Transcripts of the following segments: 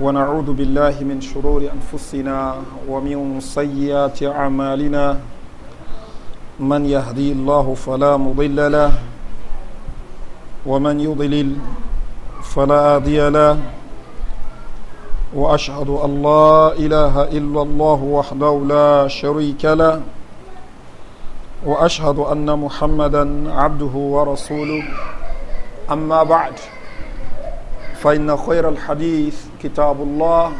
ونعوذ بالله من شرور أنفسنا ومن سيئات أعمالنا من يهدي الله فلا مضل له ومن يضلل فلا هادي له وأشهد أن لا إله إلا الله وحده لا شريك له وأشهد أن محمدا عبده ورسوله أما بعد فإن خير الحديث كتاب الله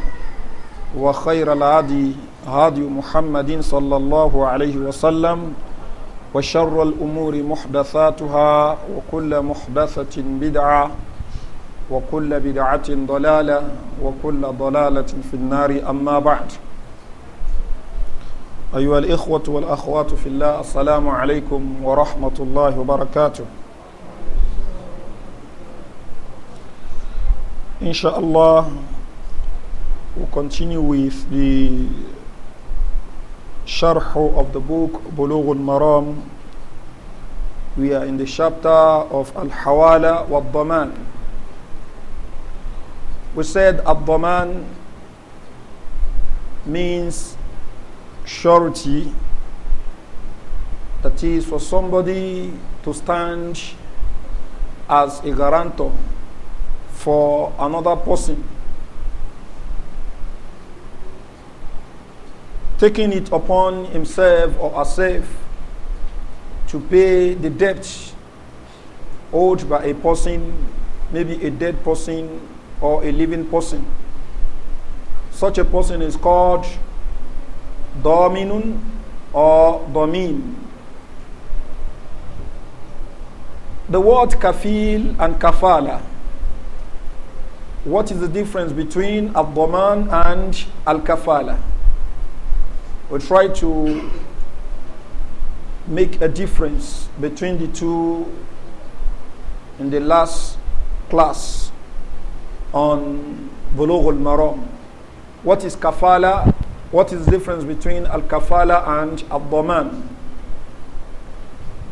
وخير الهادي هادي محمد صلى الله عليه وسلم وشر الأمور محدثاتها وكل محدثة بدعة وكل بدعة ضلالة وكل ضلالة في النار أما بعد أيها الإخوة والأخوات في الله السلام عليكم ورحمة الله وبركاته إن شاء الله We'll continue with the sharh of the book Bulugh al-Maram. We are in the chapter of Al-Hawala wa Daman. We said Al-Daman means surety that is for somebody to stand as a guarantor for another person taking it upon himself or herself to pay the debt owed by a person, maybe a dead person or a living person. Such a person is called Dominun or Domin. The word kafil and kafala. What is the difference between abdoman and al-kafala? we try to make a difference between the two in the last class on Bulugh al-Maram. What is kafala? What is the difference between al-kafala and al-daman?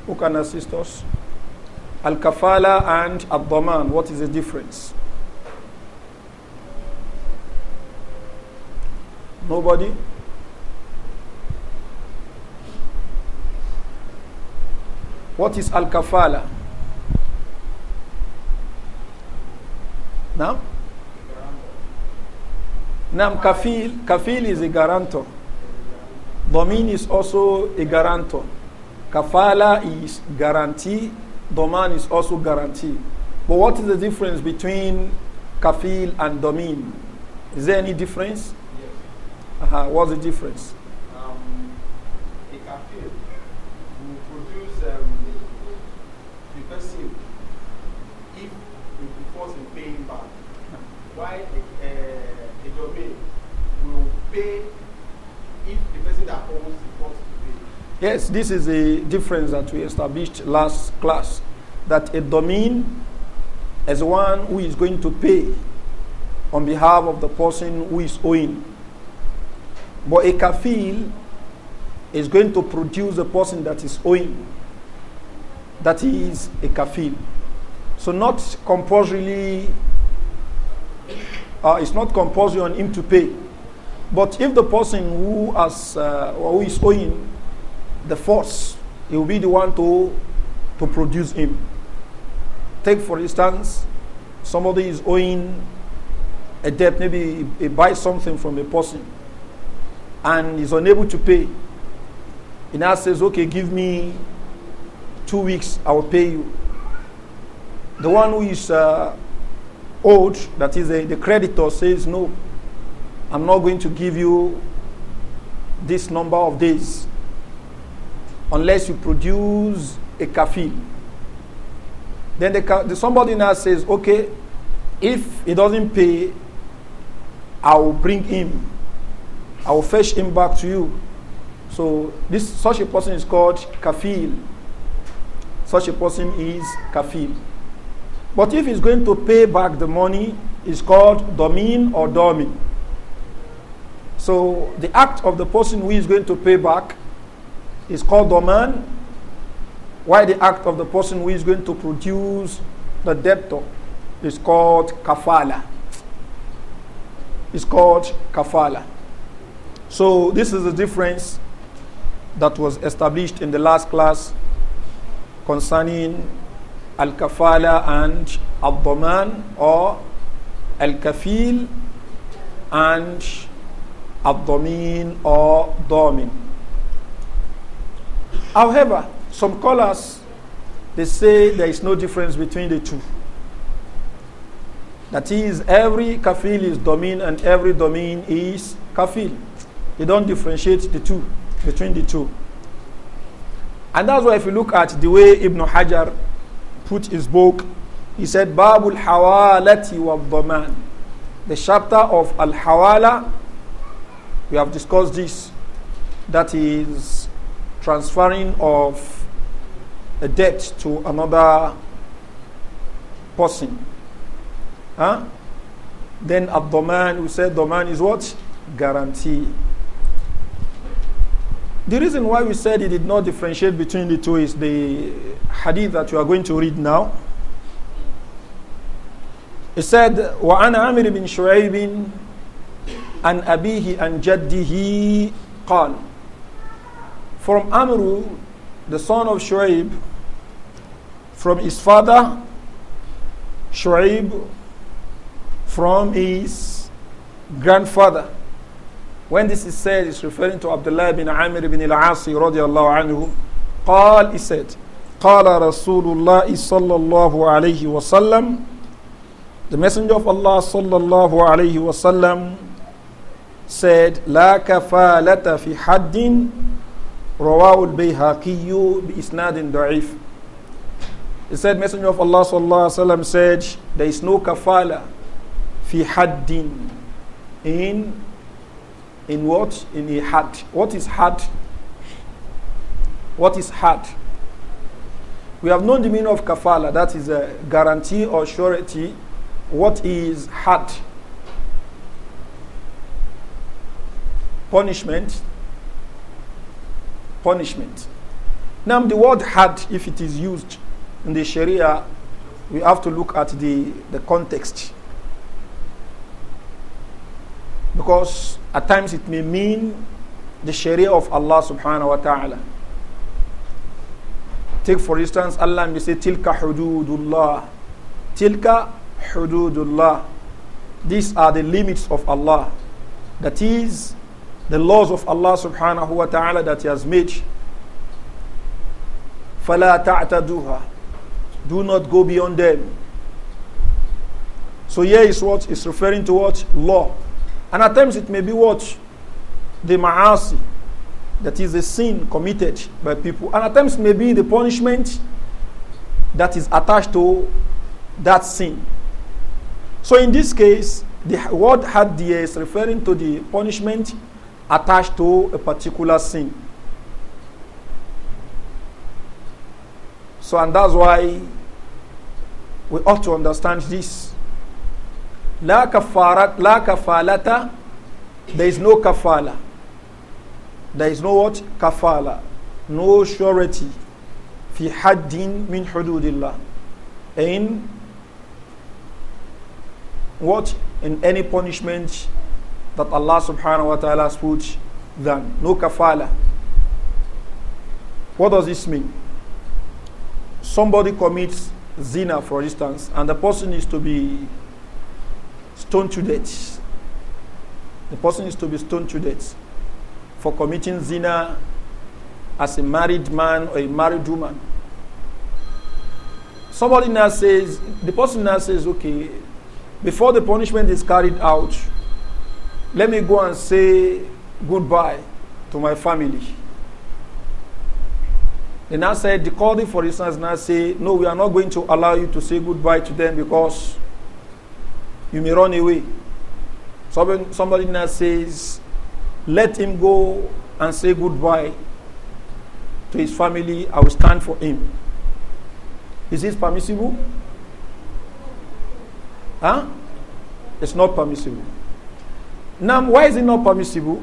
Who can assist us? Al-kafala and al-daman, what is the difference? Nobody? What is al kafala? Now? Now, kafil, kafil is a guarantor. Domin is also a guarantor. Kafala is guarantee. Doman is also guarantee. But what is the difference between kafil and domin? Is there any difference? Yes. Uh -huh. What's the difference? if the person that owns the to pay? Yes, this is a difference that we established last class that a domain is one who is going to pay on behalf of the person who is owing. But a kafil is going to produce the person that is owing. That is a kafil. So not compulsorily, uh, it's not compulsory on him to pay. But if the person who has uh, who is owing the force, he will be the one to to produce him. Take for instance, somebody is owing a debt. Maybe he, he buys something from a person and is unable to pay. He now says, "Okay, give me two weeks. I will pay you." The one who is uh, owed, that is the, the creditor, says, "No." I'm not going to give you this number of days unless you produce a kafil. Then the, the, somebody now says, okay, if he doesn't pay, I will bring him. I will fetch him back to you. So this such a person is called kafil. Such a person is kafil. But if he's going to pay back the money, it's called domin or domin. So the act of the person who is going to pay back is called doman, while the act of the person who is going to produce the debtor is called kafala. It's called kafala. So this is the difference that was established in the last class concerning al-kafala and al-daman or al-kafil and abdomin or domin. However, some scholars they say there is no difference between the two. That is, every kafil is domin and every domin is kafil. They don't differentiate the two between the two. And that's why if you look at the way Ibn Hajar put his book, he said Babul Hawalati wa The chapter of Al Hawala we have discussed this. That is transferring of a debt to another person. Huh? Then abdoman. we said domain is what? Guarantee. The reason why we said it did not differentiate between the two is the hadith that you are going to read now. It said, وَعَنَ bin بِن شُعَيْبٍ an abihi an jaddihi qal. From Amru, the son of Shu'aib, from his father, Shu'aib, from his grandfather. When this is said, it's referring to Abdullah bin Amir bin al-Asi radiallahu anhu. قال, he said, قال رسول الله صلى الله عليه وسلم The Messenger of Allah صلى الله عليه وسلم said, لا كفالة في حد رواه البيهقي بإسناد ضعيف. He said, Messenger of Allah sallallahu alaihi wasallam said, there is no kafala fi haddin in in what in a had. What is had? What is had? We have known the meaning of kafala. That is a guarantee or surety. What is had? punishment. Punishment. Now, the word had, if it is used in the Sharia, we have to look at the, the context. Because at times it may mean the Sharia of Allah subhanahu wa ta'ala. Take for instance, Allah may say, Tilka hududullah. Tilka hududullah. These are the limits of Allah. That is the laws of Allah subhanahu wa ta'ala that He has made. فَلَا تَعْتَدُوهَا Do not go beyond them. So here is what is referring to what? Law. And at times it may be what? The ma'asi. That is a sin committed by people. And at times may be the punishment that is attached to that sin. So in this case, the word had is referring to the punishment attached to a particular sin. So, and that's why we ought to understand this. La, kafarat, la kafalata, there is no kafala. There is no what? Kafala. No surety. Fi haddin min hududillah. In what? In any punishment that Allah subhanahu wa ta'ala speaks, then no kafala. What does this mean? Somebody commits zina, for instance, and the person is to be stoned to death. The person is to be stoned to death for committing zina as a married man or a married woman. Somebody now says, the person now says, okay, before the punishment is carried out, let me go and say goodbye to my family. They now said, the calling for instance, now say, no, we are not going to allow you to say goodbye to them because you may run away. Somebody, somebody now says, let him go and say goodbye to his family. I will stand for him. Is this permissible? Huh? It's not permissible. Now, why is it not permissible?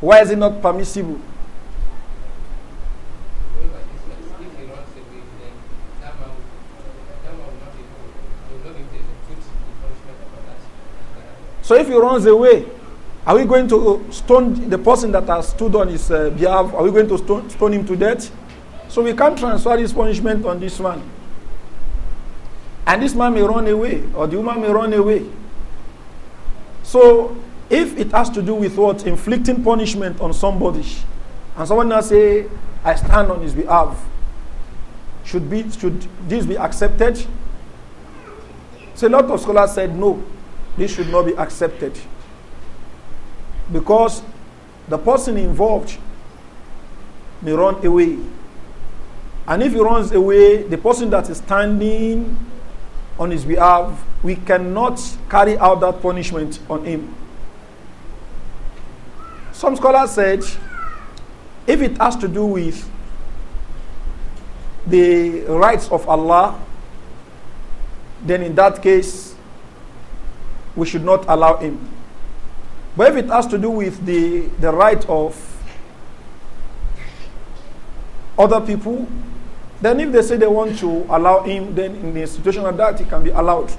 Why is it not permissible? So if he runs away, are we going to uh, stone the person that has stood on his uh, behalf? Are we going to stone, stone him to death? So we can't transfer this punishment on this man. And this man may run away, or the woman may run away. So if it has to do with what? Inflicting punishment on somebody, and someone now say, I stand on his behalf, should, be, should this be accepted? So a lot of scholars said, no, this should not be accepted. Because the person involved may run away. And if he runs away, the person that is standing on his behalf we cannot carry out that punishment on him. Some scholars said if it has to do with the rights of Allah, then in that case, we should not allow him. But if it has to do with the, the right of other people, then if they say they want to allow him, then in the situation of that, he can be allowed.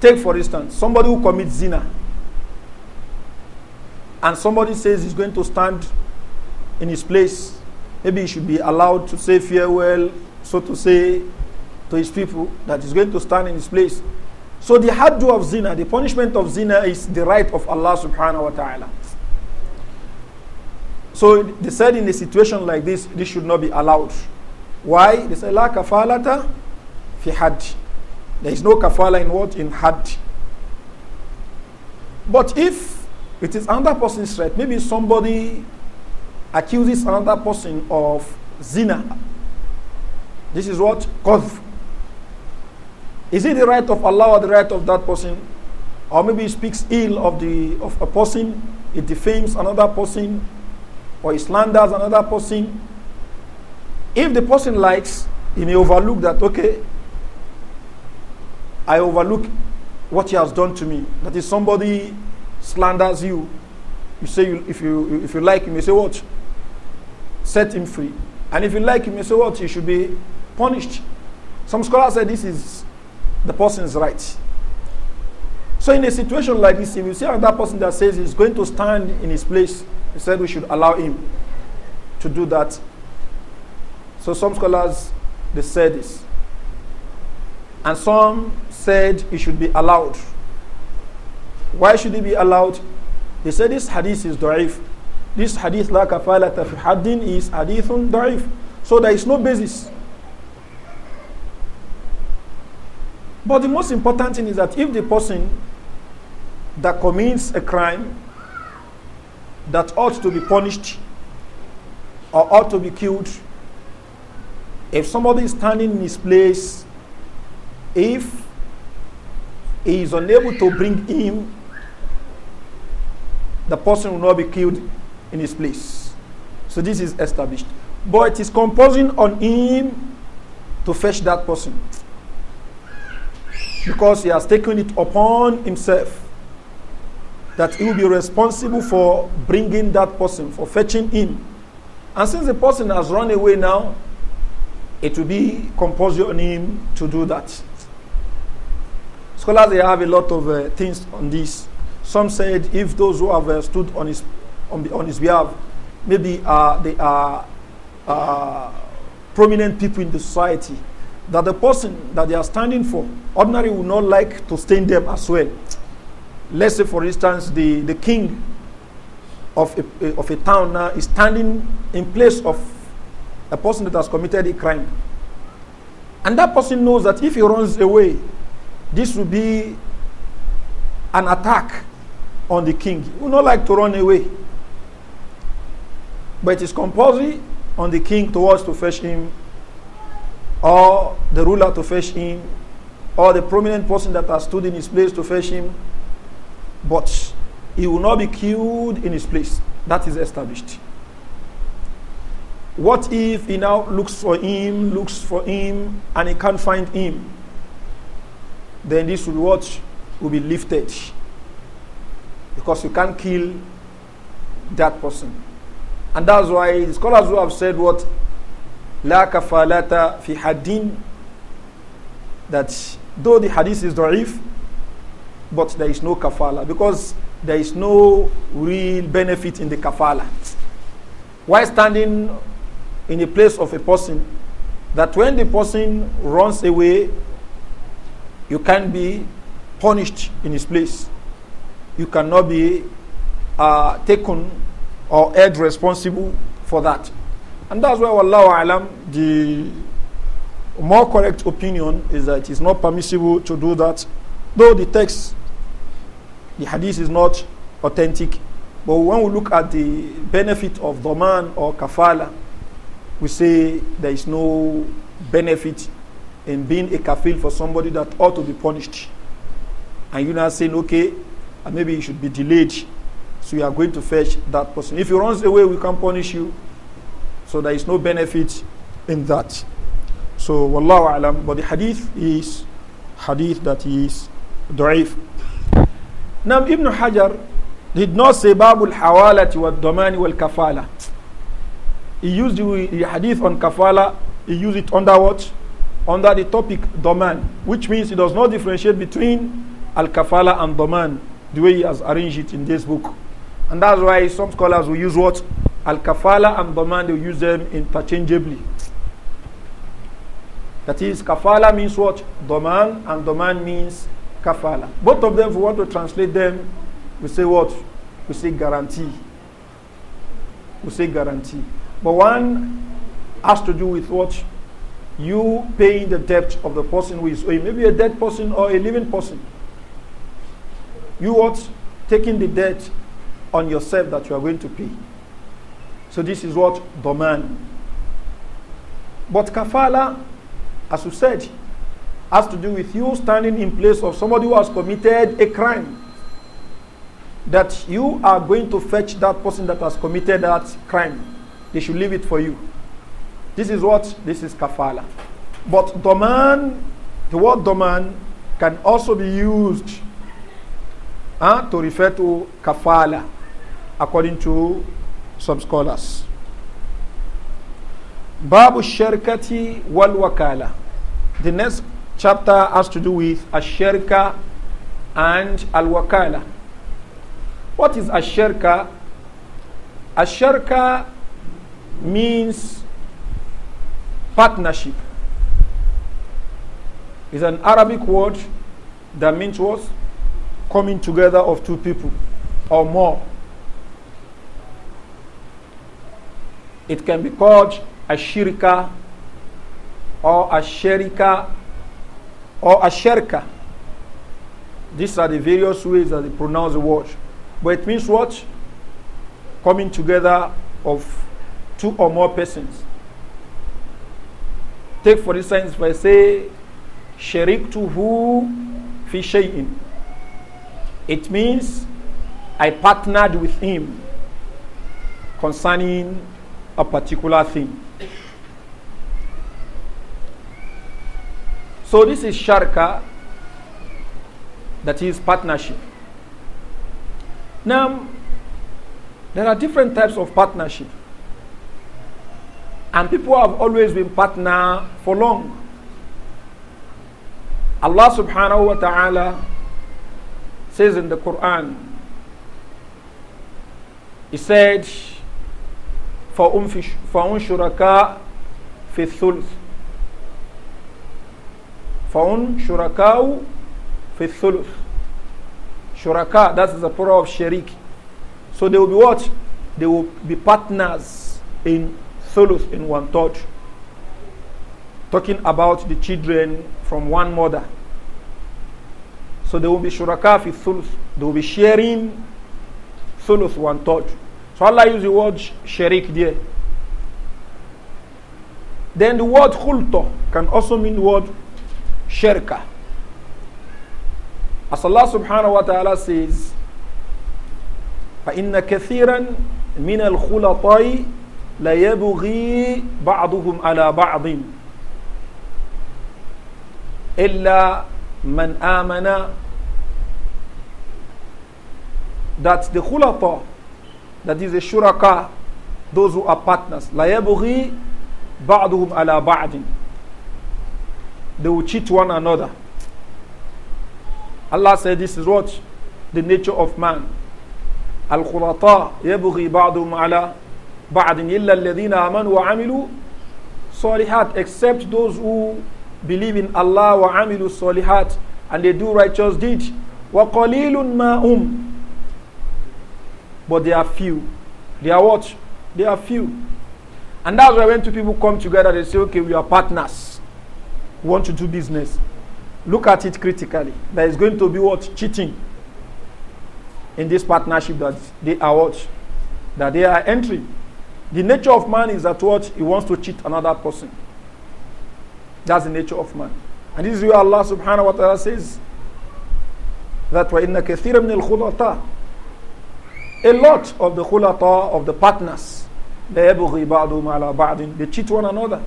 Take, for instance, somebody who commits zina and somebody says he's going to stand in his place. Maybe he should be allowed to say farewell, so to say, to his people that he's going to stand in his place. So the haddu of zina, the punishment of zina is the right of Allah subhanahu wa ta'ala. So they said in a situation like this, this should not be allowed. Why? They said La kafalata fi haddi. There is no kafala in what? In hadi, But if it is another person's threat, maybe somebody accuses another person of zina. This is what? Qadh. Is it the right of Allah or the right of that person? Or maybe he speaks ill of, the, of a person, he defames another person, or he slanders another person. If the person likes, he may overlook that, okay, I overlook what he has done to me. That is, somebody slanders you. You say, you, if, you, if you like him, you say, What? Set him free. And if you like him, you say, What? He should be punished. Some scholars say this is the person's right. So, in a situation like this, if you see another person that says he's going to stand in his place, he said we should allow him to do that. So, some scholars they say this. And some said it should be allowed. Why should it be allowed? They said this hadith is da'if. This hadith la kafalata fi haddin is hadithun da'if. So there is no basis. But the most important thing is that if the person that commits a crime that ought to be punished or ought to be killed, if somebody is standing in his place, if he is unable to bring him, the person will not be killed in his place. So this is established. But it is composing on him to fetch that person. Because he has taken it upon himself that he will be responsible for bringing that person, for fetching him. And since the person has run away now, it will be composed on him to do that. Scholars they have a lot of uh, things on this. Some said if those who have uh, stood on his on, on his behalf, maybe uh, they are uh, prominent people in the society, that the person that they are standing for ordinarily would not like to stain them as well. Let's say, for instance, the, the king of a, of a town now is standing in place of a person that has committed a crime. And that person knows that if he runs away, this will be an attack on the king. He would not like to run away. But it is compulsory on the king towards to fetch him, or the ruler to fetch him, or the prominent person that has stood in his place to fetch him. But he will not be killed in his place. That is established. What if he now looks for him, looks for him, and he can't find him? then this reward will be lifted because you can't kill that person. And that's why scholars who have said what la kafalata fi hadin that though the hadith is da'if, but there is no kafala because there is no real benefit in the kafala. Why standing in the place of a person that when the person runs away you can be punished in his place. You cannot be uh, taken or held responsible for that. And that's why, Wallahu Alam, the more correct opinion is that it's not permissible to do that, though the text, the hadith is not authentic. But when we look at the benefit of Doman or Kafala, we say there is no benefit in being a kafil for somebody that ought to be punished. And you now saying, okay, maybe he should be delayed. So you are going to fetch that person. If he runs away, we can punish you. So there is no benefit in that. So wallahu alam, but the hadith is hadith that is da'if. Now Ibn Hajar did not say babul hawalati wa domani wal kafala. He used the, the hadith on kafala, he used it under what? under the topic Doman, which means he does not differentiate between Al Kafala and Doman the way he has arranged it in this book. And that's why some scholars will use what? Al Kafala and Doman, they use them interchangeably. That is, Kafala means what? Doman, and Doman means Kafala. Both of them, if we want to translate them, we say what? We say guarantee. We say guarantee. But one has to do with what? you paying the debt of the person who is owing, maybe a dead person or a living person. You what? Taking the debt on yourself that you are going to pay. So this is what the man. But kafala, as you said, has to do with you standing in place of somebody who has committed a crime. That you are going to fetch that person that has committed that crime. They should leave it for you. This is what? This is kafala. But doman, the word doman can also be used huh, to refer to kafala, according to some scholars. Babu sherkati wal Wakala. The next chapter has to do with Asherka and Al Wakala. What is Asherka? Asherka means partnership is an Arabic word that means what? Coming together of two people or more. It can be called a shirika or a sherika or a sherka. These are the various ways that they pronounce the word. But it means what? Coming together of two or more persons. Take for instance, if I say, Shariktuhu fi shay'in. It means I partnered with him concerning a particular thing. So this is sharka, that is partnership. Now, there are different types of partnership. And people have always been partner for long. Allah subhanahu wa ta'ala says in the Quran, He said, فَأُنْ شُرَكَاء فِي الثُّلْثِ فَأُنْ شُرَكَاءُ فِي الثُّلْثِ Shuraka, that is the plural of sharik. So they will be what? They will be partners in thuluth in one third. Talking about the children from one mother. So they will be shuraka fi thuluth. They will be sharing thuluth one third. So Allah uses the word sharik there. Then the word khulto can also mean the word shirka. As Allah subhanahu wa ta'ala says, فَإِنَّ كَثِيرًا مِنَ الْخُلَطَاءِ ليبغي بعضهم على بعض إلا من آمن that the khulata that is the shuraka those who are partners لا يبغي بعضهم على بعض they will cheat one another Allah said this is what the nature of man al khulata يبغي بعضهم على ba'din illa alladhina amanu wa amilu salihat except those who believe in Allah wa amilu salihat and they do righteous deeds wa qalilun ma'um but they are few they are what they are few and that's why when two people come together they say okay we are partners we want to do business look at it critically there is going to be what cheating in this partnership that they are what that they are entering The nature of man is that what he wants to cheat another person. That's the nature of man. And this is where Allah subhanahu wa ta'ala says that وَإِنَّ كَثِيرًا مِنَ الْخُلَطَاء A lot of the khulata, of the partners, لَيَبْغِي They cheat one another.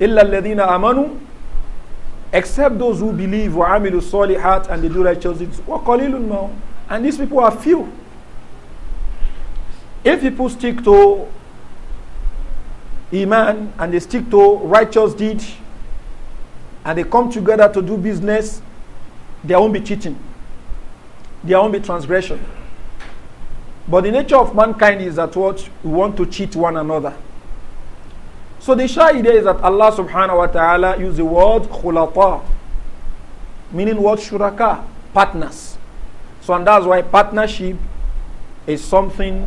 Illa الَّذِينَ amanu, Except those who believe wa amilu الصَّالِحَاتِ and they do righteous deeds. وَقَلِيلٌ مَا And these people are few. If people stick to Iman and they stick to righteous deed and they come together to do business, there won't be cheating. There won't be transgression. But the nature of mankind is that what we want to cheat one another. So the shy idea is that Allah subhanahu wa ta'ala use the word khulata, meaning what shuraka, partners. So and that's why partnership is something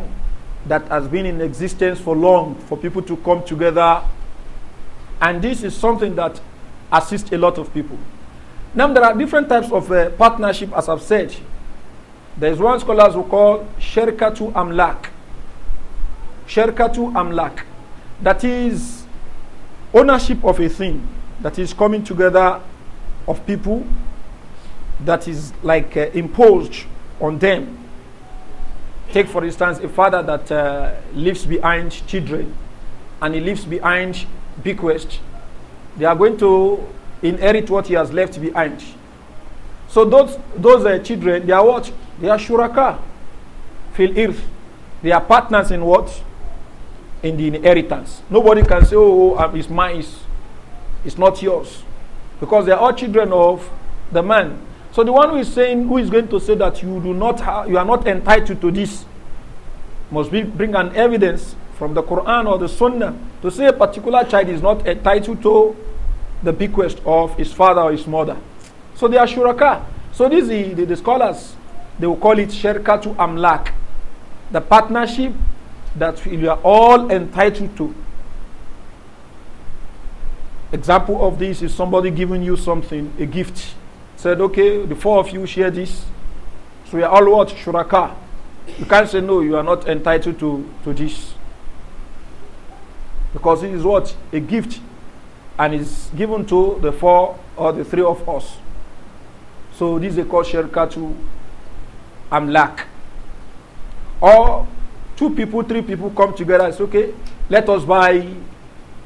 that has been in existence for long for people to come together. And this is something that assists a lot of people. Now, there are different types of uh, partnership, as I've said. There is one scholars who call Sherkatu Amlak. Sherkatu Amlak. That is ownership of a thing, that is coming together of people that is like uh, imposed on them Take, for instance, a father that uh, leaves behind children and he leaves behind bequest. They are going to inherit what he has left behind. So those, those uh, children, they are what? They are shuraka, Feel irth. They are partners in what? In the inheritance. Nobody can say, oh, oh um, it's mine, it's, it's not yours. Because they are all children of the man so the one who is saying, who is going to say that you do not, have, you are not entitled to this, must be, bring an evidence from the Quran or the Sunnah to say a particular child is not entitled to the bequest of his father or his mother. So they are shuraka. So these the, the, the scholars they will call it shirka to amlak, the partnership that we are all entitled to. Example of this is somebody giving you something, a gift said, okay, the four of you share this. So we are all what? Shuraka. You can't say, no, you are not entitled to, to this. Because it is what? A gift. And it's given to the four or the three of us. So this is called to Amlak. Or two people, three people come together and say, okay, let us buy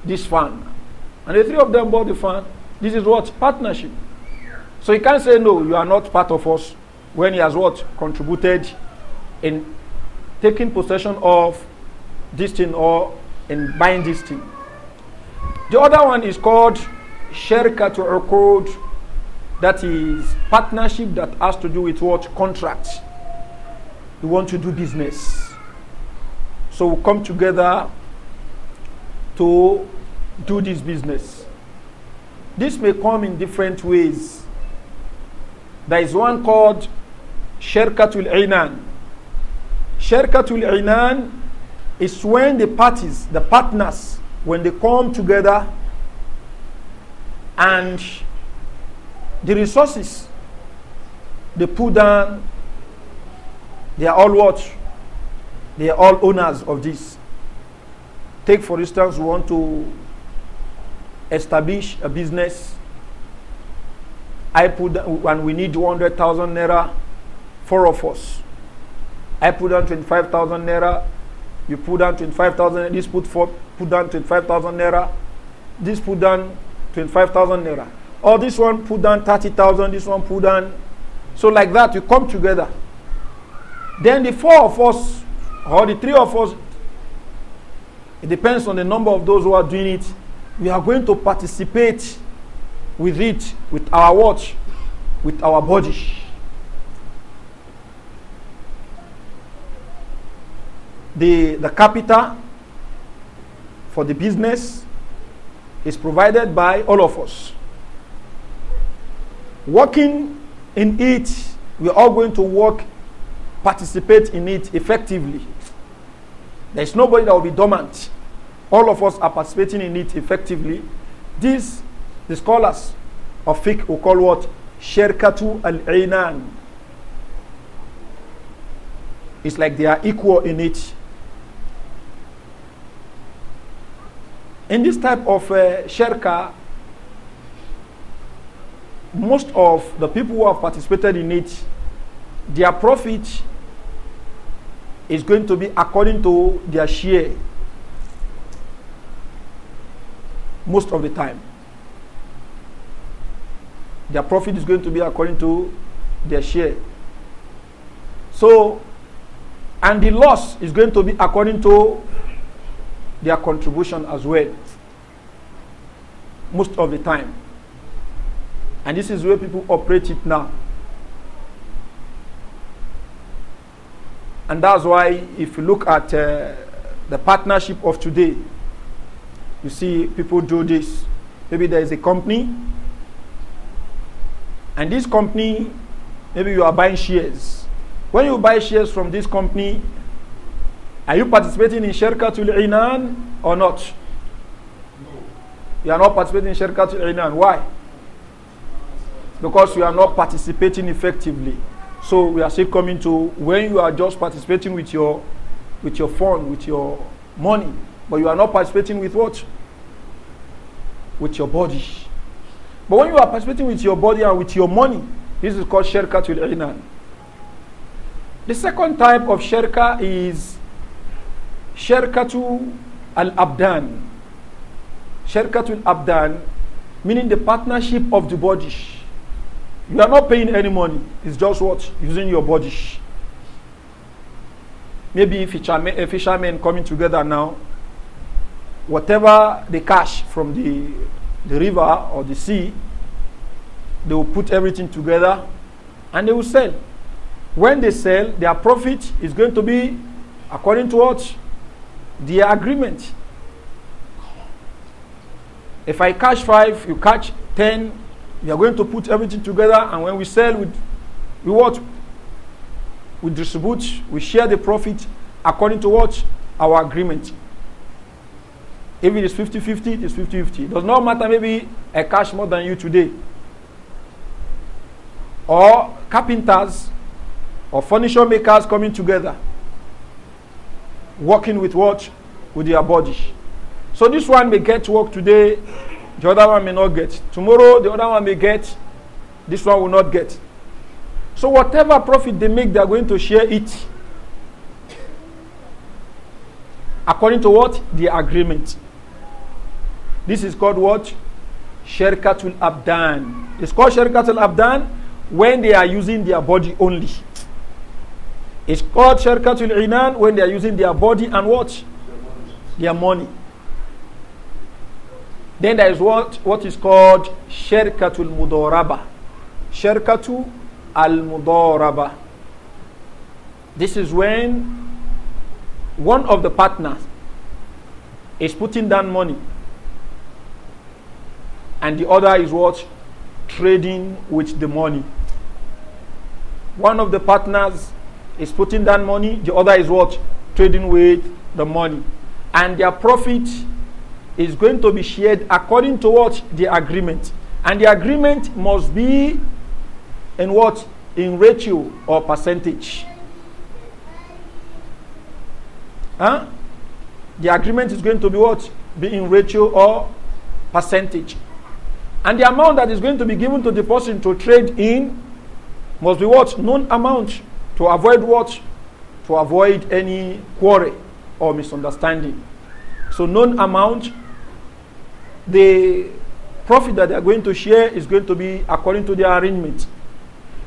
this fan. And the three of them bought the fan. This is what? Partnership. So he can't say, no, you are not part of us when he has what? Contributed in taking possession of this thing or in buying this thing. The other one is called Sherika to Uqud. That is partnership that has to do with what? Contracts. You want to do business. So we come together to do this business. This may come in different ways. There is one called Sherkatul Inan. Sherkatul Inan is when the parties, the partners, when they come together and the resources they put down, they are all what? They are all owners of this. Take, for instance, we want to establish a business I put down, and we need 200,000 naira, four of us. I put down 25,000 naira, you put down 25,000, this put, for put down 25,000 naira, this put down 25,000 naira. Or this one put down 30,000, this one put down. So like that, you come together. Then the four of us, or the three of us, it depends on the number of those who are doing it. We are going to participate with it, with our watch, with our body. The, the capital for the business is provided by all of us. Working in it, we're all going to work, participate in it effectively. There is nobody that will be dormant. All of us are participating in it effectively. This The scholars of fiqh who call what? Sherkatu al ainan, It's like they are equal in it. In this type of uh, sherka, most of the people who have participated in it, their profit is going to be according to their share most of the time. Their profit is going to be according to their share. So, and the loss is going to be according to their contribution as well, most of the time. And this is where people operate it now. And that's why, if you look at uh, the partnership of today, you see people do this. Maybe there is a company and this company, maybe you are buying shares. When you buy shares from this company, are you participating in Sherkatul Inan or not? No. You are not participating in Sherkatul Inan. Why? Because you are not participating effectively. So we are still coming to when you are just participating with your with your fund, with your money, but you are not participating with what? With your body. But when you are participating with your body and with your money, this is called shirkatul inan. The second type of shirka is shirkatul al-abdan. Shirkatul abdan, meaning the partnership of the body. You are not paying any money. It's just what? Using your body. Maybe if a fisherman coming together now, whatever the cash from the the river or the sea, they will put everything together and they will sell. When they sell, their profit is going to be according to what? the agreement. If I catch five, you catch ten, we are going to put everything together and when we sell, we, we what? We distribute, we share the profit according to what? Our agreement. If it's is 50 50, it is 50 50. It does not matter, maybe I cash more than you today. Or carpenters or furniture makers coming together, working with what? With their body. So this one may get work today, the other one may not get. Tomorrow, the other one may get, this one will not get. So whatever profit they make, they are going to share it according to what? The agreement. This is called what? Sherkatul Abdan. It's called Sherkatul Abdan when they are using their body only. It's called Sherkatul Inan when they are using their body and what? Their money. Then there is what, what is called Sherkatul Mudoraba. Sherkatu Al Mudoraba. This is when one of the partners is putting down money and the other is what? Trading with the money. One of the partners is putting down money, the other is what? Trading with the money. And their profit is going to be shared according to what? The agreement. And the agreement must be in what? In ratio or percentage. Huh? The agreement is going to be what? Be in ratio or percentage. And the amount that is going to be given to the person to trade in must be what? Known amount to avoid what? To avoid any quarrel or misunderstanding. So, known amount, the profit that they are going to share is going to be according to the arrangement.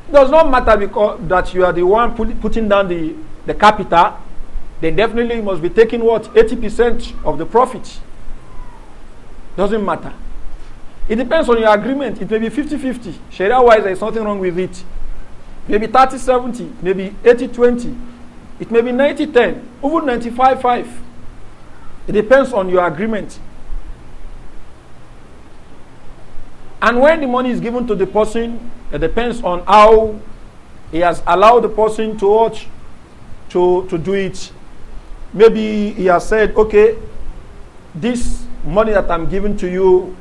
It does not matter because that you are the one put, putting down the, the capital, then definitely you must be taking what? 80% of the profit. Doesn't matter. It depends on your agreement. It may be 50 50. Sharia wise, there is nothing wrong with it. Maybe 30 70, maybe 80 20. It may be 90 10, even 95 5. It depends on your agreement. And when the money is given to the person, it depends on how he has allowed the person to watch, to, to do it. Maybe he has said, okay, this money that I'm giving to you,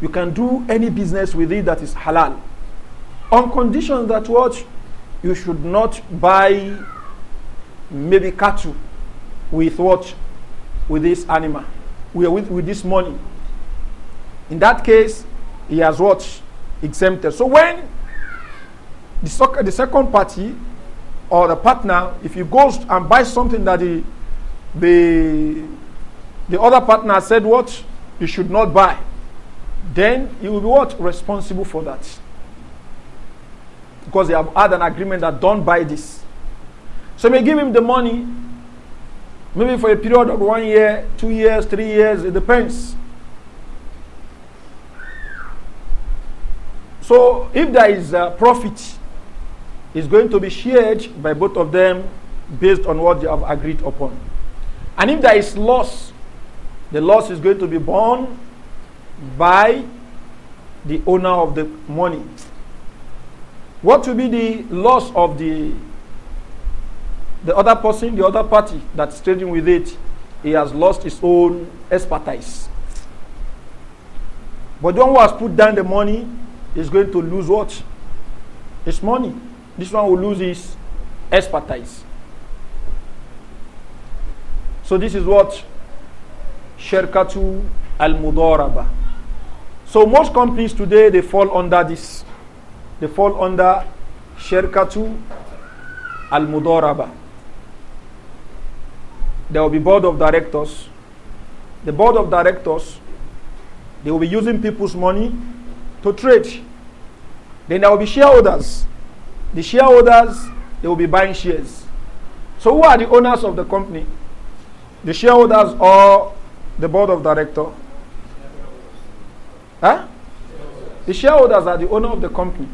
You can do any business with it that is halal. On condition that what? You should not buy maybe cattle with what? With this animal, with, with this money. In that case, he has what? Exempted. So when the, the second party or the partner, if he goes and buys something that the, the, the other partner said what? You should not buy, then you will be what? Responsible for that. Because they have had an agreement that don't buy this. So may give him the money, maybe for a period of one year, two years, three years, it depends. So if there is a profit, it's going to be shared by both of them based on what they have agreed upon. And if there is loss, the loss is going to be borne by the owner of the money. What will be the loss of the the other person, the other party that's trading with it? He has lost his own expertise. But the one who has put down the money is going to lose what? His money. This one will lose his expertise. So this is what Sherkatu al-Mudaraba so most companies today, they fall under this. They fall under Sherkatu Al-Mudaraba. There will be board of directors. The board of directors, they will be using people's money to trade. Then there will be shareholders. The shareholders, they will be buying shares. So who are the owners of the company? The shareholders or the board of directors? Huh? The shareholders are the owner of the company.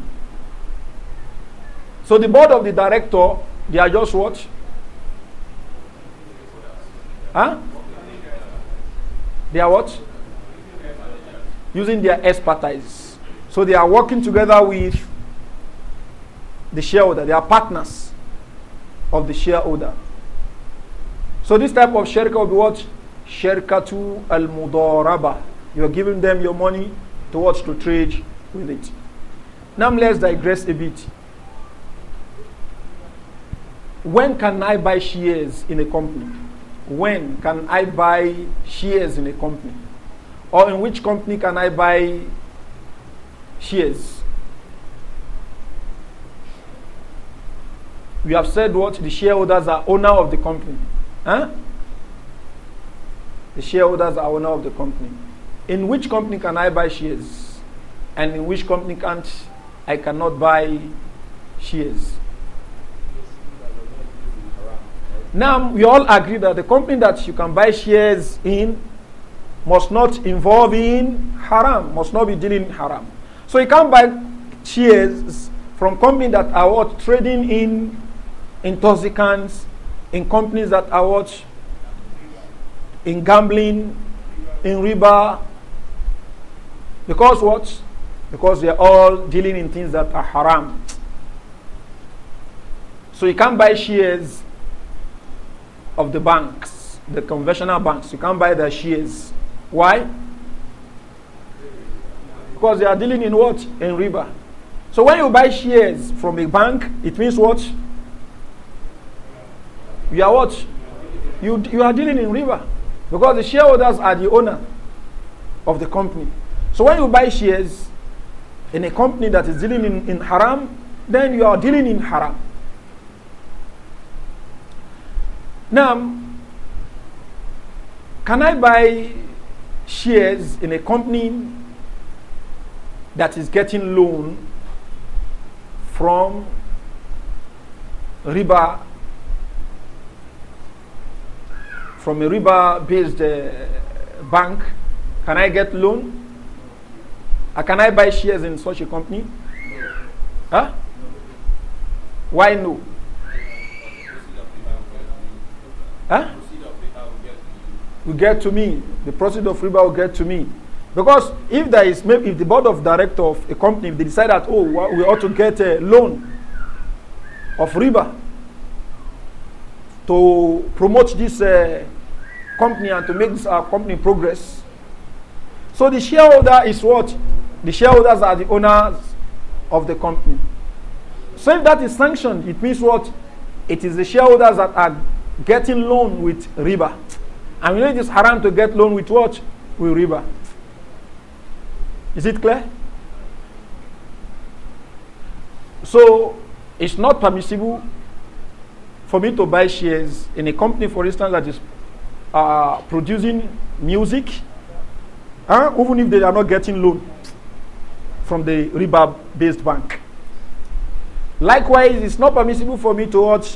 So the board of the director, they are just what? Huh? They are what? Using their expertise. So they are working together with the shareholder. They are partners of the shareholder. So this type of shirka will be what? Shirkatu al mudaraba. You are giving them your money towards to trade with it. Now let's digress a bit. When can I buy shares in a company? When can I buy shares in a company? Or in which company can I buy shares? We have said what? The shareholders are owner of the company. Huh? The shareholders are owner of the company in which company can I buy shares? And in which company can't I cannot buy shares? Now we all agree that the company that you can buy shares in must not involve in haram, must not be dealing in haram. So you can't buy shares from companies that are what trading in intoxicants, in companies that are what in gambling, in riba, Because what? Because we are all dealing in things that are haram. So you can't buy shares of the banks, the conventional banks. You can't buy their shares. Why? Because they are dealing in what? In riba. So when you buy shares from a bank, it means what? You are what? You, you are dealing in riba. Because the shareholders are the owner of the company. So when you buy shares in a company that is dealing in, in haram, then you are dealing in haram. Now, can I buy shares in a company that is getting loan from riba from a riba based uh, bank can i get loan uh, can I buy shares in such a company? No. Huh? No. Why no? Huh? Will get to me. The proceeds of riba will get to me. Because if there is, maybe if the board of director of a company, if they decide that, oh, we ought to get a loan of riba to promote this uh, company and to make this our uh, company progress. So the shareholder is what? The shareholders are the owners of the company. So if that is sanctioned, it means what? It is the shareholders that are getting loan with riba. And we know it is haram to get loan with what? With riba. Is it clear? So it's not permissible for me to buy shares in a company, for instance, that is uh, producing music, huh? even if they are not getting loan. from the riba based bank. Likewise, it's not permissible for me to watch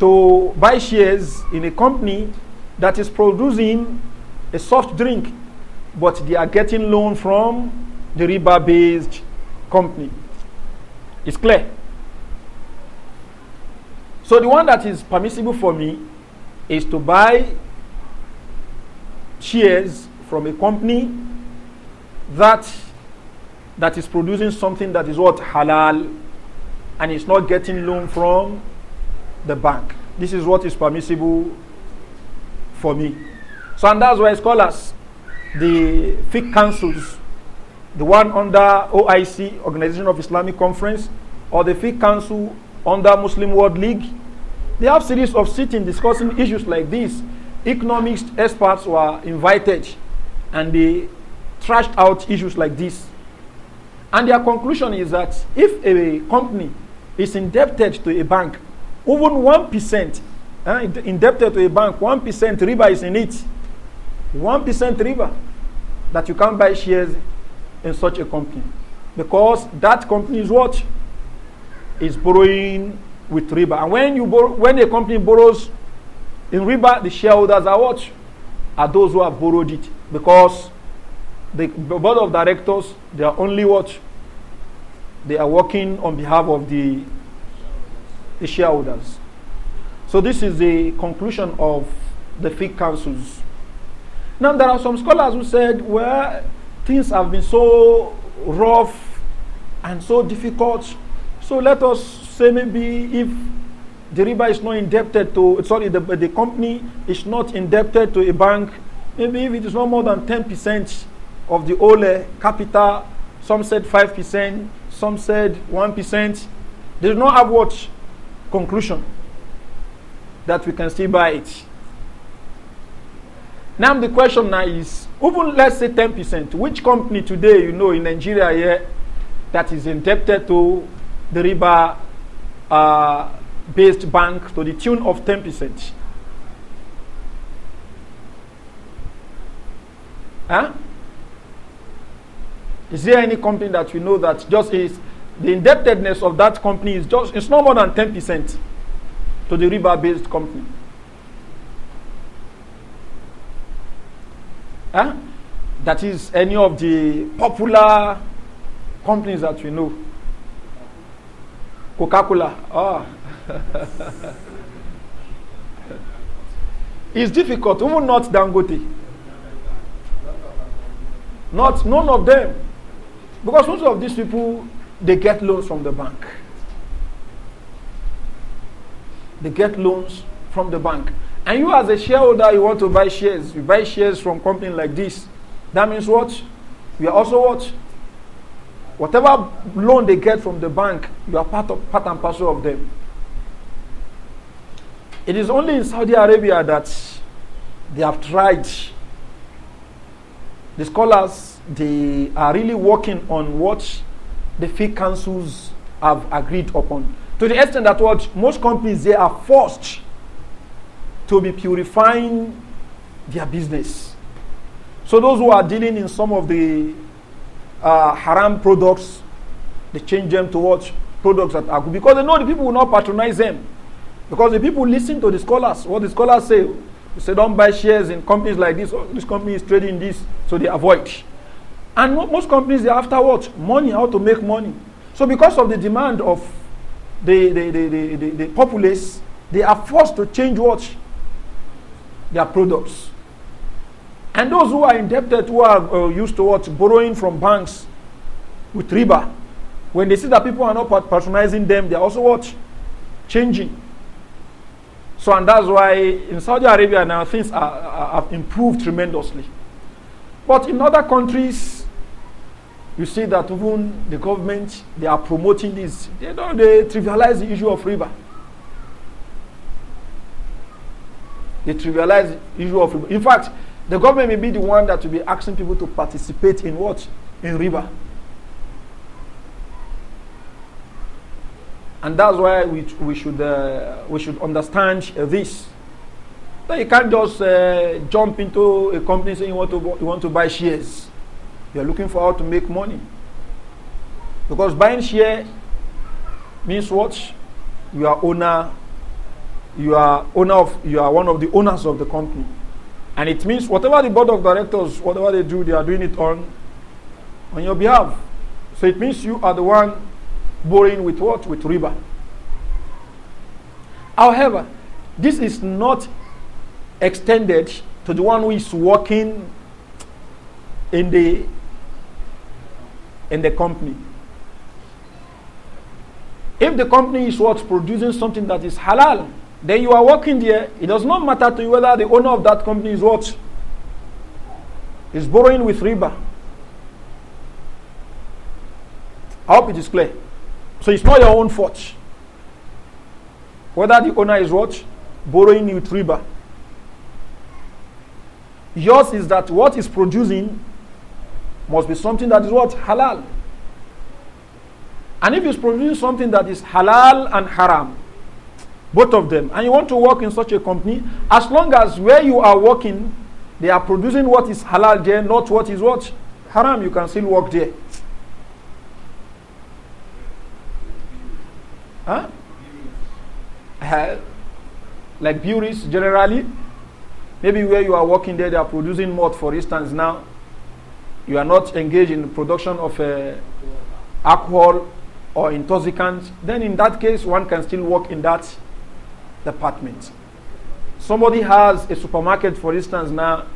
to buy shares in a company that is producing a soft drink, but they are getting loan from the riba based company. It's clear. So the one that is permissible for me is to buy shares from a company that that is producing something that is what halal and it's not getting loan from the bank. This is what is permissible for me. So and that's why scholars, the fiqh councils, the one under OIC, Organization of Islamic Conference, or the fiqh council under Muslim World League, they have series of sitting discussing issues like this. Economists, experts were invited and they thrashed out issues like this. And their conclusion is that if a company is indebted to a bank, even 1%, uh, eh, indebted to a bank, 1% riba is in it. 1% riba that you can't buy shares in such a company because that company is what? Is borrowing with riba. And when, you borrow, when a company borrows in riba, the shareholders are what? Are those who have borrowed it because the board of directors, they are only what? They are working on behalf of the, the shareholders. So this is the conclusion of the FIG councils. Now there are some scholars who said, well, things have been so rough and so difficult. So let us say maybe if the riba is not indebted to, sorry, the, the company is not indebted to a bank, maybe if it is not more than 10%, of the whole capital. Some said 5%, some said 1%. They do not have what? Conclusion that we can still buy it. Now the question now is, even let's say 10%, which company today you know in Nigeria here that is indebted to the riba uh, based bank to the tune of 10%? Huh? Is there any company that we know that just is the indebtedness of that company is just it's no more than ten percent to the river based company? Huh? That is any of the popular companies that we know. Coca Cola. Ah. it's difficult, Who not Dangote. Not none of them. Because most of these people, they get loans from the bank. They get loans from the bank. And you as a shareholder, you want to buy shares. You buy shares from companies like this. That means what? You are also what? Whatever loan they get from the bank, you are part, of, part and parcel of them. It is only in Saudi Arabia that they have tried. The scholars they are really working on what the fee councils have agreed upon. To the extent that what most companies they are forced to be purifying their business. So those who are dealing in some of the uh, haram products, they change them towards products that are good because they know the people will not patronize them. Because the people listen to the scholars, what the scholars say. They say don't buy shares in companies like this. Oh, this company is trading this, so they avoid. And most companies, they after what? Money, how to make money. So because of the demand of the, the, the, the, the, the populace, they are forced to change what? Their products. And those who are indebted, who are uh, used to what? Borrowing from banks with riba. When they see that people are not patronizing them, they are also what? Changing. So, and that's why in Saudi Arabia now things are, are, have improved tremendously. But in other countries, you see that even the government, they are promoting this. They don't they trivialize the issue of river. They trivialize the issue of river. In fact, the government may be the one that will be asking people to participate in what? In river. And that's why we, we, should, uh, we should understand uh, this. No, you can't just uh, jump into a company saying you want to you want to buy shares. You are looking for how to make money. Because buying share means what? You are owner. You are owner of. You are one of the owners of the company, and it means whatever the board of directors, whatever they do, they are doing it on on your behalf. So it means you are the one borrowing with what? With riba. However, this is not extended to the one who is working in the in the company. If the company is what producing something that is halal, then you are working there. It does not matter to you whether the owner of that company is what is borrowing with riba. I hope it is clear. So it's not your own fault. Whether the owner is what borrowing with riba. Yours is that what is producing must be something that is what? Halal. And if it's producing something that is halal and haram, both of them, and you want to work in such a company, as long as where you are working, they are producing what is halal there, not what is what? Haram, you can still work there. Huh? Uh, like purists generally, Maybe where you are working there, they are producing moth, for instance, now. You are not engaged in production of uh, alcohol or intoxicants. Then in that case, one can still work in that department. Somebody has a supermarket, for instance, now,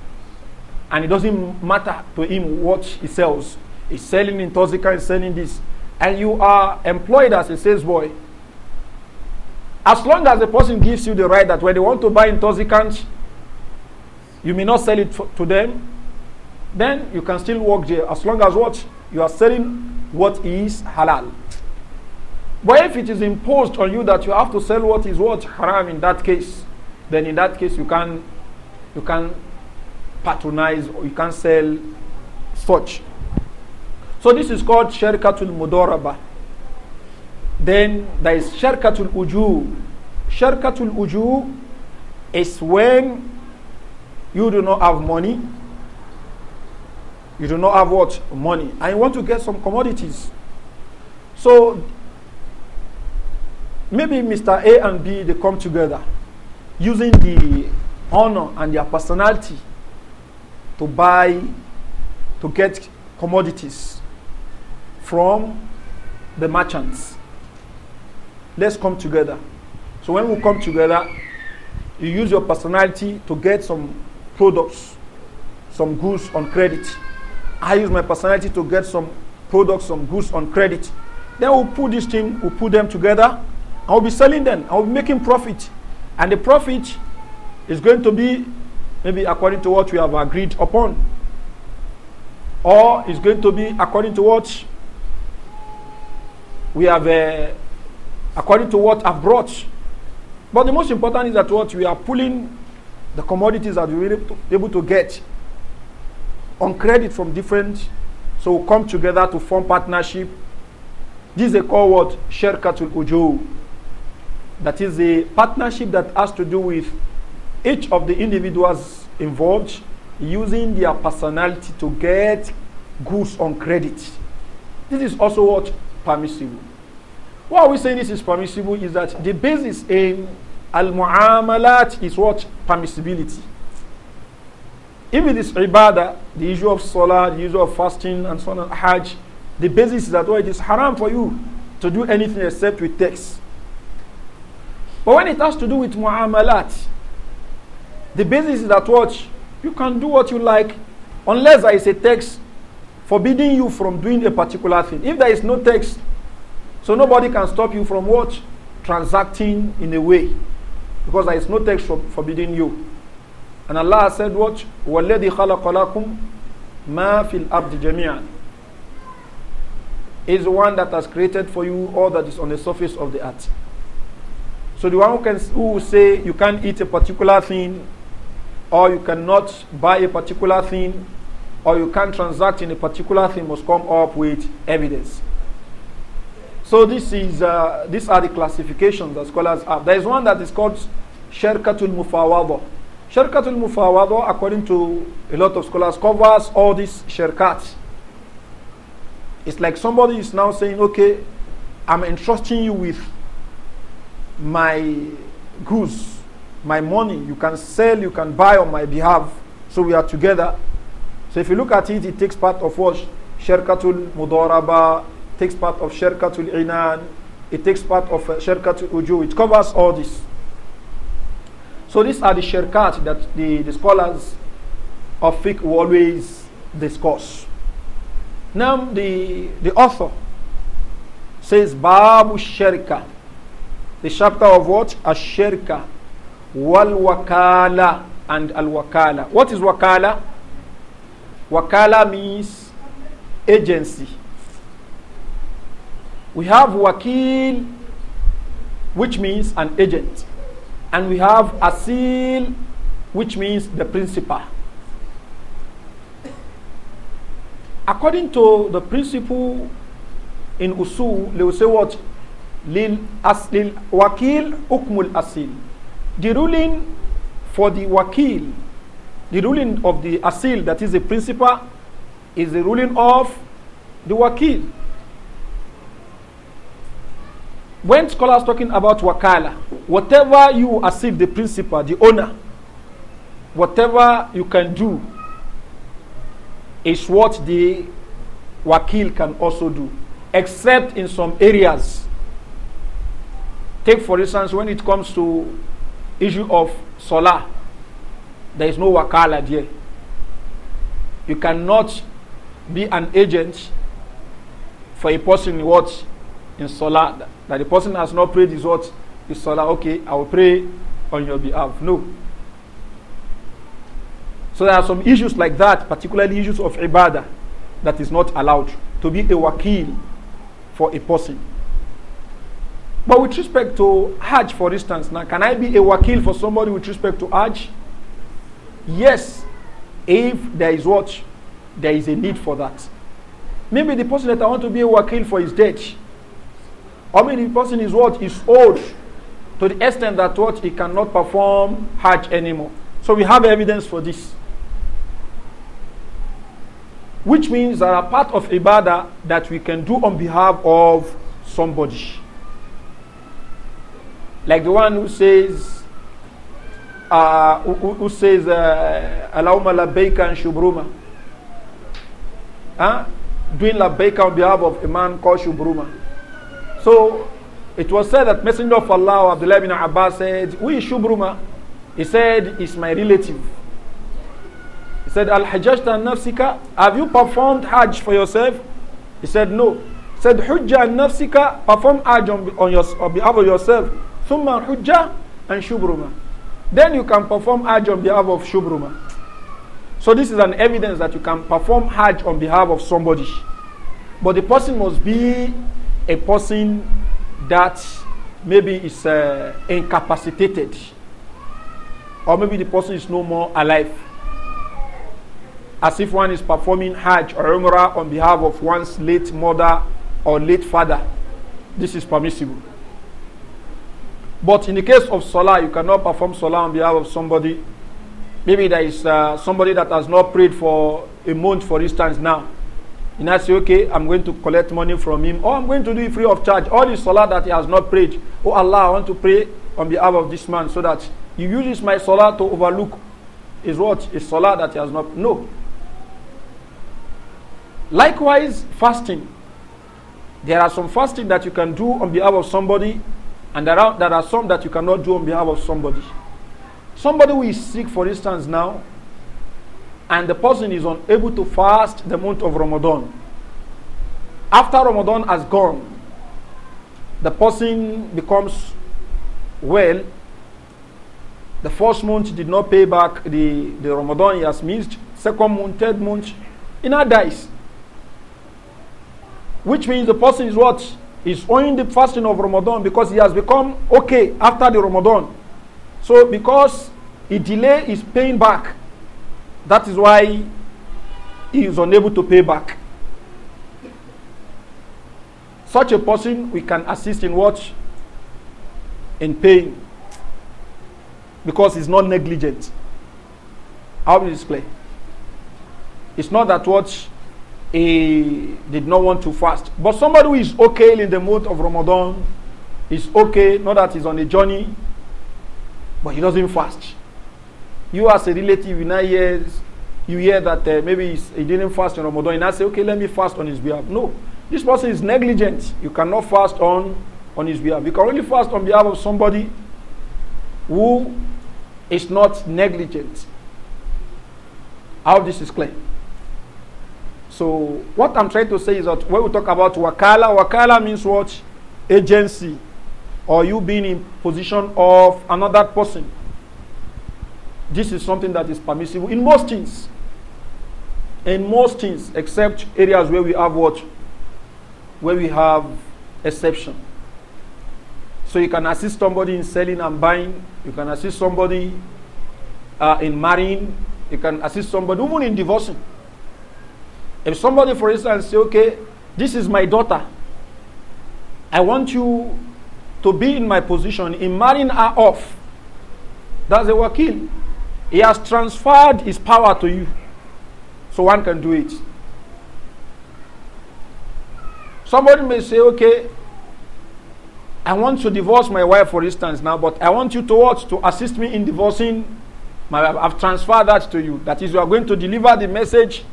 and it doesn't matter to him what he sells. He's selling intoxicants, selling this. And you are employed as a salesboy. As long as the person gives you the right that when they want to buy intoxicants, you may not sell it to them. Then you can still work there as long as what you are selling what is halal. But if it is imposed on you that you have to sell what is what haram in that case, then in that case you can you can patronize or you can sell such. So this is called shirkatul Mudoraba. Then there is shirkatul Uju. Shirkatul Uju is when you do not have money. You do not have what? Money. I want to get some commodities. So maybe Mr. A and B, they come together using the honor and their personality to buy, to get commodities from the merchants. Let's come together. So when we come together, you use your personality to get some products, some goods on credit. I use my personality to get some products, some goods on credit. Then we'll put this thing, we'll put them together. I'll be selling them. I'll be making profit. And the profit is going to be maybe according to what we have agreed upon. Or it's going to be according to what we have, uh, according to what I've brought. But the most important is that what we are pulling the commodities that we were able to get on credit from different, so we come together to form partnership. This is called what? Sherkatul Ujo. That is a partnership that has to do with each of the individuals involved using their personality to get goods on credit. This is also what? Permissible. Why are we saying this is permissible? Is that the basis aim Al mu'amalat is what? Permissibility. If it is ibadah, the issue of salah, the issue of fasting, and so on, and hajj, the basis is that what it is haram for you to do anything except with text. But when it has to do with mu'amalat, the basis is that what? You can do what you like unless there is a text forbidding you from doing a particular thing. If there is no text, so nobody can stop you from what? Transacting in a way. Because there is no text for forbidding you. And Allah said, Watch, وَالَّذِي خَلَقَ لَكُمْ مَا فِي الْأَرْضِ جَمِيعًا Is the one that has created for you all that is on the surface of the earth. So the one who, can, who say you can't eat a particular thing, or you cannot buy a particular thing, or you can't transact in a particular thing must come up with evidence. So this is, uh, these are the classifications that scholars have. There is one that is called Sherkatul Mufawada. Sherkatul Mufawada, according to a lot of scholars, covers all these sherkats. It's like somebody is now saying, okay, I'm entrusting you with my goods, my money. You can sell, you can buy on my behalf. So we are together. So if you look at it, it takes part of what? Sherkatul Mudaraba, takes part of shirkatul Inan, it takes part of uh, shirkatul Uju, it covers all this. So these are the shirkat that the, the scholars of fiqh will always discuss. Now the, the author says Babu shirkat. the chapter of what? Asherka, Wal Wakala and Al Wakala. What is Wakala? Wakala means agency we have wakil, which means an agent. And we have asil, which means the principal. According to the principle in usul, they will say what? Lil asil wakil ukmul asil. The ruling for the wakil, the ruling of the asil, that is the principal, is the ruling of the wakil when scholars talking about wakala, whatever you as if the principal, the owner, whatever you can do is what the wakil can also do, except in some areas. Take for instance, when it comes to issue of solar, there is no wakala there. You cannot be an agent for a person what in solar that the person has not prayed is what is salah. Okay, I will pray on your behalf. No. So there are some issues like that, particularly issues of ibadah, that is not allowed to be a wakil for a person. But with respect to Hajj, for instance, now can I be a wakil for somebody with respect to Hajj? Yes, if there is what? There is a need for that. Maybe the person that I want to be a wakil for is dead. I mean, the person is what? Is old to the extent that what? He cannot perform Hajj anymore. So we have evidence for this. Which means there are part of Ibadah that we can do on behalf of somebody. Like the one who says, uh, who, who says, uh, Allahumma uh, labbaika and shubruma. Doing Doing labbaika on behalf of a man called shubruma. So it was said that Messenger of Allah, Abdullah bin Abbas said, Who is Shubruma? He said, It's my relative. He said, Al Hajjajta an nafsika, have you performed Hajj for yourself? He said, No. He said, Hujjah and nafsika, perform Hajj on, on, your, on behalf of yourself. Thumma Hujjah and Shubruma. Then you can perform Hajj on behalf of Shubruma. So this is an evidence that you can perform Hajj on behalf of somebody. But the person must be a person that maybe is uh, incapacitated or maybe the person is no more alive as if one is performing hajj or umrah on behalf of one's late mother or late father this is permissible but in the case of salah you cannot perform salah on behalf of somebody maybe there is uh, somebody that has not prayed for a month for instance now And I say, okay, I'm going to collect money from him, or I'm going to do it free of charge. All the salah that he has not prayed. Oh Allah, I want to pray on behalf of this man so that he uses my salah to overlook his what? His salah that he has not. No. Likewise, fasting. There are some fasting that you can do on behalf of somebody, and there are, there are some that you cannot do on behalf of somebody. Somebody who is sick, for instance, now, and the person is unable to fast the month of Ramadan. After Ramadan has gone, the person becomes well. The first month did not pay back the, the Ramadan he has missed. Second month, third month, he now dies. Which means the person is what? Is owing the fasting of Ramadan because he has become okay after the Ramadan. So because he delay is paying back, That is why he is unable to pay back. Such a person, we can assist in what? In paying. Because he's not negligent. How will display? It's not that what he did not want to fast. But somebody who is okay in the month of Ramadan is okay, not that he's on a journey, but he doesn't fast you as a relative, now hear, you hear that uh, maybe he didn't fast on Ramadan, and I say, okay, let me fast on his behalf. No, this person is negligent. You cannot fast on, on his behalf. You can only fast on behalf of somebody who is not negligent. How this is clear. So what I'm trying to say is that when we talk about wakala, wakala means what? Agency. Or you being in position of another person This is something that is permissible in most things. In most things, except areas where we have what? Where we have exception. So you can assist somebody in selling and buying. You can assist somebody uh, in marrying. You can assist somebody even in divorcing. If somebody, for instance, say, okay, this is my daughter. I want you to be in my position in marrying her off. That's a wakil. He has transferred his power to you. So one can do it. Somebody may say, okay, I want to divorce my wife, for instance, now, but I want you to watch To assist me in divorcing my wife. I've transferred that to you. That is, you are going to deliver the message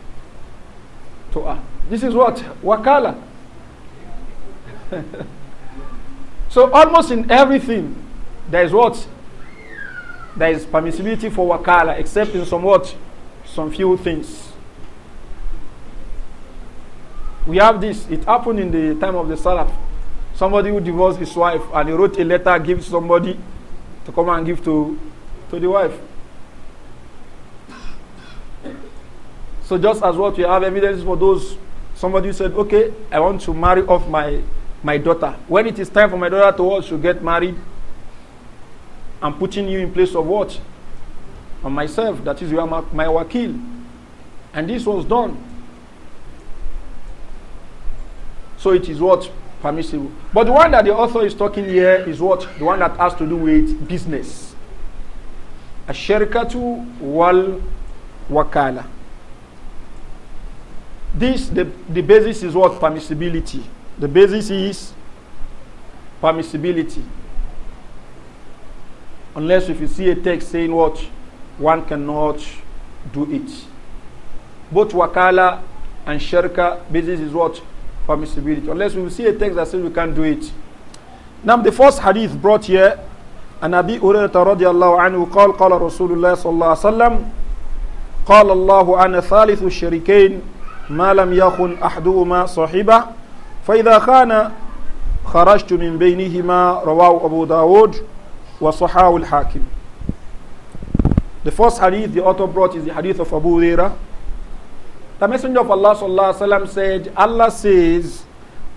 to her. This is what? Wakala. so almost in everything, there is what? there is permissibility for wakala except in some what? Some few things. We have this. It happened in the time of the Salaf. Somebody who divorced his wife and he wrote a letter, give somebody to come and give to, to the wife. So just as what we have evidence for those, somebody said, okay, I want to marry off my, my daughter. When it is time for my daughter to, to get married, I'm putting you in place of what? On myself. That is, you are my, my wakil. And this was done. So it is what? Permissible. But the one that the author is talking here is what? The one that has to do with business. Asherikatu wal wakala. This, the, the basis is what? Permissibility. The basis is permissibility unless if you see a text saying what one cannot do it. Both wakala and shirka business is what permissibility. Unless we see a text that says we can't do it. Now the first hadith brought here, and Abi Hurairah radiallahu anhu قال قال رسول الله صلى الله عليه وسلم قال الله أنا ثالث الشريكين ما لم يخن أحدهما صاحبه فإذا خان خرجت من بينهما رواه أبو داود وصحاو al-Hākim. The first hadith the author brought is the hadith of Abu Huraira. The Messenger of Allah sallallahu alaihi wasallam said, Allah says,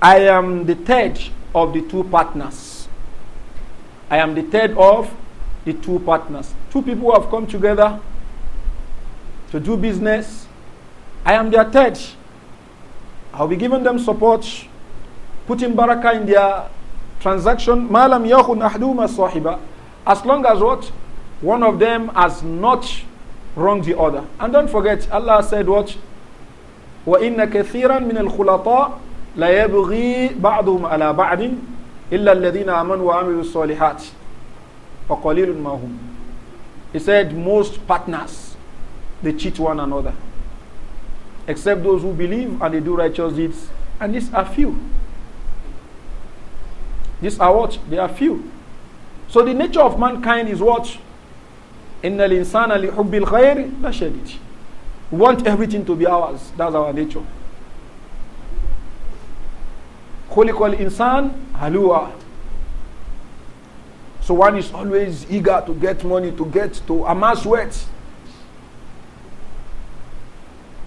I am the third of the two partners. I am the third of the two partners. Two people have come together to do business. I am their third. I'll be giving them support, putting barakah in their transaction, malam yakun ahduma sahiba, as long as what? One of them has not wronged the other. And don't forget, Allah said what? وَإِنَّ كَثِيرًا min الْخُلَطَاءِ لَا يَبْغِي بَعْضُهُمْ عَلَى بَعْدٍ إِلَّا الَّذِينَ آمَنُوا وَعَمِلُوا الصَّالِحَاتِ وَقَلِيلٌ مَا هُمْ He said, most partners, they cheat one another. Except those who believe and they do righteous deeds. And these are few. These are what? They are few. So the nature of mankind is what? إِنَّ الْإِنسَانَ لِحُبِّ الْخَيْرِ لَشَدِيدٍ We want everything to be ours. That's our nature. خُلِقَ الْإِنسَانِ هَلُوَةً So one is always eager to get money, to get, to amass wealth.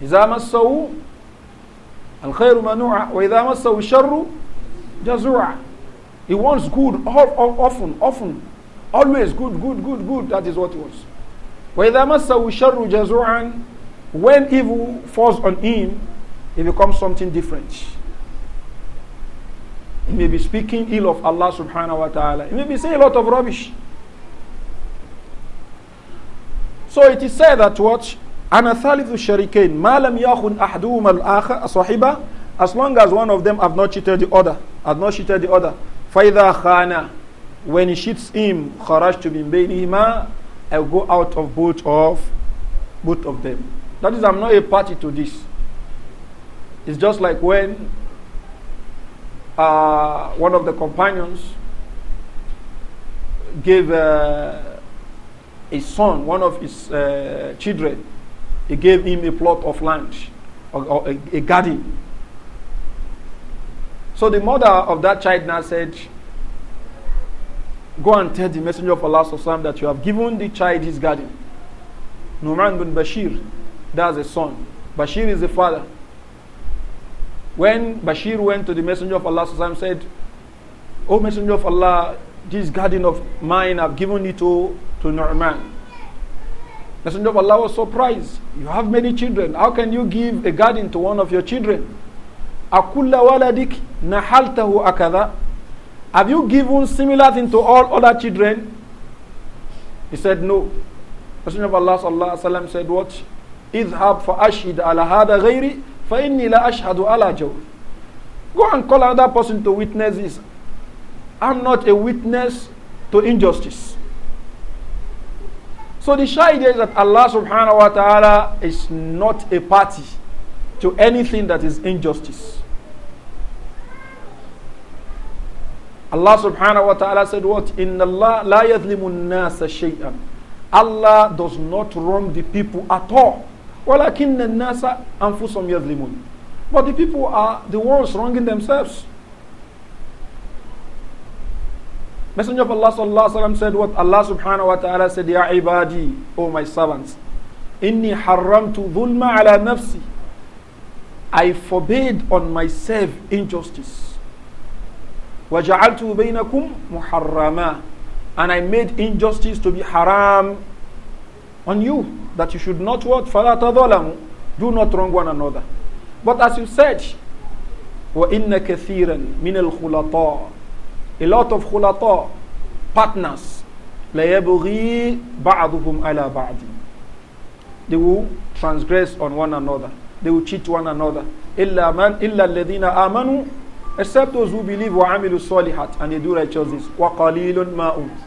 إذا مسه الخير منوع وإذا مسه الشر جزوعا he wants good often, often. Always good, good, good, good. That is what he wants. When evil falls on him, it becomes something different. He may be speaking ill of Allah subhanahu wa ta'ala. He may be saying a lot of rubbish. So it is said that what? أنا ثالث الشريكين ما لم يخن أحدهما الآخر as long as one of them have not cheated the other, have not cheated the other. فَإِذَا khana, When he shoots him, خَرَجْتُ مِنْ بَيْنِهِمَا I will go out of both of both of them. That is, I'm not a party to this. It's just like when uh, one of the companions gave uh, son, one of his uh, children, he gave him a plot of land, or, or a, a garden so the mother of that child now said, Go and tell the messenger of Allah that you have given the child his garden. Numan bin Bashir, that's a son. Bashir is the father. When Bashir went to the messenger of Allah Sallallahu said, O messenger of Allah, this garden of mine I've given it to, to Nu'man. Messenger of Allah was surprised. You have many children. How can you give a garden to one of your children? Akulla waladik nahaltahu akada? Have you given similar thing to all other children? He said, No. Messenger of Allah sallallahu alaihi wasallam said, What? Idhab fa ashid ala hada ghairi fa inni la ashhadu ala jaw. Go and call another person to witness this. I'm not a witness to injustice. So the shy is that Allah subhanahu wa ta'ala is not a party to anything that is injustice. Allah subhanahu wa ta'ala said what? In Allah la yadlimu nasa shay'an. Allah does not wrong the people at all. وَلَكِنَّ nasa أَنفُسَهُمْ يَظْلِمُونَ But the people are the ones wronging themselves. Messenger of Allah sallallahu alaihi wasallam said what Allah subhanahu wa ta'ala said, Ya ibadi, O my servants, Inni haramtu dhulma ala nafsi. I forbade on myself injustice. وَجَعَلْتُ بَيْنَكُمْ مُحَرَّمًا And I made injustice to be haram on you, that you should not what? فَلَا تَظَلَمُوا Do not wrong one another. But as you said, وَإِنَّ كَثِيرًا مِنَ الْخُلَطَاءِ A lot of khulata, partners, لَيَبْغِي بَعْضُهُمْ عَلَى بَعْضٍ They will transgress on one another. They will cheat one another. إِلَّا, من إلا الَّذِينَ آمَنُوا Except those who believe Amilu Salihat and they do righteousness. Qalilun مَاءٌ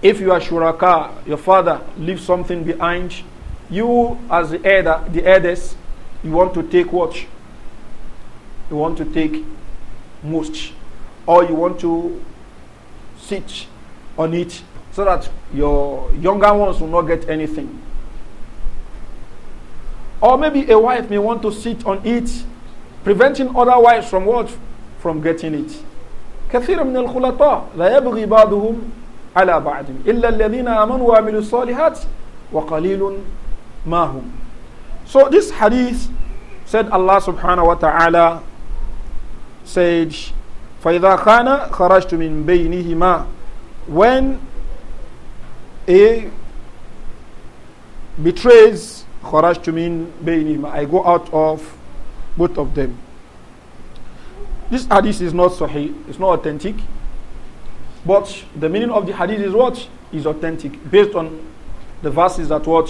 If you are shuraka, your father leaves something behind, you as the elder, the eldest, you want to take what? You want to take most. Or you want to sit on it so that your younger ones will not get anything. Or maybe a wife may want to sit on it preventing other wives from what? From getting it. كثير من الخلطاء لا يبغي بعضهم على بعض إلا الذين آمنوا وعملوا الصالحات وقليل ما هم. So this hadith said Allah subhanahu wa ta'ala said فَإِذَا خَانَ خَرَجْتُ مِن بَيْنِهِمَا When a betrays خَرَجْتُ مِن بَيْنِهِمَا I go out of both of them. This hadith is not sahih, it's not authentic. But the meaning of the hadith is what? Is authentic based on the verses that what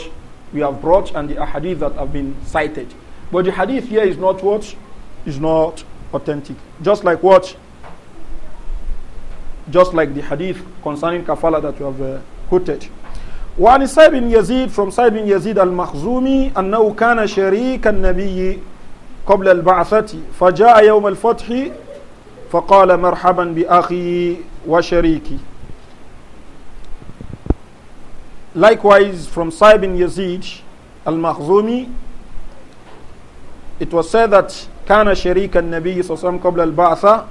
we have brought and the hadith that have been cited. But the hadith here is not what? Is not authentic. Just like what? Just like the hadith concerning kafala that we have uh, quoted. وعن سعد بن يزيد from سعد بن يزيد المخزومي أنه كان شريك النبي قبل البعثة فجاء يوم الفتح فقال مرحبا بأخي وشريكي Likewise from Sa'ib bin Yazid al-Makhzumi it was said that كان شريك النبي صلى الله عليه وسلم قبل البعثة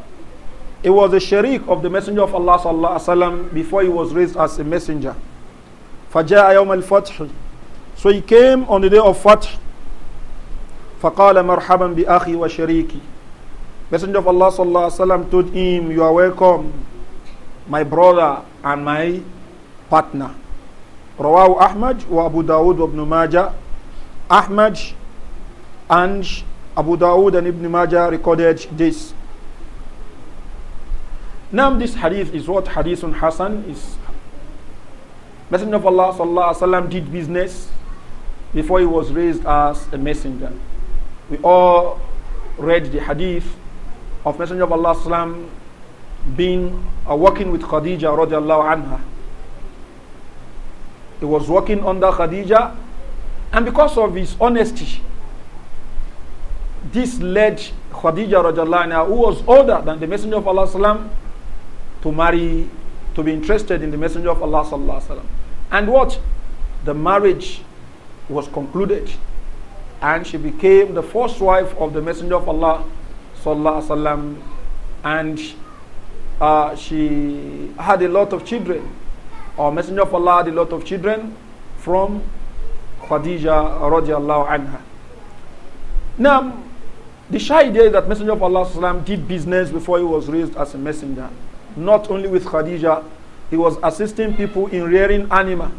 It was a sharik of the messenger of Allah sallallahu عليه وسلم before he was raised as a messenger. فَجَاءَ يَوْمَ الْفَتْحِ So he came on the day of Fatih فقال مرحبا بأخي وشريكي Messenger of Allah sallallahu alaihi wasallam told him, "You are welcome, my brother and my partner." رواه أحمد وأبو داود وابن ماجة أحمد and Abu Dawood and Ibn Majah recorded this. Now this hadith is what hadithun Hassan is. Messenger of Allah sallallahu alaihi wasallam did business before he was raised as a messenger. We all read the hadith of Messenger of Allah Islam being uh, working with Khadija radiallahu anha. He was working under Khadija and because of his honesty, this led Khadija radiallahu anha, who was older than the Messenger of Allah Islam, to marry, to be interested in the Messenger of Allah Sallallahu Alaihi Wasallam. And what? The marriage was concluded and she became the first wife of the Messenger of Allah sallallahu alaihi wasallam, and uh, she had a lot of children. Our Messenger of Allah had a lot of children from Khadija radiallahu anha. Now, the shy idea that Messenger of Allah sallam, did business before he was raised as a messenger. Not only with Khadija, he was assisting people in rearing animal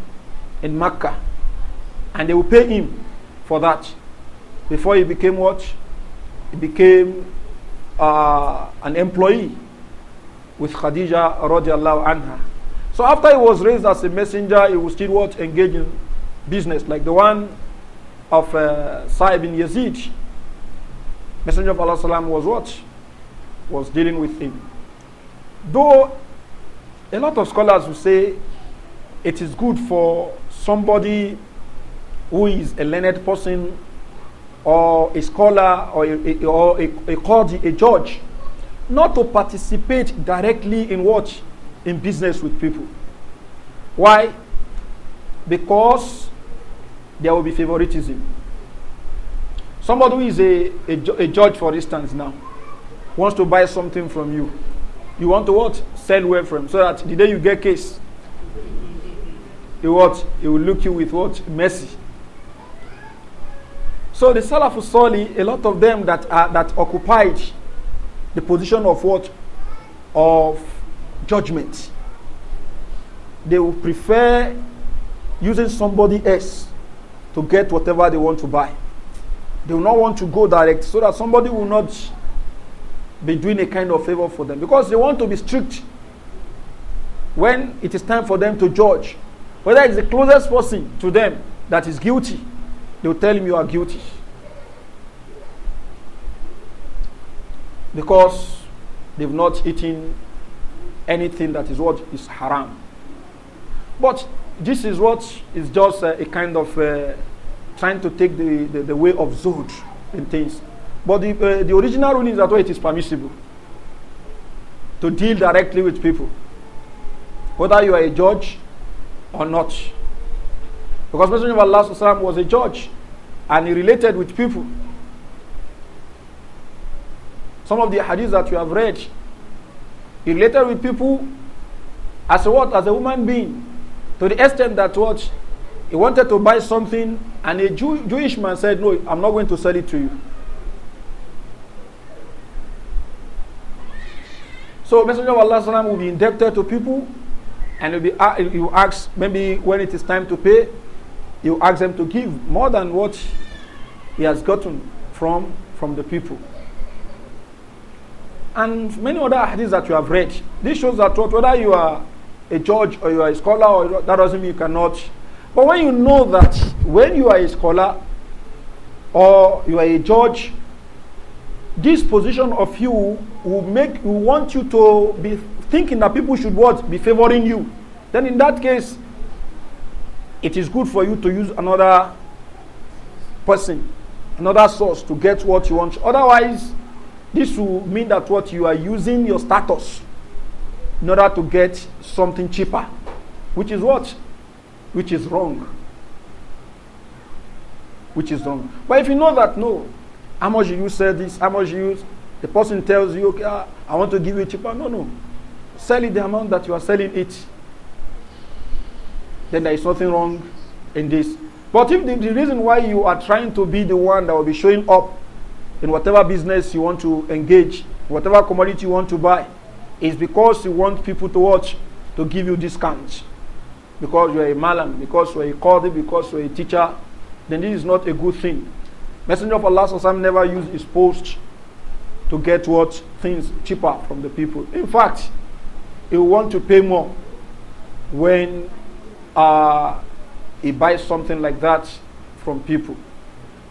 in Mecca. And they would pay him for that before he became what? He became uh, an employee with Khadija radiallahu anha. So after he was raised as a messenger, he was still what? Engage in business, like the one of uh, Sa'ib bin Yazid. Messenger of Allah salam, was what? Was dealing with him. Though a lot of scholars will say it is good for somebody who is a learned person or a scholar or a, or a, a qadi, a judge, not to participate directly in what? In business with people. Why? Because there will be favoritism. Somebody who is a, a, a judge, for instance, now, wants to buy something from you. You want to what? Sell well from so that the day you get case, he what? He will look you with what? Mercy. So the Salafus Sali, a lot of them that, are, that occupied the position of what? Of judgment. They would prefer using somebody else to get whatever they want to buy. They will not want to go direct so that somebody will not be doing a kind of favor for them because they want to be strict when it is time for them to judge whether it's the closest person to them that is guilty they will tell him you are guilty. Because they've not eaten anything that is what is haram. But this is what is just a, uh, a kind of uh, trying to take the, the, the way of Zod and things. But the, uh, the original ruling is that way it is permissible to deal directly with people, whether you are a judge or not. Because Messenger of Allah Sallallahu was a judge and he related with people. Some of the hadiths that you have read, he related with people as a what? As a human being. To the extent that what? He wanted to buy something and a Jew, Jewish man said, no, I'm not going to sell it to you. So Messenger of Allah Sallallahu will be indebted to people and he will ask maybe when it is time to pay you ask them to give more than what he has gotten from, from the people. And many other hadiths that you have read. This shows that what, whether you are a judge or you are a scholar, or that doesn't mean you cannot. But when you know that when you are a scholar or you are a judge, this position of you will make will want you to be thinking that people should what be favoring you. Then in that case, it is good for you to use another person, another source to get what you want. Otherwise, this will mean that what you are using your status in order to get something cheaper, which is what? Which is wrong. Which is wrong. But if you know that, no, how much you sell this, how much you, use, the person tells you, okay, ah, I want to give you cheaper. No, no. Sell it the amount that you are selling it then there is nothing wrong in this. But if the, the reason why you are trying to be the one that will be showing up in whatever business you want to engage, whatever commodity you want to buy, is because you want people to watch, to give you discounts, because you are a malam, because you are a qadi, because you are a teacher, then this is not a good thing. Messenger of Allah Sassam never used his post to get what things cheaper from the people. In fact, he want to pay more when uh, he buys something like that from people.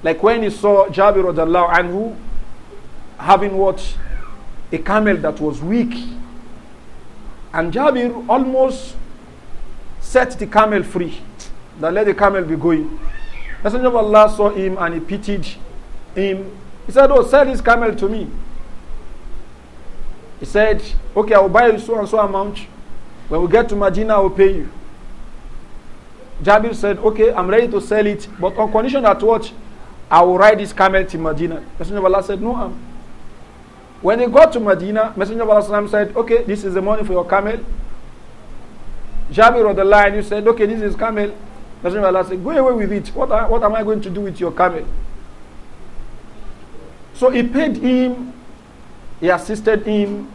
Like when he saw Jabir radiallahu anhu having what? A camel that was weak. And Jabir almost set the camel free. That let the camel be going. Messenger of Allah saw him and he pitied him. He said, Oh, sell this camel to me. He said, Okay, I will buy you so and so amount. When we get to Medina, I will pay you. Jabir said, Okay, I'm ready to sell it, but on condition that what? I will ride this camel to Medina. Messenger of Allah said, No, I'm. When they got to Medina, Messenger of Allah said, Okay, this is the money for your camel. Jabir wrote the line, you said, Okay, this is camel. Messenger of Allah said, Go away with it. What, are, what am I going to do with your camel? So he paid him, he assisted him,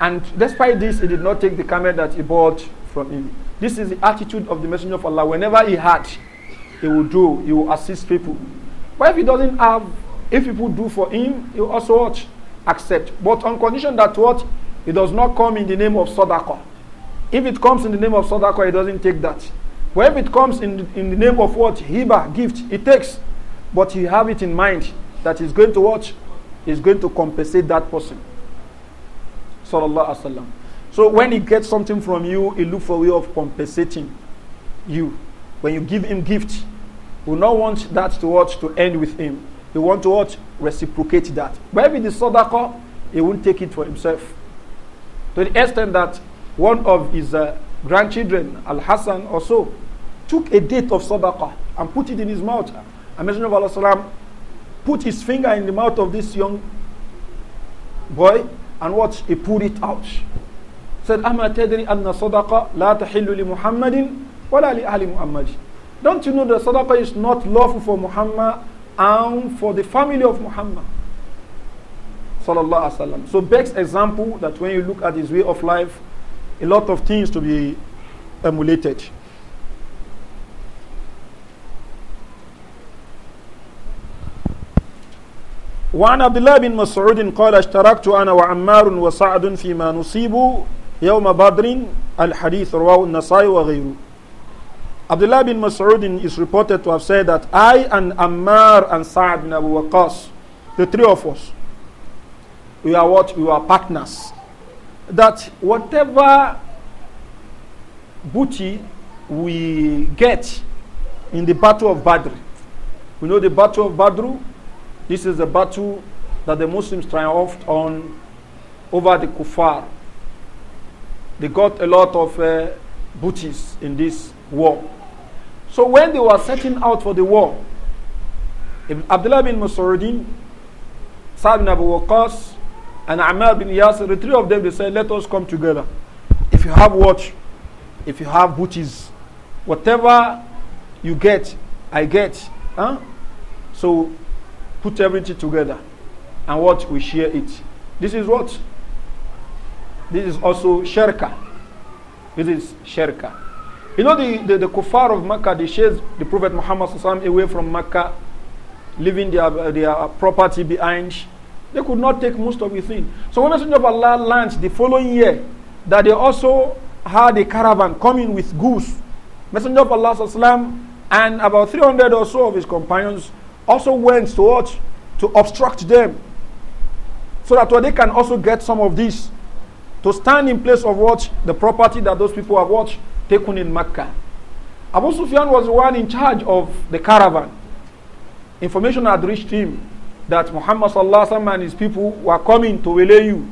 and despite this, he did not take the camel that he bought from him. This is the attitude of the Messenger of Allah. Whenever he had, he will do, he will assist people. But if he doesn't have, if people do for him, he will also accept. But on condition that what? It does not come in the name of Sadaqah. If it comes in the name of Sadaqah, he doesn't take that. But if it comes in, the, in the name of what? Hiba, gift, he takes. But he have it in mind that he's going to watch. He's going to compensate that person. Sallallahu Alaihi Wasallam. So when he gets something from you, he look for a way of compensating you. When you give him gift, we not want that to what to end with him. He want to what reciprocate that. Maybe the it is sadaqah, he won't take it for himself. To the extent that one of his uh, grandchildren, Al Hassan or so, took a date of sadaqah and put it in his mouth. A messenger of Allah salam, put his finger in the mouth of this young boy and what he pulled it out. said, Ama tadri anna sadaqa la tahillu li Muhammadin wa la li ahli Muhammad. Don't you know that sadaqa is not lawful for Muhammad and for the family of Muhammad? Sallallahu Alaihi Wasallam. So Beck's example that when you look at his way of life, a lot of things to be emulated. وعن عبد الله بن مسعود قال اشتركت انا وعمار وسعد فيما نصيب يوم بدر الحديث رواه النسائي وغيره Abdullah bin Mas'ud is reported to have said that I and Ammar and Sa'd bin Abu Waqas, the three of us, we are what? We are partners. That whatever booty we get in the battle of Badr, we know the battle of Badr, this is the battle that the Muslims triumphed on over the Kuffar they got a lot of uh, booties in this war. So when they were setting out for the war, Ibn Abdullah bin Mas'udin, Sa'd bin Abu Waqas, and Ammar bin Yasir, the three of them, they said, let us come together. If you have watch, if you have booties, whatever you get, I get. Huh? So put everything together and what we share it. This is what This is also shirka. This is shirka. You know the, the, the kuffar of Makkah, they chased the Prophet Muhammad away from Makkah, leaving their, their property behind. They could not take most of the thing. So when Messenger of Allah lands the following year, that they also had a caravan coming with goose. Messenger of Allah and about 300 or so of his companions also went to watch, to obstruct them so that they can also get some of these. to stand in place of what? The property that those people have what? Taken in Mecca. Abu Sufyan was the one in charge of the caravan. Information had reached him that Muhammad sallam, and his people were coming to Mecca,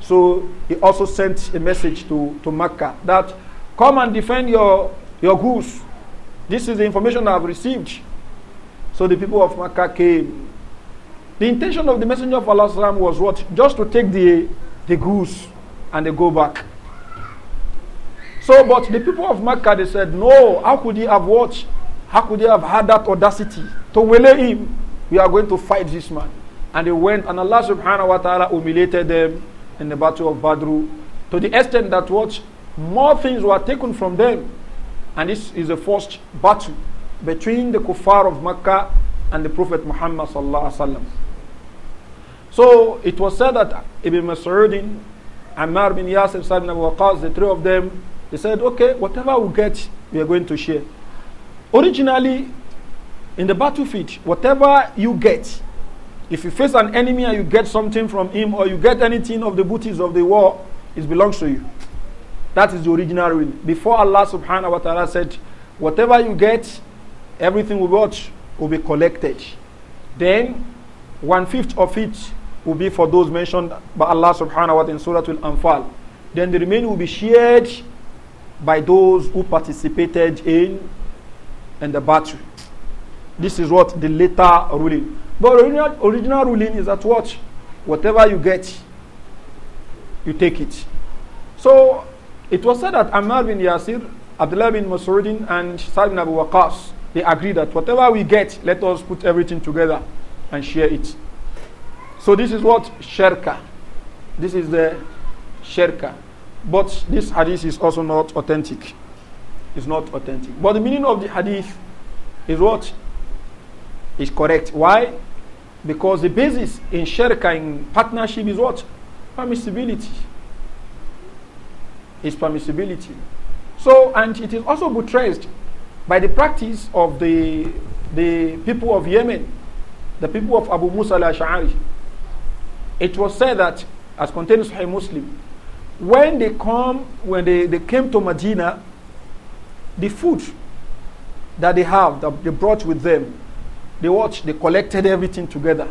So he also sent a message to, to Mecca that come and defend your, your goose. This is the information I've received. So the people of Mecca came. The intention of the messenger of Allah was what? Just to take the, the goose and they go back. So, but the people of Mecca, they said, no, how could he have watched? How could he have had that audacity to waylay him? We are going to fight this man. And they went, and Allah subhanahu wa ta'ala humiliated them in the battle of Badru to the extent that what more things were taken from them. And this is the first battle between the kuffar of Mecca and the Prophet Muhammad sallallahu alaihi wasallam. So it was said that Ibn Mas'udin Ammar bin Yasir, Sa'd bin Abu Waqas, the three of them, they said, okay, whatever we get, we are going to share. Originally, in the battlefield, whatever you get, if you face an enemy and you get something from him or you get anything of the booties of the war, it belongs to you. That is the original rule. Before Allah subhanahu wa ta'ala said, whatever you get, everything we got will be collected. Then one fifth of it will be for those mentioned by Allah subhanahu wa ta'ala in Surah Al-Anfal. Then the remaining will be shared by those who participated in, in the battle. This is what the later ruling. But original, original ruling is that what? Whatever you get, you take it. So it was said that Ammar bin Yasir, Abdullah bin Mas'udin and Sa'd bin Abu Waqas, they agreed that whatever we get, let us put everything together and share it. So this is what sherka, This is the sherka, But this hadith is also not authentic. It's not authentic. But the meaning of the hadith is what is correct. Why? Because the basis in sherka in partnership, is what? Permissibility. Is permissibility. So, and it is also buttressed by the practice of the, the people of Yemen, the people of Abu Musa al-Ash'ari. It was said that, as contained in Sahih Muslim, when they come, when they, they came to Medina, the food that they have, that they brought with them, they watch, they collected everything together.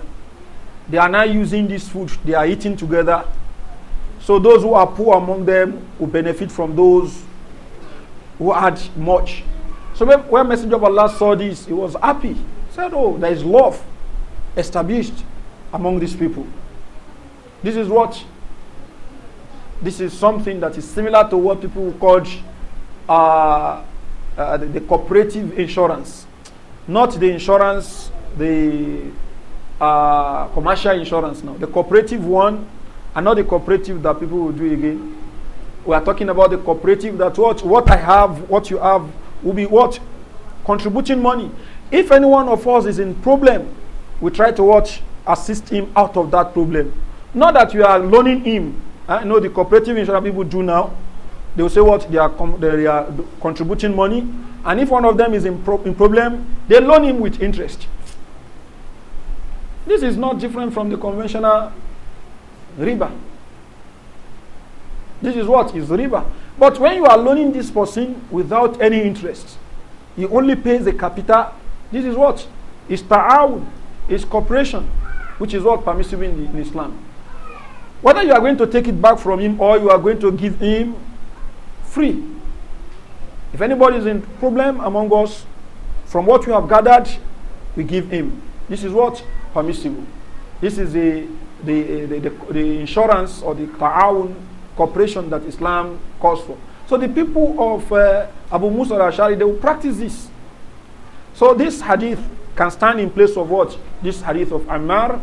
They are now using this food, they are eating together. So those who are poor among them will benefit from those who had much. So when, when Messenger of Allah saw this, he was happy. He said, Oh, there is love established among these people. This is what? This is something that is similar to what people call uh, uh, the, the, cooperative insurance. Not the insurance, the uh, commercial insurance now. The cooperative one, and not the cooperative that people will do again. We are talking about the cooperative that what, what I have, what you have, will be what? Contributing money. If any one of us is in problem, we try to what? Assist him out of that problem. Not that you are loaning him. I eh? know the cooperative insurance people do now. They will say what they are, they are contributing money. And if one of them is in, pro in problem, they loan him with interest. This is not different from the conventional riba. This is what is riba. But when you are loaning this person without any interest, he only pays the capital. This is what is ta'awun, is cooperation, which is what permissible in, in Islam. Whether you are going to take it back from him or you are going to give him free. If anybody is in problem among us, from what we have gathered, we give him. This is what? Permissible. This is the, the, the, the, the insurance or the ta'awun cooperation that Islam calls for. So the people of uh, Abu Musa al-Ashari, they will practice this. So this hadith can stand in place of what? This hadith of Ammar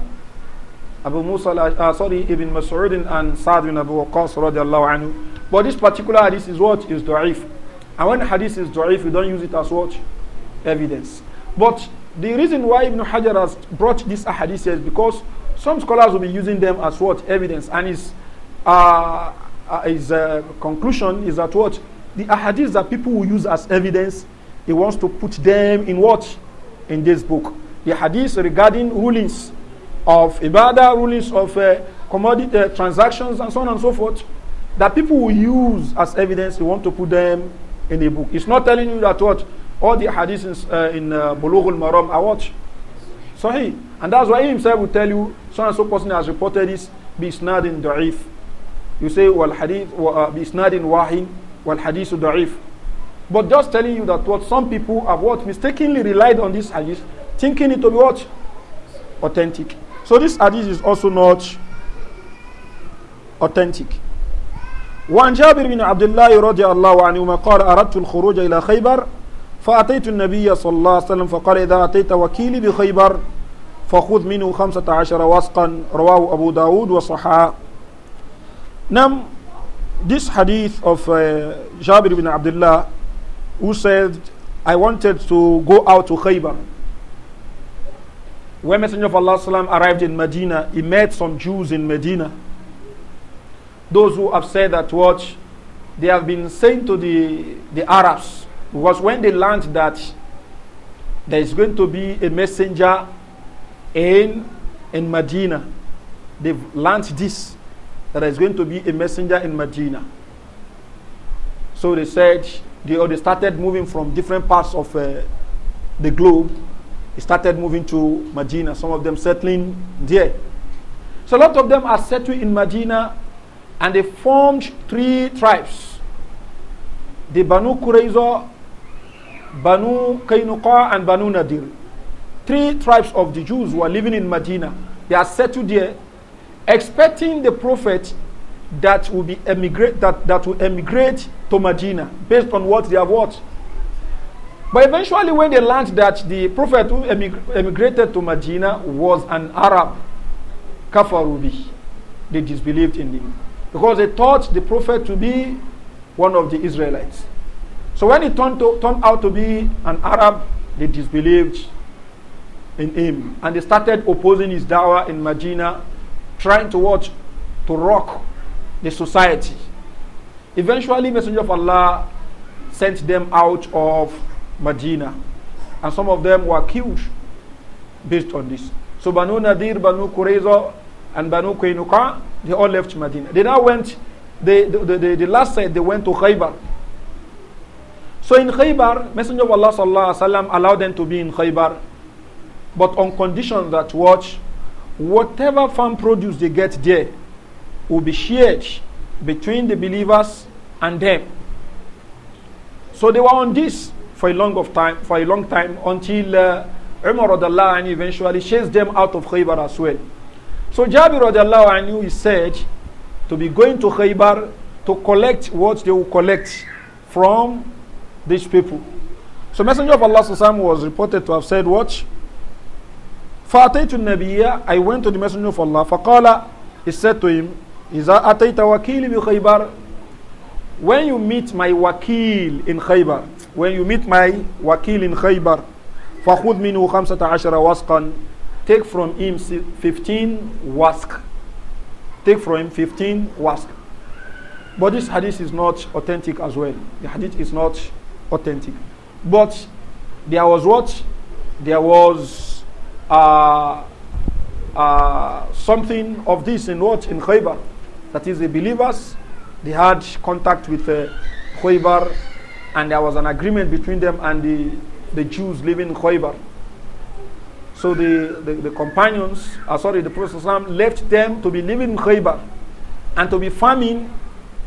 Abu Musa, uh, sorry, Ibn Mas'ud and Sa'd bin Abu Waqqas radiallahu anhu. But this particular hadith is what? Is da'if. And when hadith is da'if, we don't use it as what? Evidence. But the reason why Ibn Hajar has brought this hadith is because some scholars will be using them as what? Evidence. And his, uh, uh his uh, conclusion is that what? The hadiths that people will use as evidence, he wants to put them in what? In this book. The hadith regarding rulings of ibadah, rulings of uh, commodity uh, transactions, and so on and so forth, that people will use as evidence. You want to put them in a book. It's not telling you that what all the hadiths in, uh, in uh, Bulugh maram are what? Sahih. And that's why he himself will tell you, so and so person has reported this, in daif. you say والحديث بإسناد واحد hadith ضعيف uh, but just telling you that what some people have what mistakenly relied on this hadith thinking it to be what authentic So this hadith is also not authentic. وعن جابر بن عبد الله رضي الله عنهما قال أردت الخروج إلى خيبر فأتيت النبي صلى الله عليه وسلم فقال إذا أتيت وكيلي بخيبر فخذ منه خمسة عشر وسقا رواه أبو داود وصحاء Now, this hadith of uh, Jabir bin Abdullah who said, I wanted to go out to Khaybar when Messenger of Allah arrived in Medina, he met some Jews in Medina. Those who have said that what they have been saying to the, the Arabs was when they learned that there is going to be a messenger in, in Medina. They've learned this, that there is going to be a messenger in Medina. So they said, they, or they started moving from different parts of uh, the globe started moving to Medina, some of them settling there. So a lot of them are settled in Medina and they formed three tribes. The Banu Qurayza, Banu Kainuqa and Banu Nadir. Three tribes of the Jews who are living in Medina. They are settled there expecting the prophet that will be emigrate that, that will emigrate to Medina based on what they have watched but eventually, when they learned that the Prophet who emigrated to Medina was an Arab, Kafarubi, they disbelieved in him. Because they thought the Prophet to be one of the Israelites. So when he turned, to, turned out to be an Arab, they disbelieved in him. And they started opposing his dawah in Medina, trying to watch, to rock the society. Eventually, Messenger of Allah sent them out of Medina. And some of them were killed based on this. So Banu Nadir, Banu Qurayza, and Banu Qaynuqa, they all left Medina. They now went, they, the, the, the, the last side, they went to Khaybar. So in Khaybar, Messenger of Allah sallallahu alaihi wasallam allowed them to be in Khaybar, but on condition that watch, whatever farm produce they get there will be shared between the believers and them. So they were on this for a long of time, for a long time until uh, Umar radiallahu anhu eventually chased them out of Khaybar as well. So Jabir radiallahu anhu is said to be going to Khaybar to collect what they will collect from these people. So Messenger of Allah was reported to have said, Watch. فَأَتَيْتُ النَّبِيَّ I went to the Messenger of Allah. فَقَالَ He said to him, إِذَا أَتَيْتَ وَكِيلِ بِخَيْبَرَ When you meet my wakil in Khaybar, when you meet my wakil in Khaybar, فَخُذْ مِنْهُ خَمْسَةَ عَشَرَ Take from him 15 wask. Take from him 15 wask. But this hadith is not authentic as well. The hadith is not authentic. But there was what? There was uh, uh, something of this in what? In Khaybar. That is the believers, they had contact with uh, Khaybar and there was an agreement between them and the, the Jews living in Khaybar. So the, the, the companions, uh, sorry, the Prophet left them to be living in Khaybar and to be farming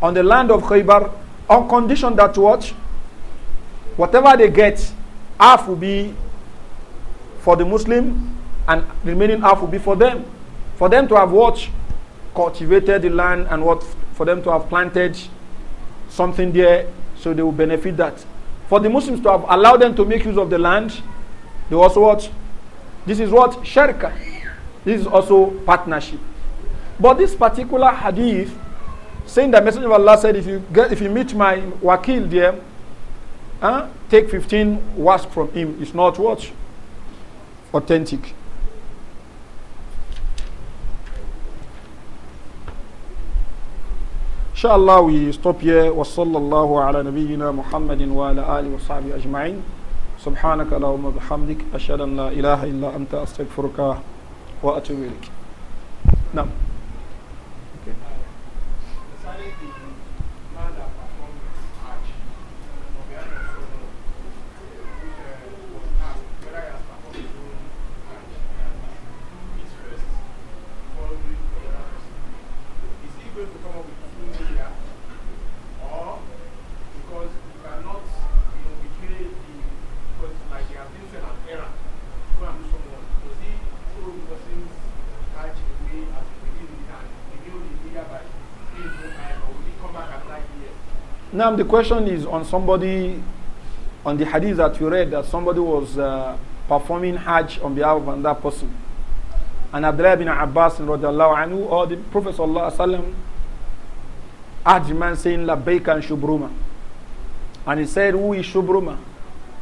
on the land of Khaybar on condition that what? Whatever they get, half will be for the Muslim and the remaining half will be for them. For them to have what? Cultivated the land and what? For them to have planted something there So they will benefit that. For the Muslims to have allowed them to make use of the land, they also what? This is what? Sharika. This is also partnership. But this particular hadith, saying that Messenger of Allah said, if you, get, if you meet my wakil there, huh, take 15 wasp from him. It's not what? Authentic. شاء الله we stop وصلى الله على نبينا محمد وعلى آله وصحبه أجمعين. سبحانك اللهم وبحمدك أشهد أن لا إله إلا أنت أستغفرك وأتوب إليك. نعم. Now the question is on somebody, on the hadith that you read that somebody was uh, performing Hajj on behalf of another person. And Abdullah bin Abbas radiallahu anhu or the Prophet sallallahu alaihi wasallam the man saying Labbaik and Shubruma. And he said, who is Shubruma?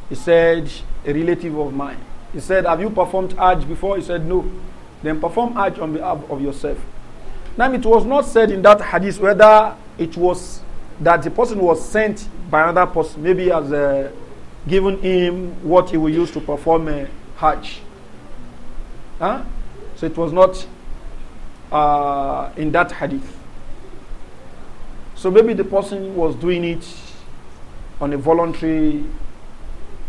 He said, a relative of mine. He said, have you performed Hajj before? He said, no. Then perform Hajj on behalf of yourself. Now it was not said in that hadith whether it was that the person was sent by another person, maybe as a, uh, given him what he will use to perform a Hajj. Huh? So it was not uh, in that hadith. So maybe the person was doing it on a voluntary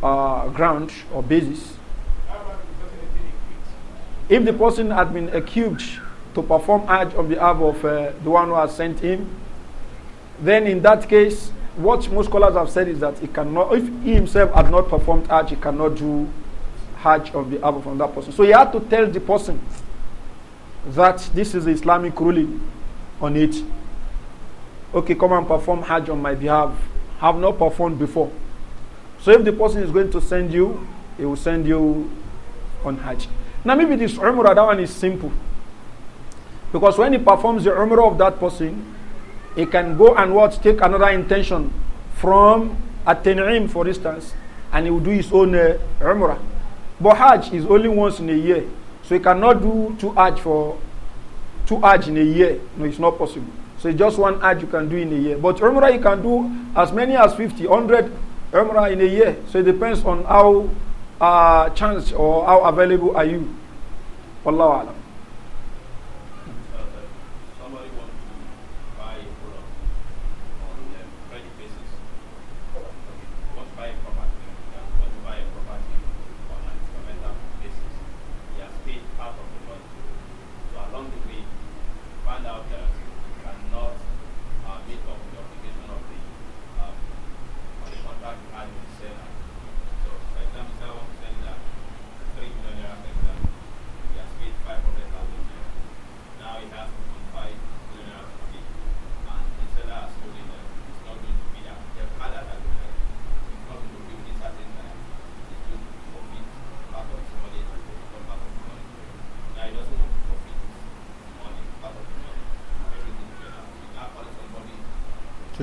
uh, ground or basis. If the person had been accused to perform Hajj on behalf of uh, the one who has sent him, then in that case, what most scholars have said is that he cannot, if he himself had not performed Hajj, he cannot do Hajj on behalf of another person. So he had to tell the person that this is the Islamic ruling on it. Okay, come and perform Hajj on my behalf. Have not performed before. So if the person is going to send you, he will send you on Hajj. Now maybe this Umrah, that one is simple. Because when he performs the Umrah of that person, he can go and what take another intention from at for instance and he will do his own uh, Umrah. But Hajj is only once in a year. So he cannot do two Hajj for two Hajj in a year. No, it's not possible. So just one Hajj you can do in a year. But Umrah you can do as many as 50, 100 Umrah in a year. So it depends on how uh, chance or how available are you. Wallahu alam.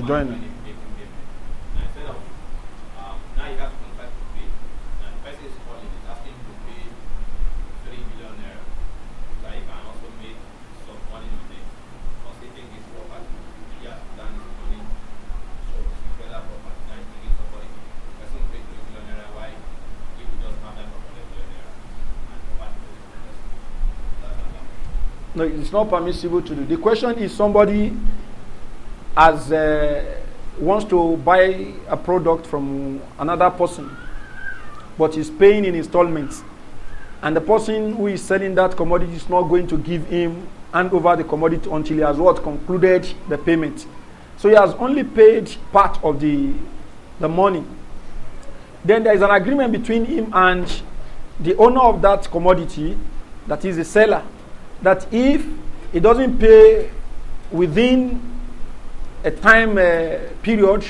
to join them. No, it's not permissible to do. The question is somebody as uh, wants to buy a product from another person, but he's paying in installments, and the person who is selling that commodity is not going to give him hand over the commodity until he has what concluded the payment. So he has only paid part of the the money. Then there is an agreement between him and the owner of that commodity, that is the seller, that if he doesn't pay within a time uh, period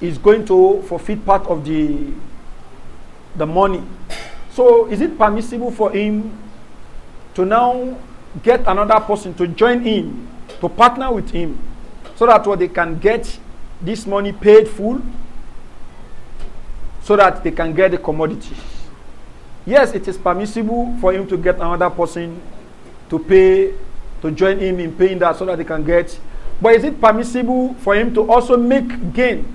is going to forfeit part of the the money. So is it permissible for him to now get another person to join in to partner with him, so that what they can get this money paid full, so that they can get the commodity. Yes, it is permissible for him to get another person to pay, to join him in paying that so that they can get But is it permissible for him to also make gain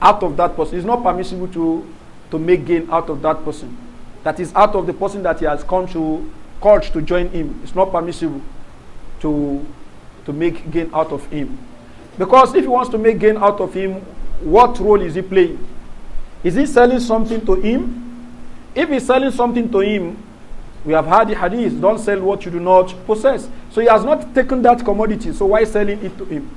out of that person? It's not permissible to, to make gain out of that person. That is out of the person that he has come to coach to join him. It's not permissible to, to make gain out of him. Because if he wants to make gain out of him, what role is he playing? Is he selling something to him? If he's selling something to him, We have had the hadith, don't sell what you do not possess. So he has not taken that commodity, so why selling it to him?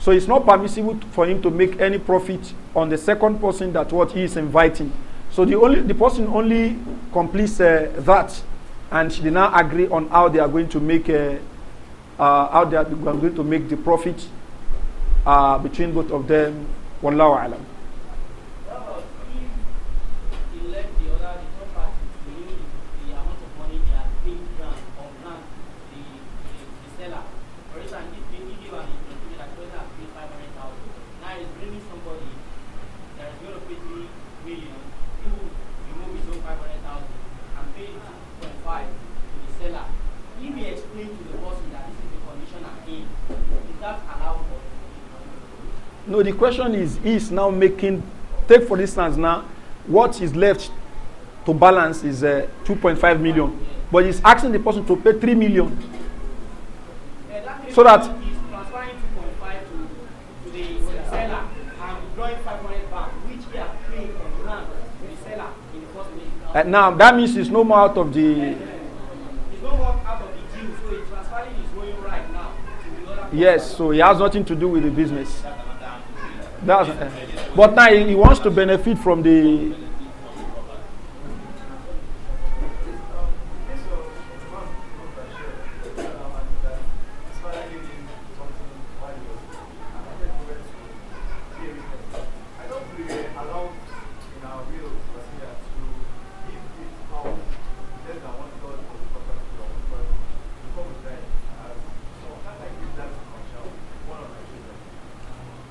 So it's not permissible for him to make any profit on the second person that what he is inviting. So the only the person only completes uh, that, and they now agree on how they are going to make uh, uh, how they are going to make the profit uh, between both of them. Wallahu alam. No, the question is, is now making, take for instance now, what is left to balance is uh, 2.5 million, but he's asking the person to pay 3 million. so that. and Uh, now, that means it's no more out of the. Yeah, He's no more out of the deal, so he's transferring his right now to the other. Yes, so he has nothing to do with the business. That's, uh, but now he, he wants to benefit from the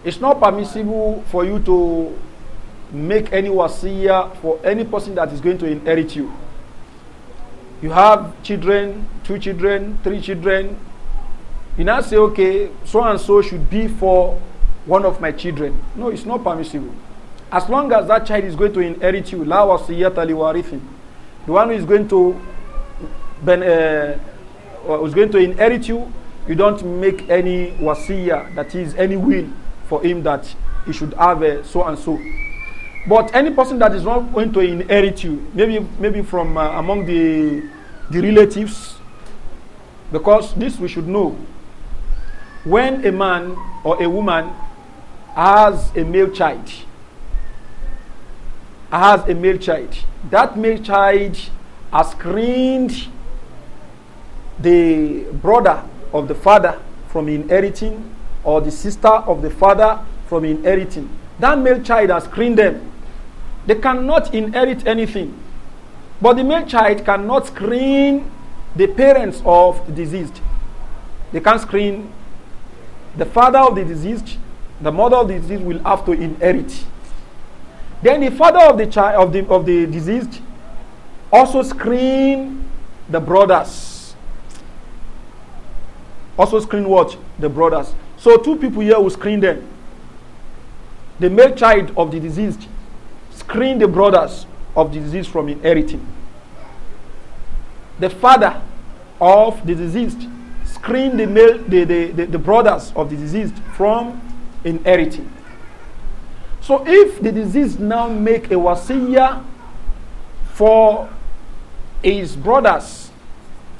It's not permissible for you to make any wasiya for any person that is going to inherit you. You have children, two children, three children. You now say, okay, so and so should be for one of my children. No, it's not permissible. As long as that child is going to inherit you, la wasiya tali warithin. The one who is going to ben, uh, who's going to inherit you, you don't make any wasiya, that is any will for him that he should have a so and so. But any person that is not going to inherit you, maybe maybe from uh, among the the relatives, because this we should know. When a man or a woman has a male child, has a male child, that male child has screened the brother of the father from inheriting or the sister of the father from inheriting. That male child has screened them. They cannot inherit anything. But the male child cannot screen the parents of the diseased. They can't screen the father of the diseased. The mother of the diseased will have to inherit. Then the father of the child of the of the diseased also screen the brothers. Also screen what? The brothers. So two people here will screen them. The male child of the diseased, screen the brothers of the disease from inheriting. The father of the diseased screen the, male, the, the, the, the brothers of the diseased from inheriting. So if the disease now make a wasiyah for his brothers,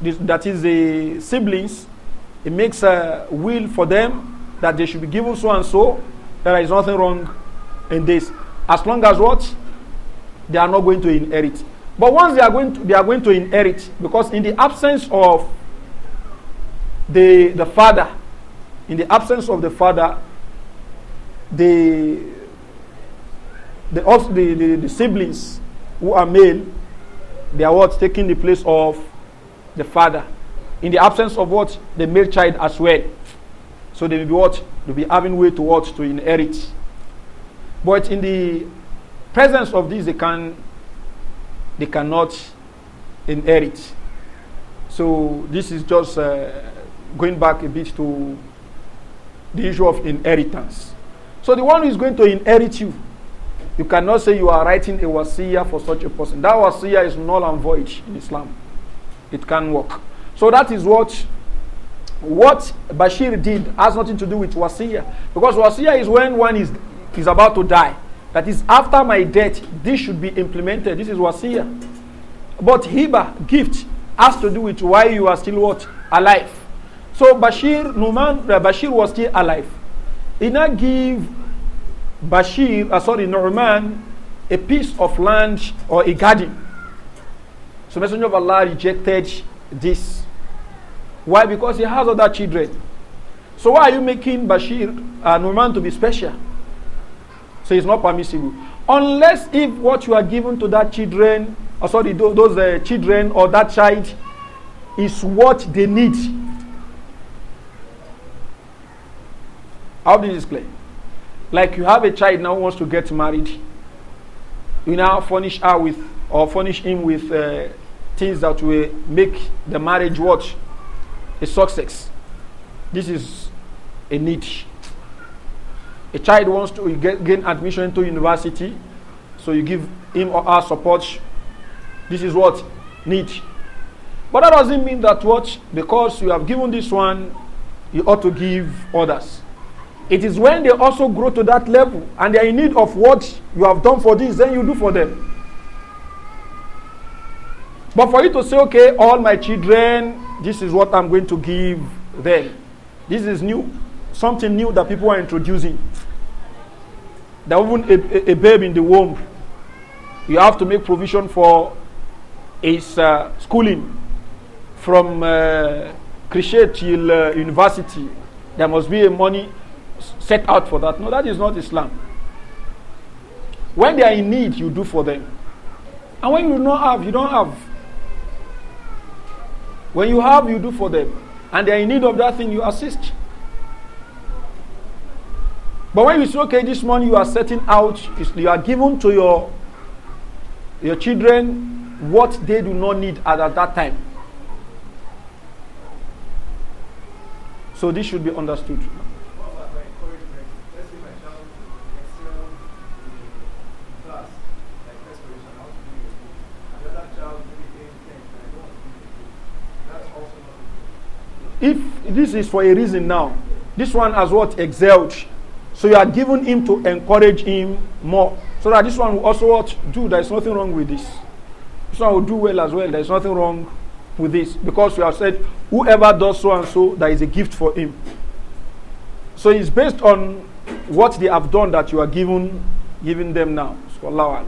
that is the siblings, it makes a will for them that they should be given so and so, there is nothing wrong in this. As long as what? They are not going to inherit. But once they are going to, they are going to inherit, because in the absence of the, the father, in the absence of the father, the, the, also the, the, the siblings who are male, they are what? Taking the place of the father. In the absence of what? The male child as well. So they will be what? They'll be having way to what? To inherit. But in the presence of this, they can they cannot inherit. So this is just uh, going back a bit to the issue of inheritance. So the one who is going to inherit you, you cannot say you are writing a wasiya for such a person. That wasiya is null and void in Islam. It can work. So that is what what Bashir did has nothing to do with wasiya. Because wasiya is when one is, is about to die. That is, after my death, this should be implemented. This is wasiya. But hiba, gift, has to do with why you are still what? Alive. So Bashir, Numan, uh, Bashir was still alive. He now give Bashir, uh, sorry, Numan, a piece of land or a garden. So Messenger of Allah rejected this. Why? Because he has other children. So why are you making Bashir and Numan to be special? So it's not permissible. Unless if what you are given to that children, or oh, sorry, those uh, children or that child is what they need. How this you explain? Like you have a child now wants to get married. You now furnish her with or furnish him with uh, things that will make the marriage what a success. This is a need. A child wants to gain admission to university, so you give him or her support. This is what need. But that doesn't mean that what because you have given this one, you ought to give others. It is when they also grow to that level and they are in need of what you have done for this, then you do for them. But for you to say, okay, all my children this is what I'm going to give them. This is new, something new that people are introducing. That even a, a, a babe in the womb, you have to make provision for his uh, schooling from uh, crochet till uh, university. There must be a money set out for that. No, that is not Islam. When they are in need, you do for them. And when you don't have, you don't have. When you have, you do for them. And they are in need of that thing, you assist. But when you say, okay, this money you are setting out, you are giving to your, your children what they do not need at, at that time. So this should be understood. this is for a reason now. This one has what? Excelled. So you are giving him to encourage him more. So that this one will also what? Do. There is nothing wrong with this. This one will do well as well. There is nothing wrong with this. Because you have said, whoever does so and so, there is a gift for him. So it's based on what they have done that you are giving, giving them now. So Allah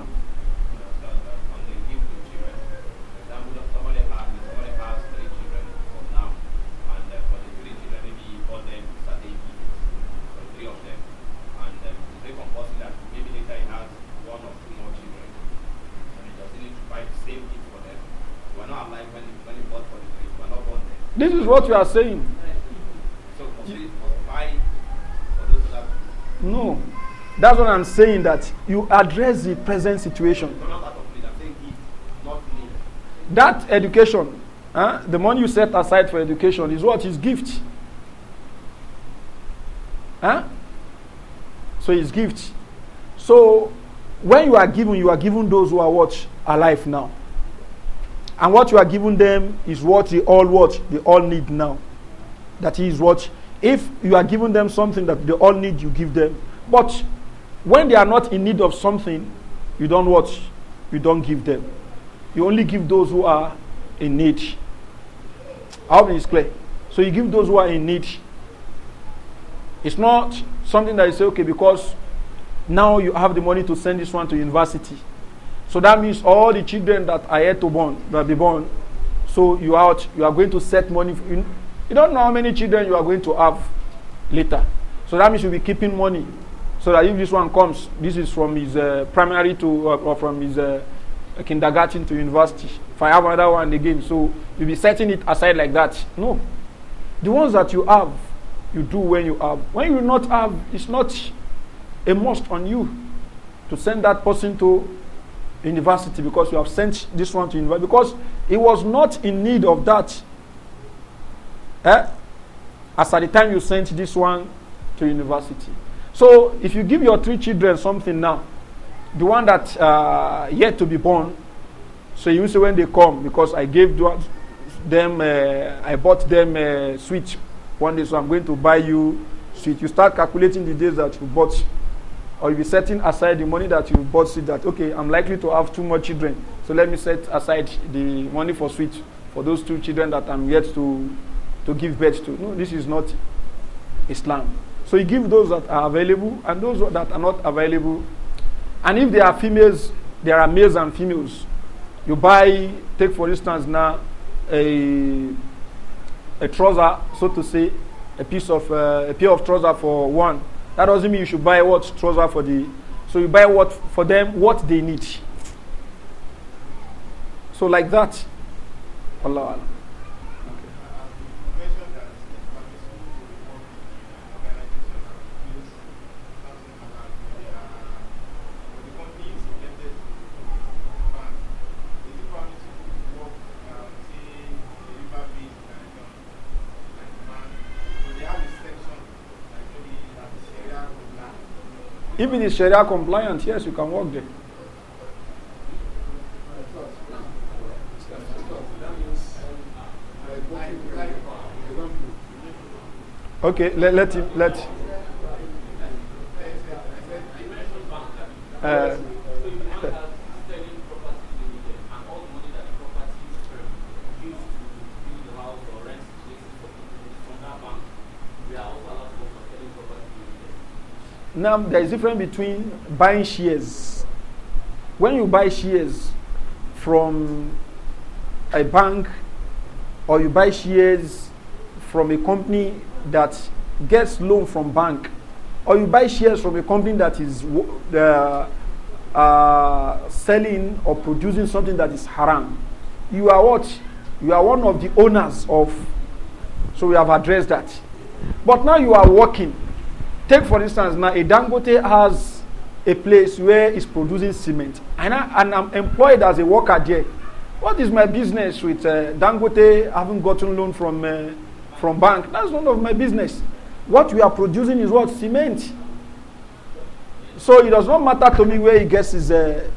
is what you are saying. So, no. That's what I'm saying that you address the present situation. That education, huh? the money you set aside for education is what is gift. Huh? So it's gift. So when you are given, you are given those who are what? Alive now. And what you are giving them is what they all what they all need now. That is what if you are giving them something that they all need, you give them. But when they are not in need of something, you don't what? You don't give them. You only give those who are in need. I hope it's clear. So you give those who are in need. It's not something that you say, okay, because now you have the money to send this one to university. So that means all the children that are yet to born, will be born, so you are you are going to set money. You, you don't know how many children you are going to have later. So that means you'll be keeping money, so that if this one comes, this is from his uh, primary to uh, or from his uh, kindergarten to university. If I have another one again, so you'll be setting it aside like that. No, the ones that you have, you do when you have. When you not have, it's not a must on you to send that person to university because you have sent this one to university because he was not in need of that. Eh? As at the time you sent this one to university. So if you give your three children something now, the one that uh, yet to be born, so you say when they come because I gave them, uh, I bought them a uh, switch one day, so I'm going to buy you switch. You start calculating the days that you bought or you'll be setting aside the money that you bought seed that okay i'm likely to have two more children so let me set aside the money for sweet for those two children that i'm yet to to give birth to no this is not islam so you give those that are available and those that are not available and if there are females there are males and females you buy take for instance now a a trouser so to say a piece of uh, a pair of trouser for one That doesn't mean you should buy what trouser for the. So you buy what for them what they need. So like that, Allah. Allah. If it is Sharia compliant, yes, you can work there. Okay, let, let him, let. Uh, Now, there is difference between buying shares. When you buy shares from a bank or you buy shares from a company that gets loan from bank or you buy shares from a company that is uh, uh, selling or producing something that is haram you are what you are one of the owners of so we have addressed that but now you are working take for instance now a dangote has a place where he's producing cement and, I, and i'm employed as a worker there what is my business with uh, dangote having gotten loan from uh, from bank that's none of my business what we are producing is what cement so it does not matter to me where he gets his uh,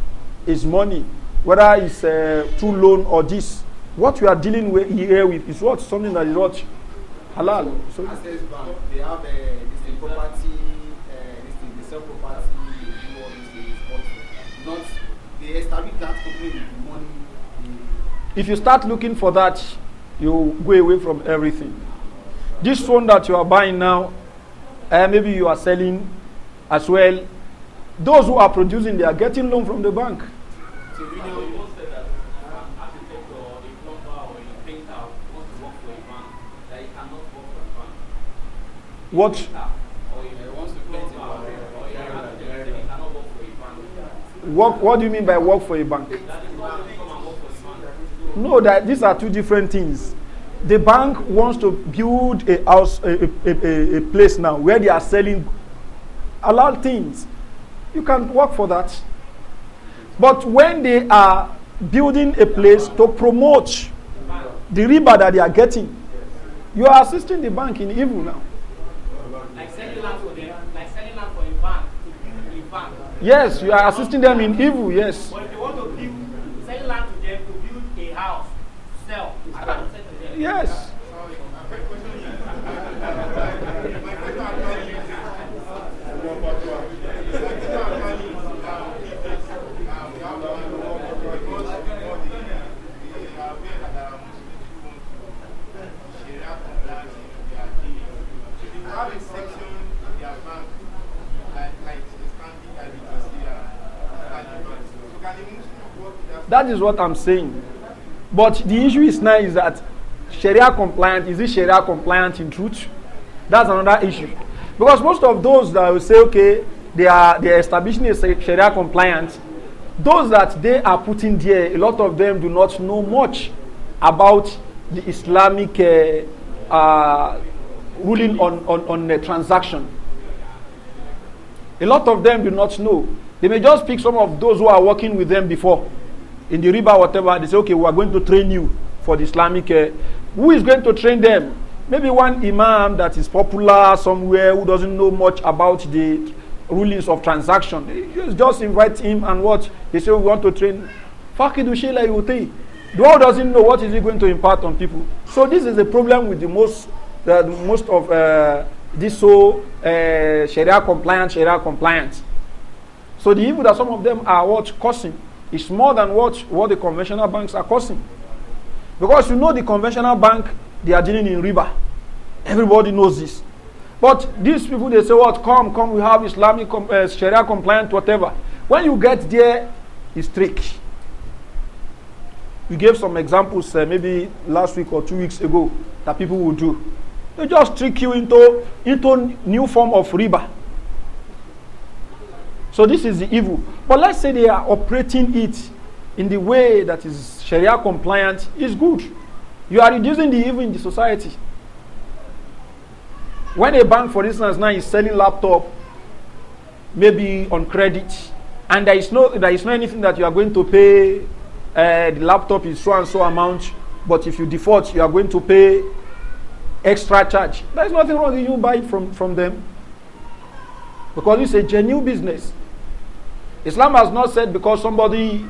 his money whether it's uh, through loan or this what we are dealing with here with is what something that is what halal so access bank they have a uh, property, uh, they sell property, they do all these things, but not they establish that company with money. If you start looking for that, you go away from everything. This phone that you are buying now, uh, maybe you are selling as well. Those who are producing, they are getting loan from the bank. So you know, what Work, what do you mean by work for a bank? No, that these are two different things. The bank wants to build a house, a, a, a, a place now where they are selling a lot of things. You can work for that. But when they are building a place to promote the riba that they are getting, you are assisting the bank in evil now. Yes, you are assisting them in evil, yes. But if you want to build, sell land to them to build a house, sell. Yes. That is what I'm saying. But the issue is now is that Sharia compliant, is it Sharia compliant in truth? That's another issue. Because most of those that will say, okay, they are they are establishing a Sharia compliant, those that they are putting there, a lot of them do not know much about the Islamic uh, uh, ruling on, on, on a transaction. A lot of them do not know. They may just pick some of those who are working with them before. in the river, whatever, they say, okay, we are going to train you for the Islamic. Uh, who is going to train them? Maybe one imam that is popular somewhere who doesn't know much about the rulings of transaction. You just invite him and what? They say, we want to train. The world doesn't know what is he going to impart on people. So this is a problem with the most, the, the most of uh, this so uh, Sharia compliant, Sharia compliant. So the evil that some of them are what causing It's more than what, what the conventional banks are costing. Because you know the conventional bank, they are dealing in riba. Everybody knows this. But these people, they say, what, come, come, we have Islamic com uh, Sharia compliant, whatever. When you get there, it's trick. We gave some examples uh, maybe last week or two weeks ago that people will do. They just trick you into, into new form of riba. So this is the evil. But let's say they are operating it in the way that is Sharia compliant, is good. You are reducing the evil in the society. When a bank, for instance, now is selling laptop, maybe on credit, and there is no there is no anything that you are going to pay. Uh, the laptop is so and so amount, but if you default, you are going to pay extra charge. There is nothing wrong with you buy from from them because it's a genuine business. Islam has not said because somebody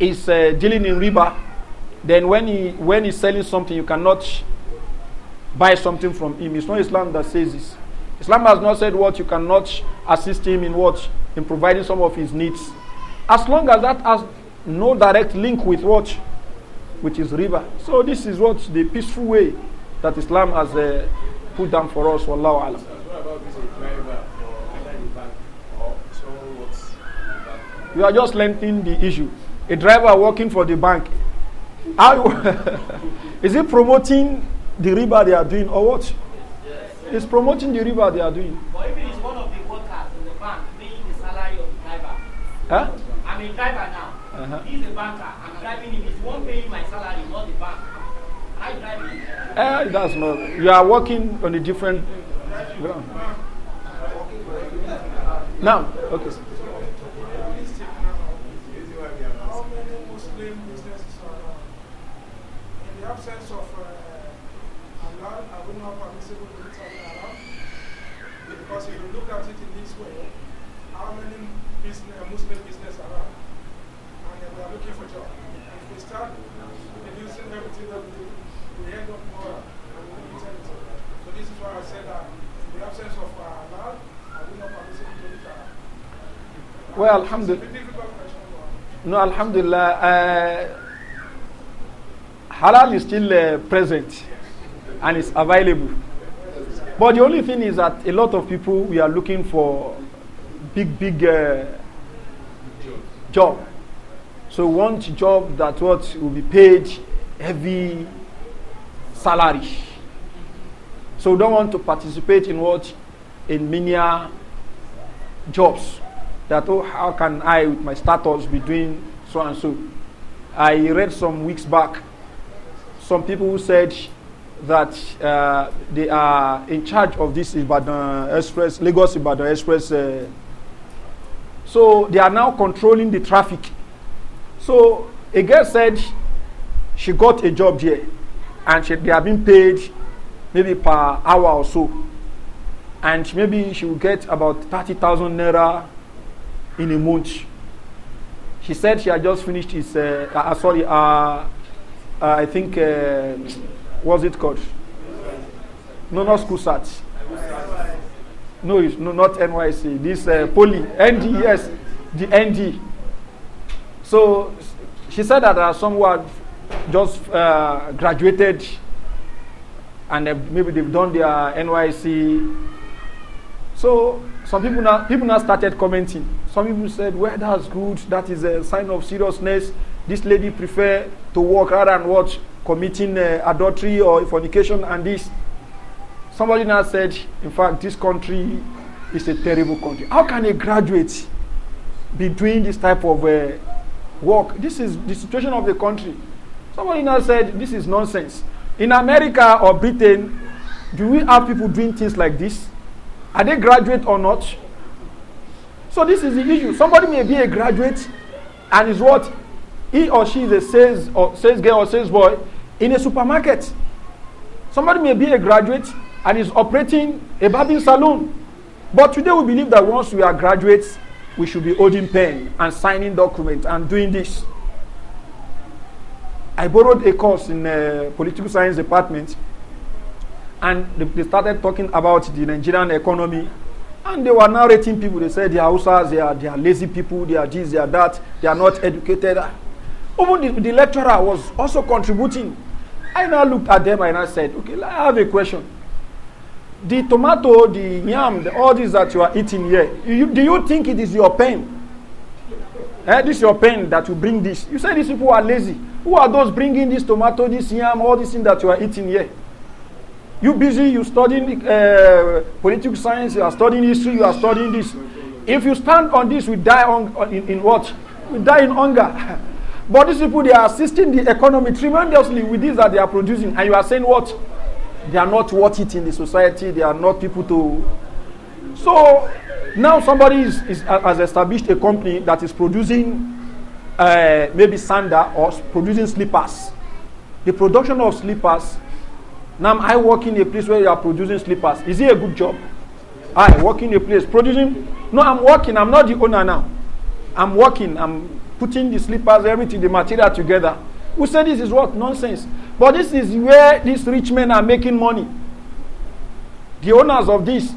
is uh, dealing in riba, then when he when he's selling something, you cannot buy something from him. It's not Islam that says this. Islam has not said what you cannot assist him in what in providing some of his needs, as long as that has no direct link with what with his riba. So this is what the peaceful way that Islam has uh, put down for us. Wallahu alam. You are just lengthening the issue. A driver working for the bank. How is it promoting the river they are doing or what? Yes, it's promoting the river they are doing. But if it is one of the workers in the bank paying the salary of the driver. Huh? I'm a driver now. Uh -huh. He's a banker. I'm driving him. He's one paying my salary, not the bank. I drive him. Eh, that's not. You are working on a different ground. Now, okay. Well, alhamdulillah. No, alhamdulillah. Uh, halal is still uh, present and it's available. But the only thing is that a lot of people, we are looking for big, big uh, job. So we want job that what will be paid heavy salary. So we don't want to participate in what? In menial jobs. that, oh, how can I, with my status, be doing so and so? I read some weeks back some people who said that uh, they are in charge of this Ibadan Express, Lagos Ibadan Express. Uh, so they are now controlling the traffic. So a girl said she got a job here and she, they are being paid maybe per hour or so. And maybe she will get about 30,000 naira in a month. She said she had just finished his, uh, uh, sorry, uh, uh I think, uh, what's it called? No, not school No, it's, no, not NYC. This uh, poly, ND, yes, the ND. So she said that there are some who just graduated and maybe they've done their NYC. So some people now, people now started commenting. Some people said, well, that's good. That is a sign of seriousness. This lady prefer to walk rather than watch committing uh, adultery or fornication and this. Somebody now said, in fact, this country is a terrible country. How can a graduate be doing this type of uh, work? This is the situation of the country. Somebody now said, this is nonsense. In America or Britain, do we have people doing things like this? Are they graduate or not? So this is the issue. Somebody may be a graduate and is what he or she is a sales or sales girl or sales boy in a supermarket. Somebody may be a graduate and is operating a barbing salon. But today we believe that once we are graduates, we should be holding pen and signing document and doing this. I borrowed a course in uh, political science department and they started talking about the Nigerian economy. And they were narrating people. They said they are Hausas, they are, they are lazy people, they are this, they are that, they are not educated. Even the, the lecturer was also contributing. I now looked at them and I said, okay, I have a question. The tomato, the yam, the, all these that you are eating here, you, do you think it is your pain? Eh, this is your pain that you bring this. You say these people are lazy. Who are those bringing this tomato, this yam, all these things that you are eating here? You busy, you studying uh, political science, you are studying history, you are studying this. If you stand on this, we die on, in, in what? We die in hunger. but these people, they are assisting the economy tremendously with this that they are producing. And you are saying what? They are not worth it in the society. They are not people to... So now somebody is, is has established a company that is producing uh, maybe sander or producing slippers. The production of slippers Now, I work in a place where you are producing slippers. Is it a good job? I work in a place producing. No, I'm working. I'm not the owner now. I'm working. I'm putting the slippers, everything, the material together. Who say this is what? Nonsense. But this is where these rich men are making money. The owners of this.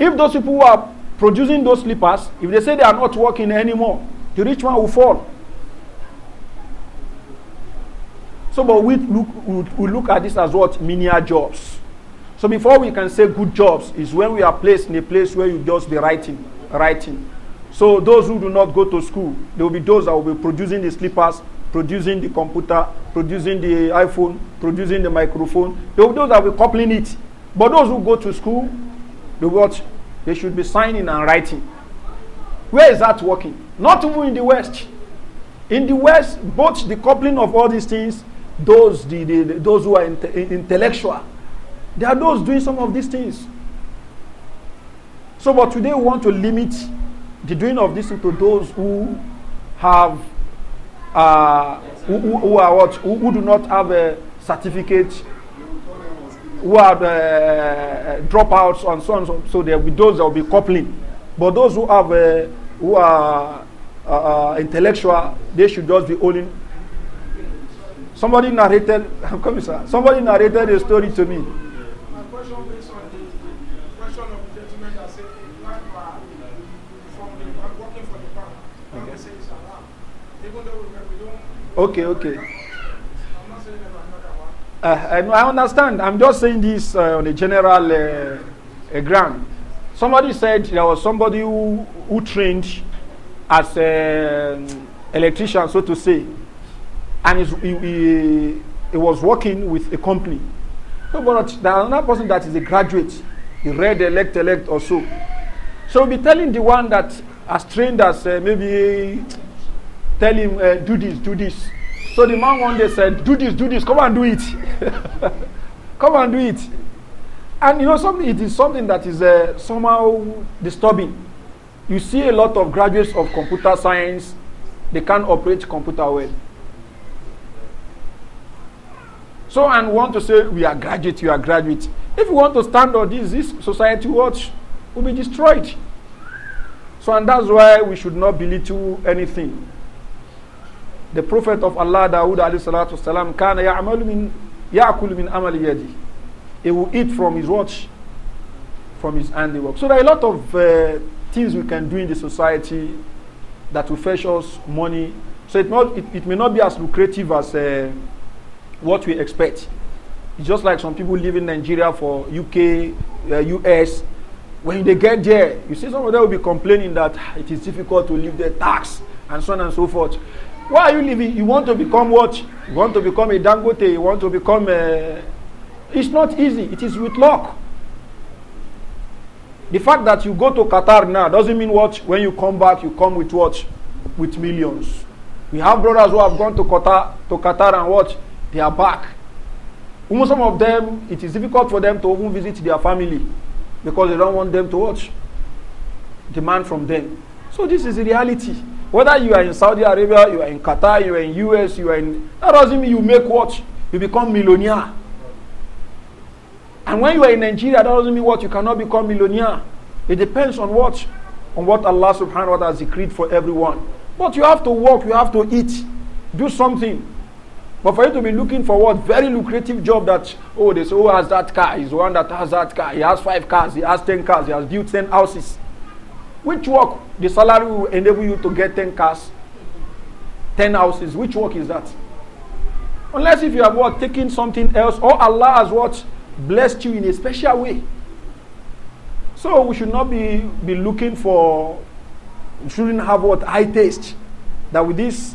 If those people who are producing those slippers, if they say they are not working anymore, the rich man will fall. So, but we look, we look at this as what? Menial jobs. So before we can say good jobs is when we are placed in a place where you just be writing, writing. So those who do not go to school, there will be those that will be producing the slippers, producing the computer, producing the iPhone, producing the microphone. There will be those that will be coupling it. But those who go to school, they watch, they should be signing and writing. Where is that working? Not even in the West. In the West, both the coupling of all these things those, the, the, those who are intellectual. There are those doing some of these things. So, but today we want to limit the doing of this to those who have, uh, who, who, are what, who, who, do not have a certificate, who are uh, dropouts and so on. So, so there will be those that will be coupling. But those who have, uh, who are uh, uh intellectual, they should just be holding Somebody narrated, Come coming, sir. Somebody narrated a story to me. okay. Okay, okay. Uh, I, understand. I'm just saying this uh, on a general uh, a ground. Somebody said there was somebody who, who trained as an um, electrician, so to say. and he, he, he was working with a company. No, but there another person that is a graduate, he read elect, elect or so. So we be telling the one that has trained us, uh, maybe tell him, uh, do this, do this. So the man one day said, do this, do this, come and do it. come and do it. And you know something, it is something that is uh, somehow disturbing. You see a lot of graduates of computer science, they can't operate computer well. So, and want to say, we are graduate, you are graduate. If you want to stand on this, this society watch will be destroyed. So, and that's why we should not belittle anything. The Prophet of Allah, Dawood alayhi salatu wasalam, kana ya'amalu min, ya'akulu min amali yadi. He will eat from his watch, from his handiwork. So there are a lot of uh, things we can do in the society that will fetch us money. So it, not, it, it may not be as lucrative as uh, what we expect. It's just like some people live Nigeria for UK, uh, US. When they get there, you see some of them will be complaining that it is difficult to live there, tax, and so on and so forth. Why are you living? You want to become what? You want to become a Dangote, you want to become a... Uh, it's not easy. It is with luck. The fact that you go to Qatar now doesn't mean what? When you come back, you come with what? With millions. We have brothers who have gone to Qatar, to Qatar and what? They are back. Even some of them, it is difficult for them to even visit their family because they don't want them to watch. Demand from them. So this is the reality. Whether you are in Saudi Arabia, you are in Qatar, you are in US, you are in that doesn't mean you make what? You become millionaire. And when you are in Nigeria, that doesn't mean what you cannot become millionaire. It depends on what? On what Allah subhanahu wa ta'ala has decreed for everyone. But you have to work, you have to eat, do something. But for you to be looking for what very lucrative job that oh they say who oh, has that car He's the one that has that car he has five cars he has ten cars he has built ten houses, which work the salary will enable you to get ten cars, ten houses which work is that? Unless if you have what taking something else or Allah has what blessed you in a special way. So we should not be be looking for shouldn't have what high taste that with this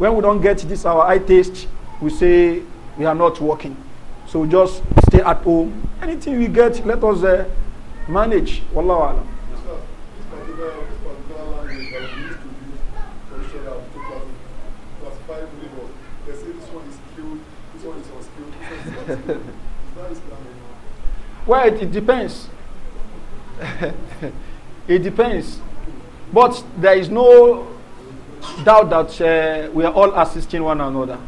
when we don't get this our eye taste, we say we are not working. So just stay at home. Anything we get, let us uh, manage. Wallahu alam. well, it, it depends. it depends. But there is no doubt that uh, we are all assisting one another.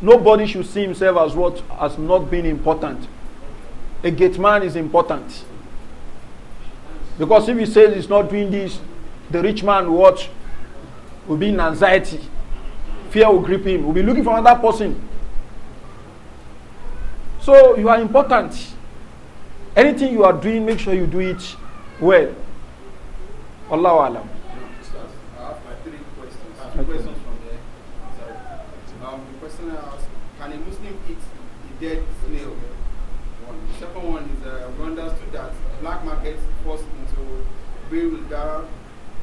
Nobody should see himself as what has not been important. A gate man is important. Because if he says he's not doing this, the rich man what will be in anxiety. Fear will grip him. We'll be looking for another person. So you are important. Anything you are doing, make sure you do it well. Allahu Alam. pray with Dara,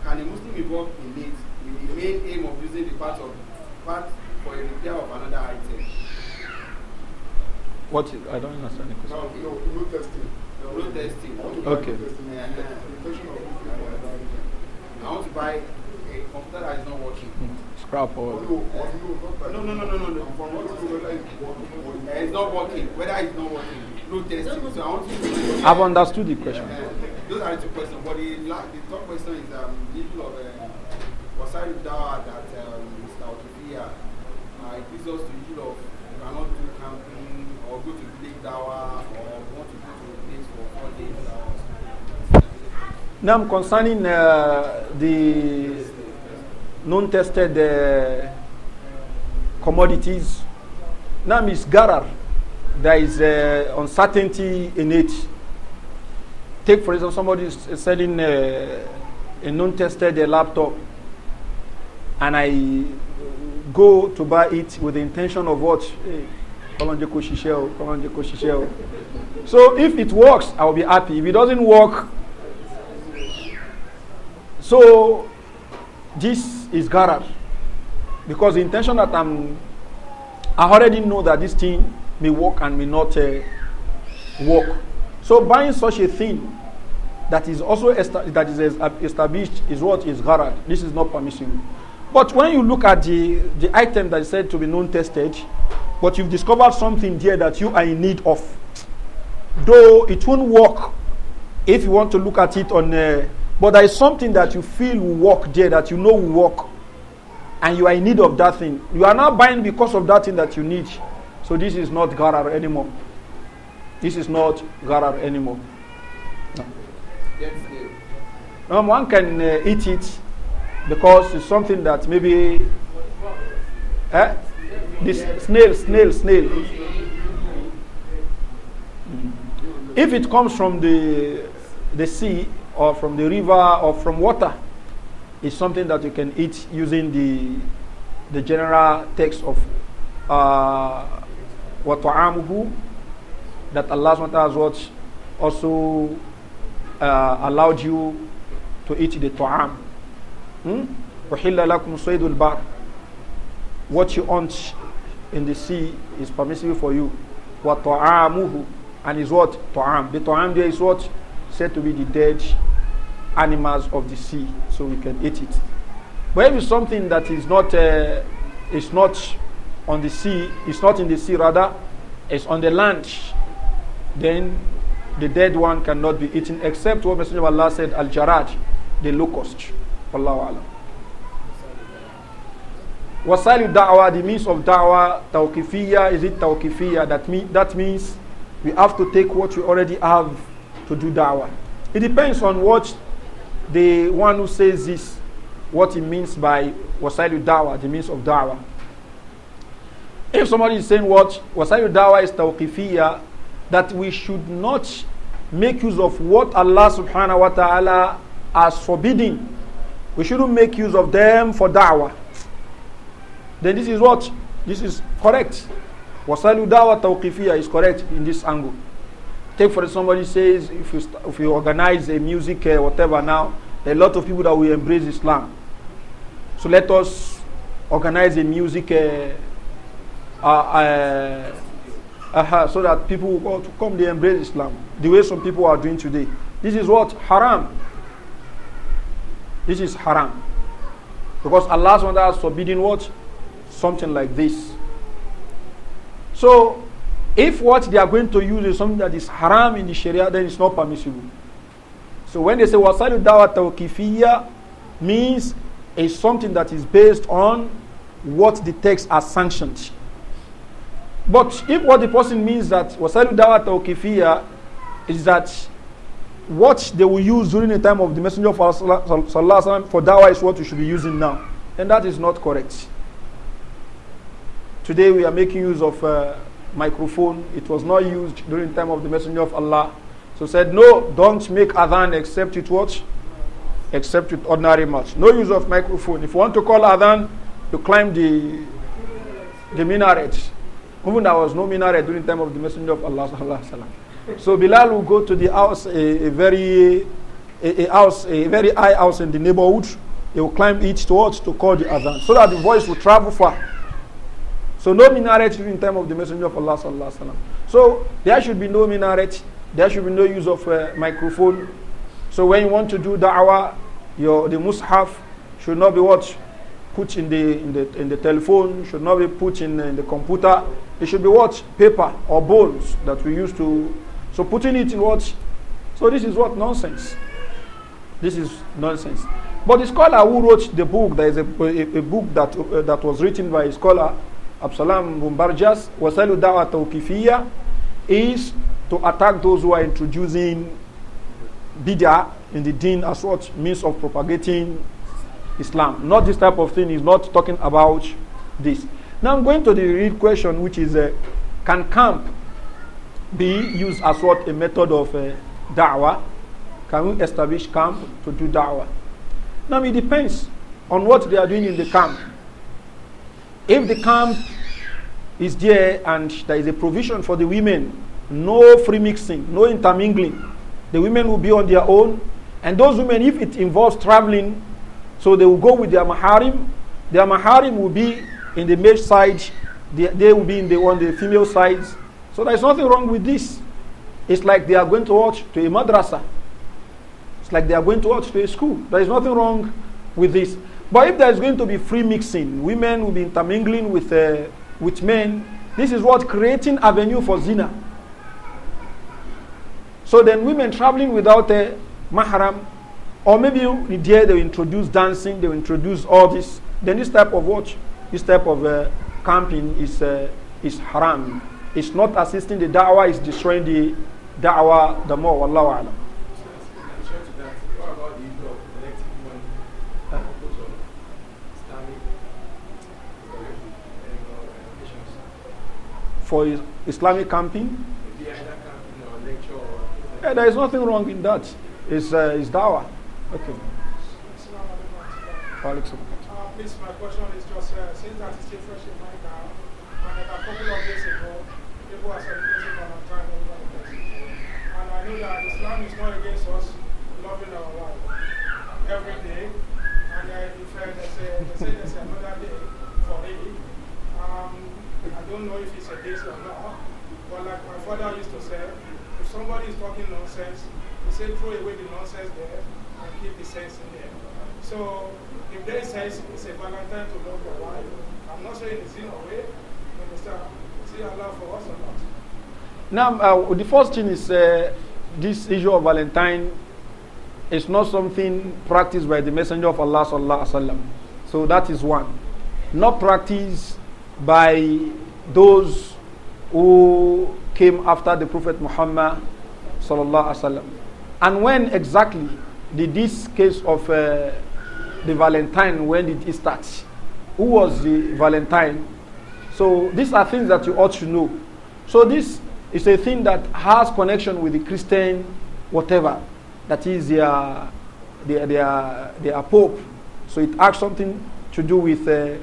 can a Muslim involved in it with the main aim of using the part of part for a repair of another item? What is, I don't understand the question. No, no, no testing. No, no testing. Okay. I want to buy a computer that is not working. Hmm. Scrap or no, no, no, no, no, no. It's not working. Whether it's not working, no testing. So I want to. I've understood the question. those are the two questions. But the, last, the third question is um, little issue of uh, Wasari Dawa that um, Mr. Otofia uh, it gives us the issue of cannot do camping or go to Village Dawa or want to go to a place for four days. now, concerning uh, the non tested uh, commodities, now is Garar. There is uh, uncertainty in it Take, for example, somebody is selling a, a non tested laptop, and I go to buy it with the intention of what? Eh, so if it works, I will be happy. If it doesn't work, so this is garage because the intention that I'm, I already know that this thing may work and may not uh, work. So buying such a thing that is also that is established is what is garad. This is not permissible. But when you look at the, the item that is said to be non-tested, but you've discovered something there that you are in need of, though it won't work if you want to look at it on a, uh, but there is something that you feel will work there that you know will work and you are in need of that thing. You are not buying because of that thing that you need. So this is not garad anymore. This is not gharar anymore. No. Um, one can uh, eat it because it's something that maybe eh? this snail, snail, snail. Mm. If it comes from the the sea or from the river or from water, it's something that you can eat using the the general text of uh, that Allah SWT what also uh, allowed you to eat the ta'am. Hmm? What you hunt in the sea is permissible for you. Wa ta'amuhu. And is what? toam. The toam there is what? Said to be the dead animals of the sea. So we can eat it. But if it's something that is not, uh, is not on the sea, it's not in the sea rather, it's on the land then the dead one cannot be eaten except what Messenger of Allah said, Al Jaraj, the locust. Allahu Alam. Wasalu da'wa, the means of da'wa, tawqifiyya, is it tawqifiyya? That, mean, that means we have to take what we already have to do da'wa. It depends on what the one who says this, what he means by wasalu da'wa, the means of da'wa. If somebody is saying what wasalu da'wa is tawqifiyya, that we should not make use of what Allah subhanahu wa ta'ala has forbidden. We shouldn't make use of them for da'wah. Then this is what? This is correct. Wasalu da'wah tawqifiyah is correct in this angle. Take for somebody says, if you, if you organize a music, uh, whatever now, a lot of people that will embrace Islam. So let us organize a music uh, uh, uh uh, so that people will come, they embrace Islam, the way some people are doing today. This is what? Haram. This is haram. Because Allah SWT has forbidden what? Something like this. So, if what they are going to use is something that is haram in the Sharia, then it's not permissible. So when they say wasalu dawat tawqifiyya, means it's something that is based on what the text has sanctioned. But if what the person means that wasalu dawat is that what they will use during the time of the Messenger of Allah for dawah is what you should be using now. And that is not correct. Today we are making use of uh, microphone. It was not used during the time of the Messenger of Allah. So said, no, don't make adhan except with what? Except with ordinary mouth. No use of microphone. If you want to call adhan, you climb the, the minaret. Even there was no minaret during the time of the Messenger of Allah. So Bilal would go to the house, a, a very a, a, house, a very high house in the neighborhood. He would climb each towards to call the adhan so that the voice would travel far. So no minaret during the time of the Messenger of Allah. So there should be no minaret. There should be no use of uh, microphone. So when you want to do da'wah, your the mushaf should not be what put in the in the in the telephone, should not be put in, uh, in the computer. It should be what? Paper or bones that we used to. So putting it in what? So this is what? Nonsense. This is nonsense. But the scholar who wrote the book, there is a, a, a book that, uh, that was written by a scholar, Absalam Bumbarjas, Wasalu Dawat Tawkifiyya, is to attack those who are introducing bid'ah in the deen as what means of propagating Islam. Not this type of thing. He's not talking about this. Now I'm going to the real question, which is uh, can camp be used as what a method of uh, da'wah? Can we establish camp to do da'wah? Now it depends on what they are doing in the camp. If the camp is there and there is a provision for the women, no free mixing, no intermingling, the women will be on their own. And those women, if it involves traveling, so they will go with their maharim, their maharim will be in the male side, they, they will be in the, on the female side. So there's nothing wrong with this. It's like they are going to watch to a madrasa. It's like they are going to watch to a school. There is nothing wrong with this. But if there is going to be free mixing, women will be intermingling with, uh, with men, this is what creating avenue for zina. So then women traveling without a mahram, or maybe there they will introduce dancing, they will introduce all this, then this type of watch this type of uh, camping is, uh, is haram. It's not assisting the da'wah, it's destroying the da'wah the more. Wallahu alam. For Islamic camping? Yeah, there is nothing wrong in that. It's, uh, it's da'wah. Okay. Uh, please, my question is uh, since i still fresh in mind now, and like a couple of days ago, people are celebrating Valentine all over the And I know that Islam is not against us loving our wife every day. And then if uh, they a, they say there's another day for me. um, I don't know if it's a day or not, but like my father used to say, if somebody is talking nonsense, he said throw away the nonsense there and keep the sense in there. So if there is say it's a Valentine to love your wife, I'm not saying it's in a way. You understand? See Allah for us or not. Now, uh, the first thing is uh, this issue of Valentine is not something practiced by the Messenger of Allah sallallahu So that is one. Not practiced by those who came after the Prophet Muhammad sallallahu And when exactly did this case of uh, the Valentine, when did it start? Who was the Valentine? So these are things that you ought to know. So this is a thing that has connection with the Christian whatever. That is their, their, their, their Pope. So it has something to do with, uh,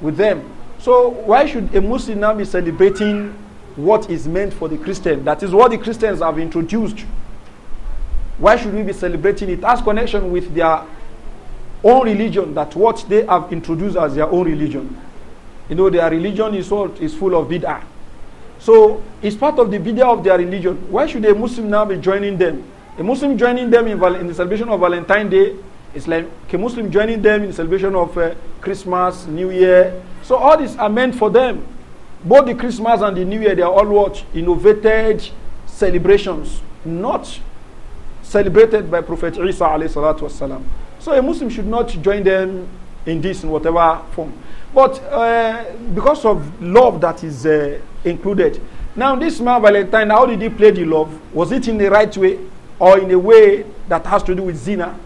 with them. So why should a Muslim now be celebrating what is meant for the Christian? That is what the Christians have introduced. Why should we be celebrating? It has connection with their own religion that what they have introduced as their own religion. You know, their religion is is full of bid'ah. So it's part of the bid'ah of their religion. Why should a Muslim now be joining them? A Muslim joining them in, in the celebration of Valentine's Day is like a Muslim joining them in the celebration of uh, Christmas, New Year. So all these are meant for them. Both the Christmas and the New Year, they are all what? Innovated celebrations, not celebrated by Prophet Isa alayhi salatu wasalam. So a Muslim should not join them in this in whatever form. But uh, because of love that is uh, included, now this man Valentine, how did he play the love? Was it in the right way or in a way that has to do with zina?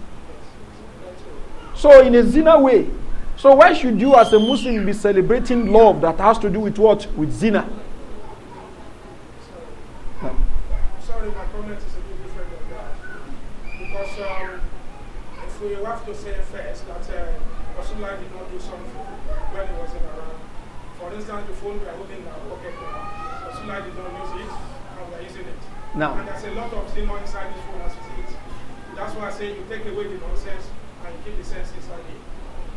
So in a zina way. So why should you as a Muslim be celebrating love that has to do with what? With zina. No. So you have to say first that uh, Rasulullah did not do something when he wasn't around. For instance, the phone we are holding now, okay, now. Rasulullah did not use it, and we are using it. Now. And there's a lot of zino inside this phone as it is. That's why I say you take away the nonsense and you keep the sense inside it.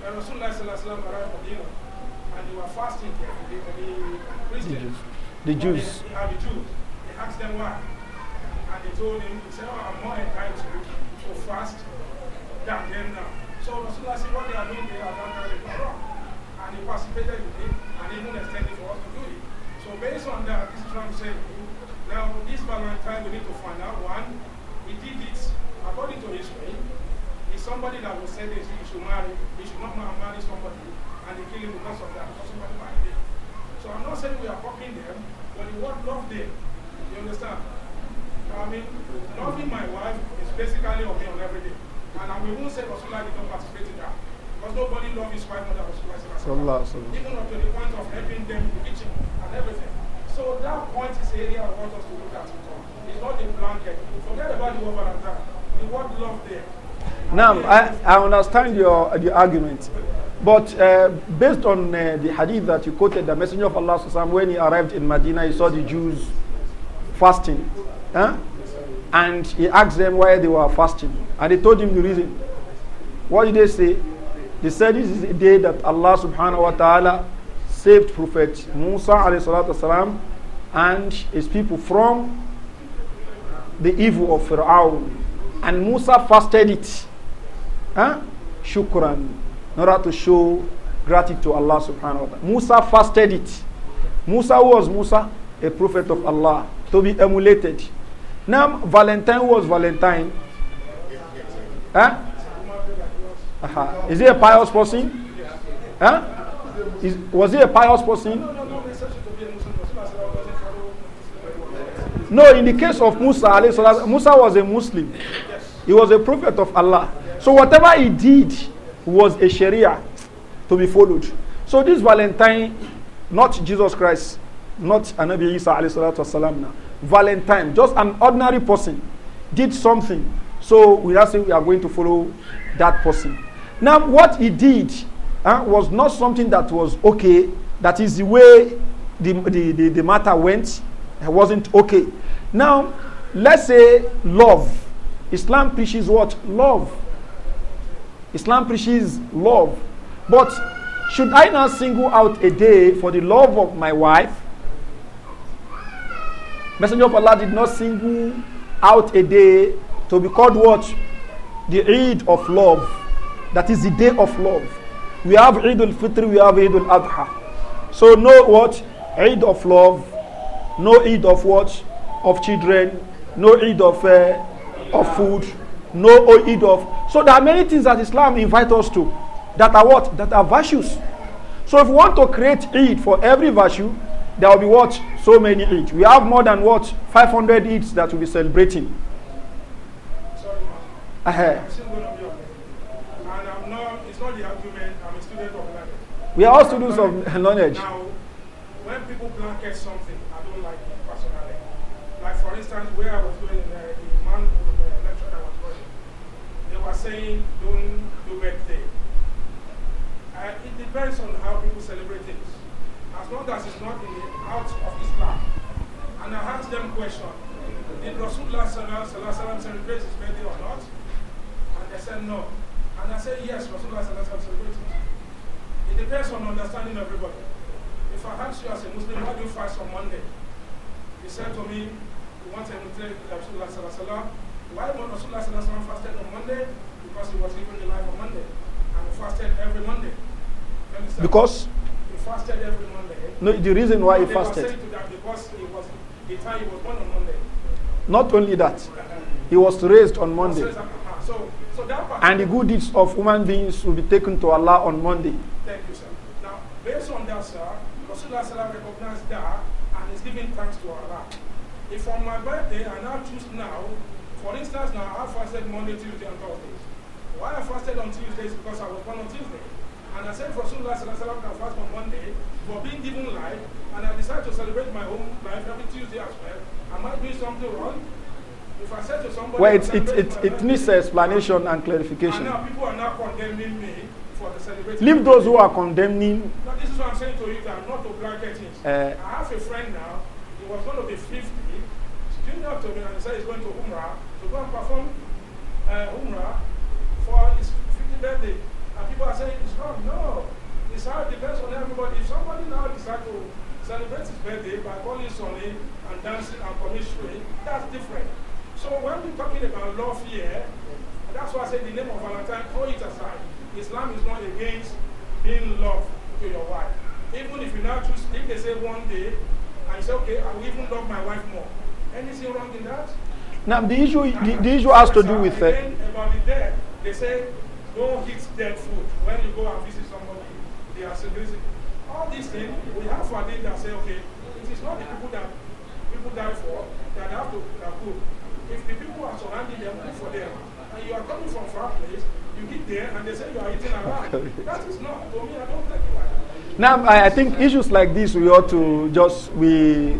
When Rasulullah arrived at dinner, and they were fasting, there, the, the, Christians, the Jews. They, uh, the Jews. They asked them why. And they told him, they said, oh, I'm more entitled to fast yeah, Jannah. So Rasulullah said what they are doing, they are not doing it wrong. And he participated with it and even extended for us to do it. So based on that, this is what I'm saying. Now, this Valentine, we need to find out one, he did it according to his way. He's somebody that will say this, he should marry, he should not marry somebody and he kill him because of that, because somebody married him. So I'm not saying we are fucking them, but we want love them. You understand? I mean, loving my wife is basically on me on every day. And we won't say Rasulullah did not participate in that. Because nobody loves his wife more than Rasulullah. Even up to the point of helping them the kitchen and everything. So that point is the area I want us to look at. It's not a blanket. Forget about the woman and that. The word love there. Now, I, I understand your, your argument. But uh, based on uh, the hadith that you quoted, the Messenger of Allah when he arrived in Medina, he saw the Jews fasting. Huh? And he asked them why they were fasting. And they told him the reason. What did they say? They said this is the day that Allah subhanahu wa ta'ala saved Prophet Musa والسلام, and his people from the evil of Pharaoh. And Musa fasted it. Huh? Shukran. In order to show gratitude to Allah subhanahu wa ta'ala. Musa fasted it. Musa was Musa, a prophet of Allah, to be emulated. Now, Valentine was Valentine. Huh? Uh -huh. Is he a pious person? Huh? Is, was he a pious person? No, in the case of Musa, Musa was a Muslim. He was a prophet of Allah. So whatever he did was a Sharia to be followed. So this Valentine, not Jesus Christ, not Anabi Isa now. Valentine, just an ordinary person, did something. So we are saying we are going to follow that person. Now, what he did uh, was not something that was okay. That is the way the, the, the, the matter went. It wasn't okay. Now, let's say love. Islam preaches what? Love. Islam preaches love. But should I now single out a day for the love of my wife Messenger of Allah did not single out a day to be called what? The Eid of love. That is the day of love. We have Eid al-Fitr, we have Eid al-Adha. So no what? Eid of love, no Eid of what? Of children, no Eid of, uh, of food, no Eid of... So there are many things that Islam invite us to that are what? That are virtues. So if we want to create Eid for every virtue, there will be what? so many Eids. We have more than what? 500 Eids that we'll be celebrating. Sorry, uh -huh. We are all students of knowledge. Now, when people blanket something, I don't like it personally. Like, for instance, where I was doing the, uh, the man the uh, lecture that I was doing, they were saying, don't do birthday. Uh, it depends on how people celebrate things. as long as it's not out of Islam. And I asked them question, did Rasulullah celebrate his birthday or not? And they said no. And I said yes, Rasulullah celebrated it. depends on understanding everybody. If I ask you as a Muslim, why do you fast on Monday? He said to me, you want to imitate Rasulullah Why would Rasulullah fasted on Monday? Because he was living the life on Monday. And he fasted every Monday. Because fasted every Monday. No, the reason why he fasted. he was born on Monday. Not only that, he was raised on Monday. So, so that part, and the good deeds of human beings will be taken to Allah on Monday. Thank you, sir. Now, based on that, sir, Rasulullah recognized that and is giving thanks to Allah. If on my birthday I now choose now, for instance, now I fasted Monday, Tuesday, and Thursday. Why I fasted on Tuesday is because I was born on Tuesday. And I said Rasulullah sallallahu can fast on Monday for being given life, and I decide to celebrate my own life every Tuesday as well. Am I doing something wrong? If I said to somebody, well, it, it, it, it needs explanation and clarification. And now people are not condemning me for the celebration. Leave those who are condemning. Now, this is what I'm saying to you that not to bracket things. Uh, eh. I have a friend now, he was going to be 50. He came up to me and said he's going to Umrah to go and perform uh, Umrah for his 50th birthday. And people are saying it's oh, wrong. No. It's how it depends on everybody. If somebody now decides to oh, celebrate his birthday by calling Sonny and dancing and commissioning, that's different. So when we're talking about love here, that's why I say the name of Valentine, throw it aside. Islam is not against being loved to your wife. Even if you now choose, if they say one day, and say, okay, I will even love my wife more. Anything wrong in that? Now, the issue, the, the issue has to do with... Uh, about the death, they say, don't eat dead food. When you go and visit somebody, they are seducing. All these things, we have to admit that say, okay, it is not the people that people die for that have to that go. If the people are surrounding them, good for them. And you are coming from far place, you get there and they say you are eating around. that is not, for me, I don't take it like Now, I, I think issues like this, we ought to just, we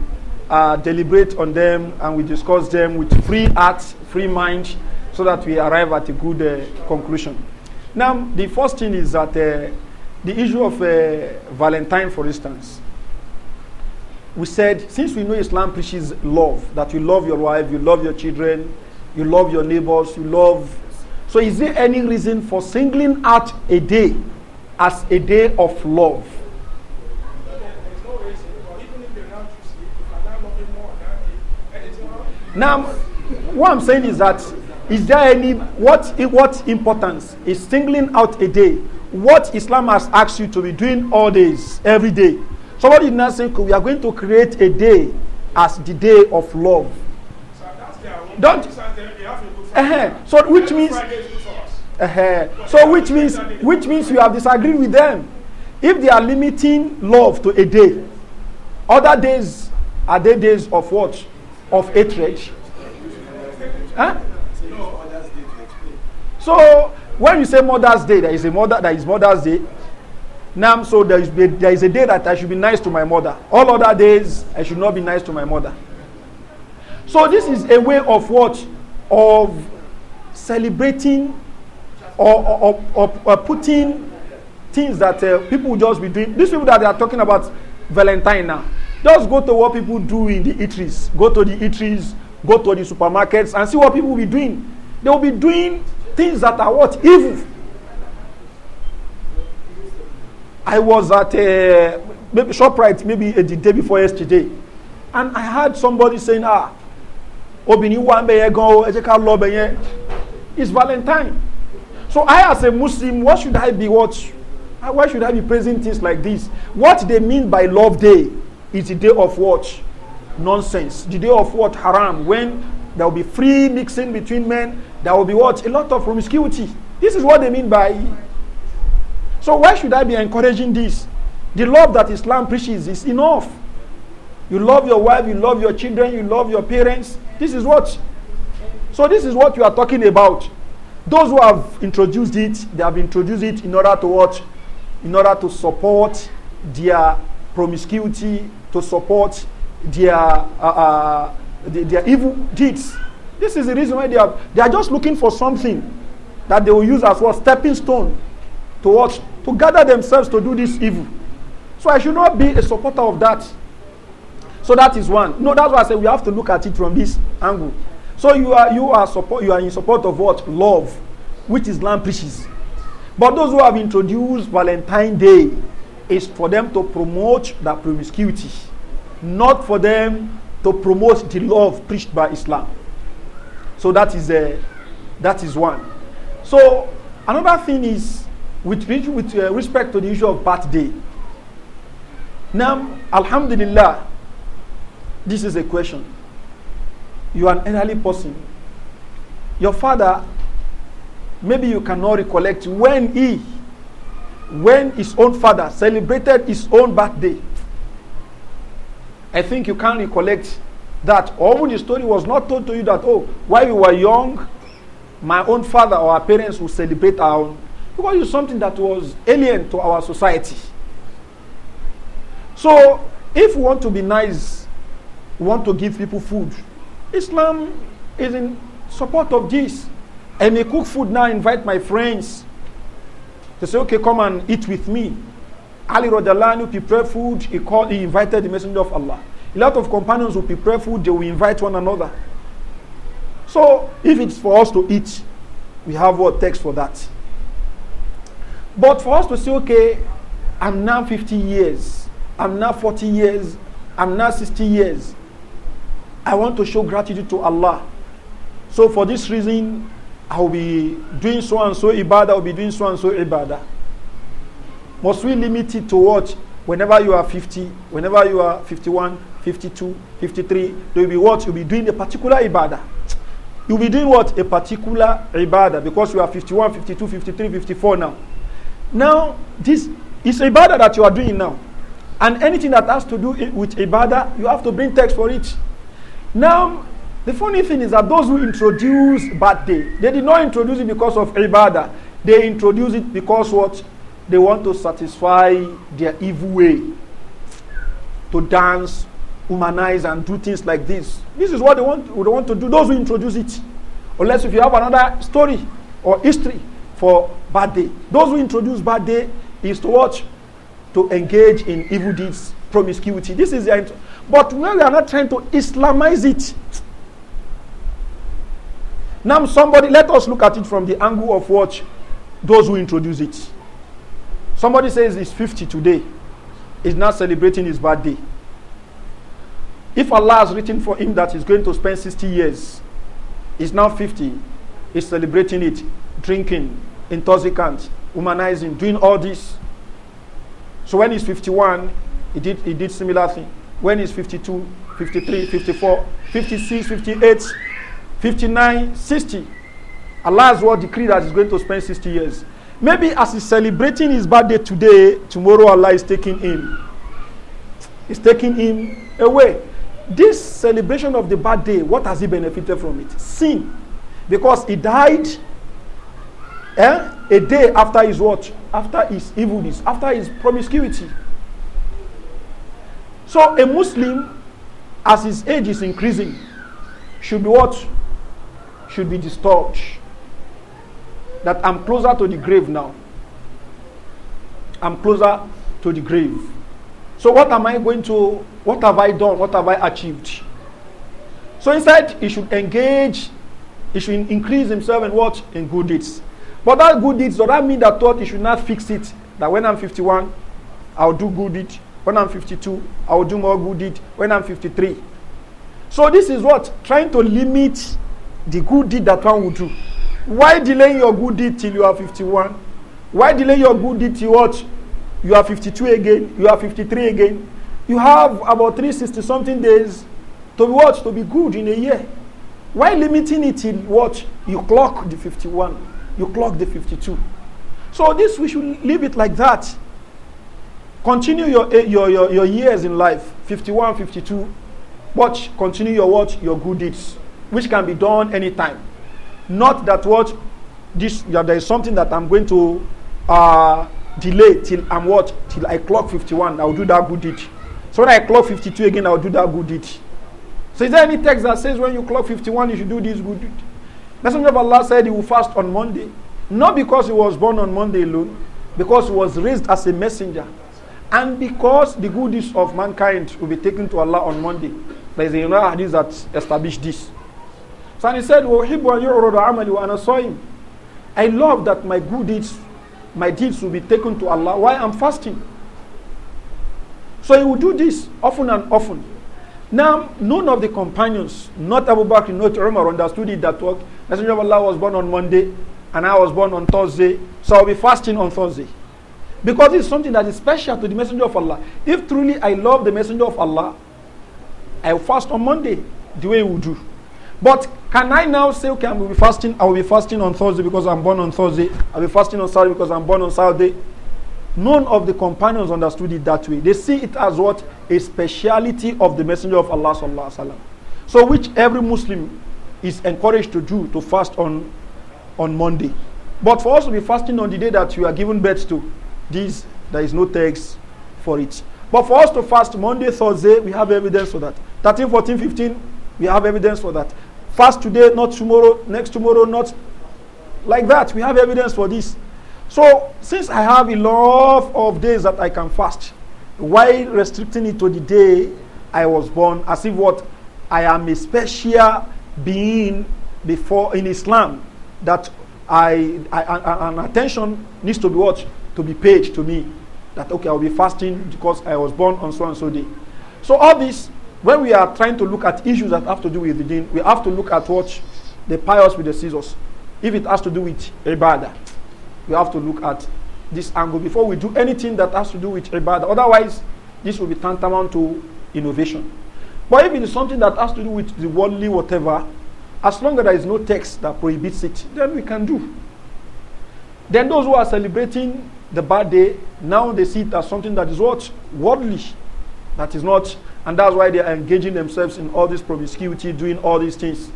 uh, deliberate on them and we discuss them with free hearts, free mind, so that we arrive at a good uh, conclusion. Now, the first thing is that uh, the issue of uh, Valentine, for instance, we said, since we know Islam preaches love, that you love your wife, you love your children, you love your neighbors, you love. So, is there any reason for singling out a day as a day of love? Now, what I'm saying is that is there any what what importance is singling out a day? What Islam has asked you to be doing all days, every day. Somebody is now saying we are going to create a day as the day of love. So Don't. Uh-huh. So which means. Uh-huh. So which means which means you have disagreed with them. If they are limiting love to a day, other days are they days of what? Of hatred. Huh? So when you say Mother's Day, there is a mother, that is Mother's Day. Now, so there is, there is a day that I should be nice to my mother. All other days, I should not be nice to my mother. So this is a way of what? Of celebrating or, or, or, or putting things that uh, people will just be doing. These people that they are talking about Valentine now, just go to what people do in the eateries. Go to the eateries, go to the supermarkets and see what people will be doing. They will be doing things that are what? Evil. I was at a, maybe ShopRite maybe a, the day before yesterday. And I heard somebody saying, ah, obìnrin wà ń bẹ yẹn it's valentine so I as a Muslim what should I be what why should I be praising things like this what they mean by love day is the day of what nonsense the day of what haram when there will be free mixing between men there will be what? A lot of promiscuity. This is what they mean by. So why should I be encouraging this? The love that Islam preaches is enough. You love your wife, you love your children, you love your parents. This is what. So this is what you are talking about. Those who have introduced it, they have introduced it in order to what? In order to support their promiscuity, to support their, uh, uh, their evil deeds. This is the reason why they are, they are just looking for something that they will use as what stepping stone to what to gather themselves to do this evil. So I should not be a supporter of that. So that is one. No, that's why I say we have to look at it from this angle. So you are you are support you are in support of what love, which Islam preaches. But those who have introduced Valentine's Day is for them to promote that promiscuity, not for them to promote the love preached by Islam. So that is a, uh, that is one. So another thing is with, with uh, respect to the issue of birthday. Now, Alhamdulillah, this is a question. You are an elderly person. Your father, maybe you cannot recollect when he, when his own father celebrated his own birthday. I think you can recollect that, or even the story was not told to you that, oh, while you were young, my own father or our parents would celebrate our because it's something that was alien to our society. So, if we want to be nice, we want to give people food, Islam is in support of this. I may cook food now, invite my friends. They say, okay, come and eat with me. Ali Radalanu prepared food, he called, he invited the messenger of Allah. A lot of companions will be prayerful, they will invite one another. So if it's for us to eat, we have what text for that. But for us to say, okay, I'm now 50 years, I'm now 40 years, I'm now 60 years, I want to show gratitude to Allah. So for this reason, I will be doing so and so ibadah, I will be doing so and so ibadah. Must we limit it to what? Whenever you are 50, whenever you are 51, 52, 53, you'll be what? You'll be doing a particular ibadah. You'll be doing what? A particular ibadah because you are 51, 52, 53, 54 now. Now, this is ibadah that you are doing now. And anything that has to do with ibadah, you have to bring text for it. Now, the funny thing is that those who introduce birthday, they did not introduce it because of ibadah. They introduce it because what? They want to satisfy their evil way. To dance, humanize and do things like this. This is what they want, they want to do, those who introduce it. Unless if you have another story or history for bad day. Those who introduce bad day is to watch, to engage in evil deeds, promiscuity. This is the, but when we are not trying to Islamize it, now, somebody, let us look at it from the angle of what those who introduce it. Somebody says he's 50 today, is not celebrating his bad day. If Allah has written for him that he's going to spend 60 years, he's now 50, he's celebrating it, drinking, intoxicant, humanizing, doing all this. So when he's 51, he did, he did similar thing. When he's 52, 53, 54, 56, 58, 59, 60, Allah's word decree that he's going to spend 60 years. Maybe as he's celebrating his birthday today, tomorrow Allah is taking him. He's taking him away. This celebration of the bad day what has he benefited from it? Sin. Because he died eh, a day after his what? After his evilness, after his promiscuity. So a Muslim, as his age is increasing, should be what? Should be disturbed. That I'm closer to the grave now. I'm closer to the grave. So what am I going to, what have I done, what have I achieved? So instead, he should engage, he should increase himself in what? In good deeds. But that good deeds, does that mean that what he should not fix it? That when I'm 51, I'll do good deeds. When I'm 52, I'll do more good deeds. When I'm 53. So this is what? Trying to limit the good deed that one would do. Why delay your good deed till you are 51? Why delay your good deed till what? you have 52 again, you have 53 again. You have about 360 something days to be To be good in a year. Why limiting it in what? You clock the 51, you clock the 52. So this, we should leave it like that. Continue your, eh, your, your, your years in life, 51, 52. Watch, continue your watch. Your good deeds, which can be done anytime. Not that what? This, yeah, there is something that I'm going to uh, delay till I'm what? Till I clock fifty 51. I'll do that good deed. So when I clock fifty two again, I'll do that good deed. So is there any text that says when you clock fifty one, you should do this good deed? Messenger of Allah said he will fast on Monday. Not because he was born on Monday alone, because he was raised as a messenger. And because the good deeds of mankind will be taken to Allah on Monday. There is a Yunus hadith that established this. So he said, amali I love that my good deeds my deeds will be taken to Allah Why I'm fasting. So he would do this often and often. Now, none of the companions, not Abu Bakr, not Umar, understood it that work. Messenger of Allah was born on Monday, and I was born on Thursday, so I'll be fasting on Thursday. Because it's something that is special to the Messenger of Allah. If truly I love the Messenger of Allah, I'll fast on Monday, the way he would do. But can I now say, okay, I will be fasting, I will be fasting on Thursday because I'm born on Thursday, I'll be fasting on Saturday because I'm born on Saturday. None of the companions understood it that way. They see it as what? A speciality of the Messenger of Allah. Sallallahu Alaihi so, which every Muslim is encouraged to do to fast on, on Monday. But for us to be fasting on the day that you are given birth to, this, there is no text for it. But for us to fast Monday, Thursday, we have evidence for that. 13, 14, 15, we have evidence for that. Fast today, not tomorrow, next tomorrow, not like that. We have evidence for this. So, since I have a lot of days that I can fast, why restricting it to the day I was born, as if what I am a special being before in Islam, that I, I, I an attention needs to be what to be paid to me, that okay I'll be fasting because I was born on so and so day. So all this when we are trying to look at issues that have to do with the deen, we have to look at what the pious with the scissors. If it has to do with ibadah, we have to look at this angle before we do anything that has to do with ibadah. Otherwise, this will be tantamount to innovation. But if it is something that has to do with the worldly whatever, as long as there is no text that prohibits it, then we can do. Then those who are celebrating the bad day, now they see it as something that is what? Worldly. That is not and that's why they are engaging themselves in all this promiscuity, doing all these things.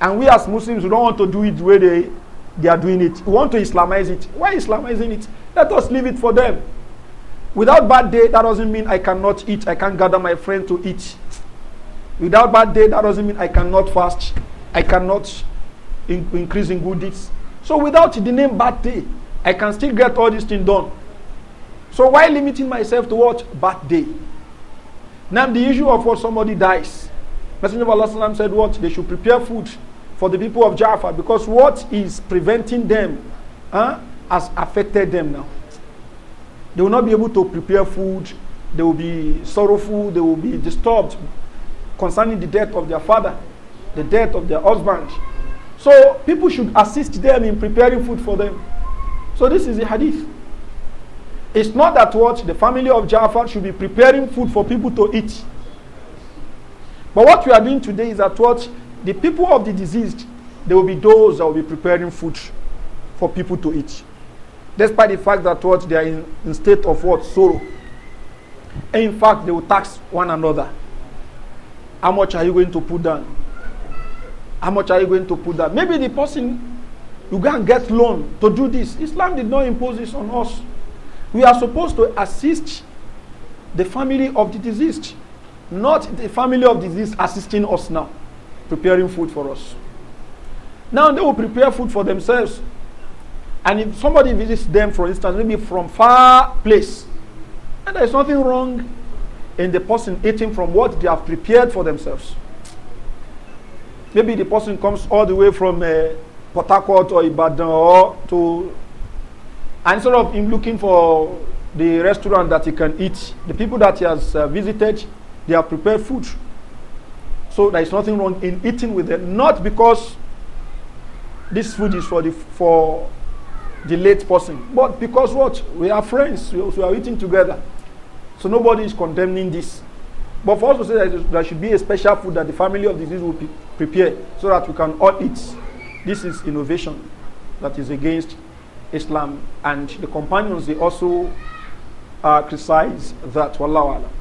And we as Muslims, we don't want to do it the way they, they are doing it. We want to Islamize it. Why Islamizing it? Let us leave it for them. Without bad day, that doesn't mean I cannot eat. I can gather my friend to eat. Without bad day, that doesn't mean I cannot fast. I cannot in increase in good deeds. So without the name bad day, I can still get all these things done. So why limiting myself to what? Bad day. Now the issue of what somebody dies. Messenger of Allah said what? They should prepare food for the people of Jaffa because what is preventing them huh, has affected them now. They will not be able to prepare food. They will be sorrowful. They will be disturbed concerning the death of their father, the death of their husband. So people should assist them in preparing food for them. So this is the hadith. It's not that what the family of Jafar should be preparing food for people to eat. But what we are doing today is that what the people of the diseased, they will be those that will be preparing food for people to eat. Despite the fact that what they are in, in state of what? Sorrow. And in fact, they will tax one another. How much are you going to put down? How much are you going to put down? Maybe the person you go and get loan to do this. Islam did not impose this on us. We are supposed to assist the family of the deceased, not the family of the deceased assisting us now, preparing food for us. Now they will prepare food for themselves. And if somebody visits them, for instance, maybe from far place, and there's nothing wrong in the person eating from what they have prepared for themselves. Maybe the person comes all the way from uh, Port Harcourt or Ibadan or to and instead of him looking for the restaurant that he can eat, the people that he has uh, visited, they have prepared food. So there is nothing wrong in eating with them. Not because this food is for the, for the late person, but because what? We are friends, we, we are eating together. So nobody is condemning this. But for us to say that there should be a special food that the family of the deceased will prepare so that we can all eat, this is innovation that is against Islam. And the companions, they also uh, criticize that. Wallahu alam.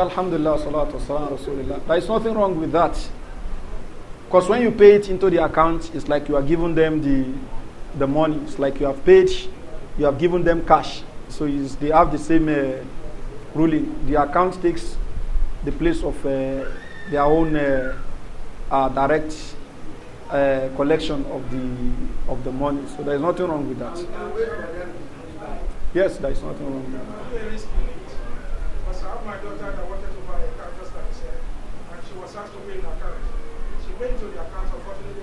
alhamdulillah, salatu There is nothing wrong with that. Because when you pay it into the account, it's like you are giving them the, the money. It's like you have paid, you have given them cash. So they have the same uh, ruling. The account takes the place of uh, their own uh, uh direct uh, collection of the, of the money. So there is nothing wrong with that. Yes, there is nothing wrong with that have my daughter that wanted to buy a car just like I said, eh? and she was asked to pay in her carriage. She went to the account, unfortunately,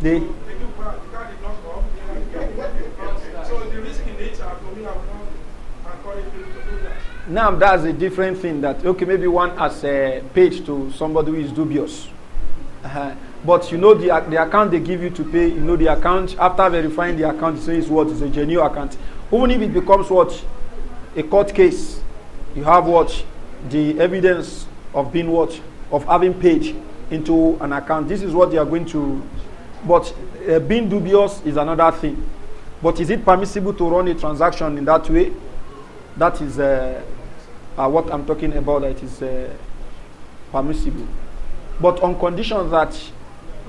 they didn't buy. so they do buy, the car did not come. so the risk in nature, uh, for me, I would not to Now that's a different thing that okay maybe one has a page to somebody who is dubious, uh but you know the the account they give you to pay you know the account after verifying the account says what is a genuine account even if it becomes what a court case you have what? The evidence of being what? Of having paid into an account. This is what they are going to. But uh, being dubious is another thing. But is it permissible to run a transaction in that way? That is uh, uh, what I'm talking about. That is uh, permissible, but on condition that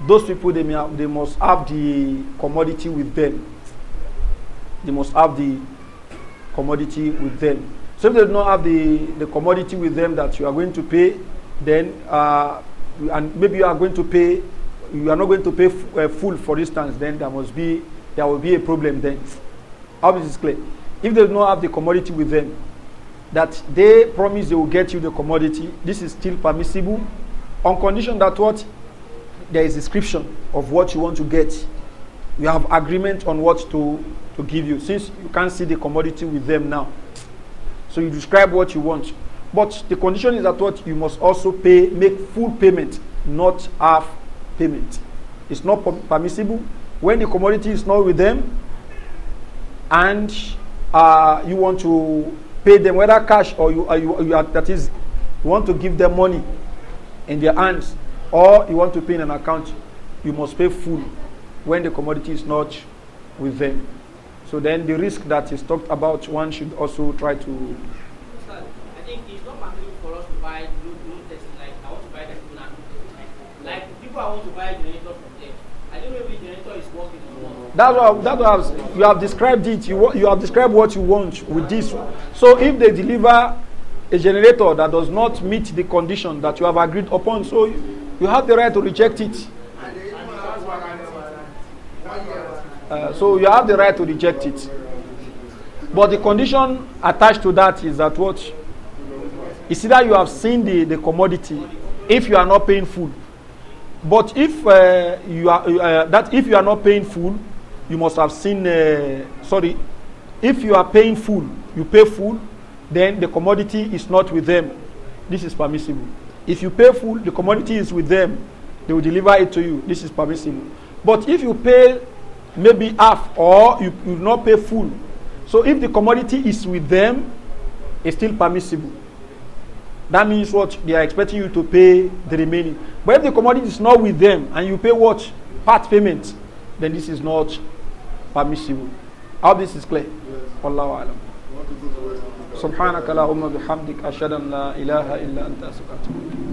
those people they, have, they must have the commodity with them. They must have the commodity with them. So if they do not have the, the commodity with them that you are going to pay, then uh, and maybe you are going to pay, you are not going to pay uh, full, for instance, then there must be there will be a problem then. Obviously, it's clear? If they do not have the commodity with them, that they promise they will get you the commodity, this is still permissible on condition that what there is description of what you want to get. You have agreement on what to, to give you. Since you can't see the commodity with them now, So you describe what you want. But the condition is that what you must also pay, make full payment, not half payment. It's not permissible when the commodity is not with them and uh, you want to pay them, whether cash or you, uh, you, you are, that is, you want to give them money in their hands or you want to pay in an account, you must pay full when the commodity is not with them. So then the risk that is talked about, one should also try to. I think it's not possible for us to buy low testing. Like I want to buy the people and like people I want to buy generator from them. I don't know if the generator is working or not. That's what that's what I've, you have described it. You you have described what you want with this. So if they deliver a generator that does not meet the condition that you have agreed upon, so you have the right to reject it. Uh, so you have the right to reject it. But the condition attached to that is that what? It's either you have seen the, the commodity if you are not paying full. But if uh, you are uh, that if you are not paying full, you must have seen. Uh, sorry, if you are paying full, you pay full, then the commodity is not with them. This is permissible. If you pay full, the commodity is with them. They will deliver it to you. This is permissible. But if you pay maybe half or you, will not pay full. So if the commodity is with them, it's still permissible. That means what they are expecting you to pay the remaining. But if the commodity is not with them and you pay what? Part payment, then this is not permissible. All this is clear? Yes. Wallahu alam. سبحانك اللهم بحمدك أشهد أن لا إله إلا أنت أستغفرك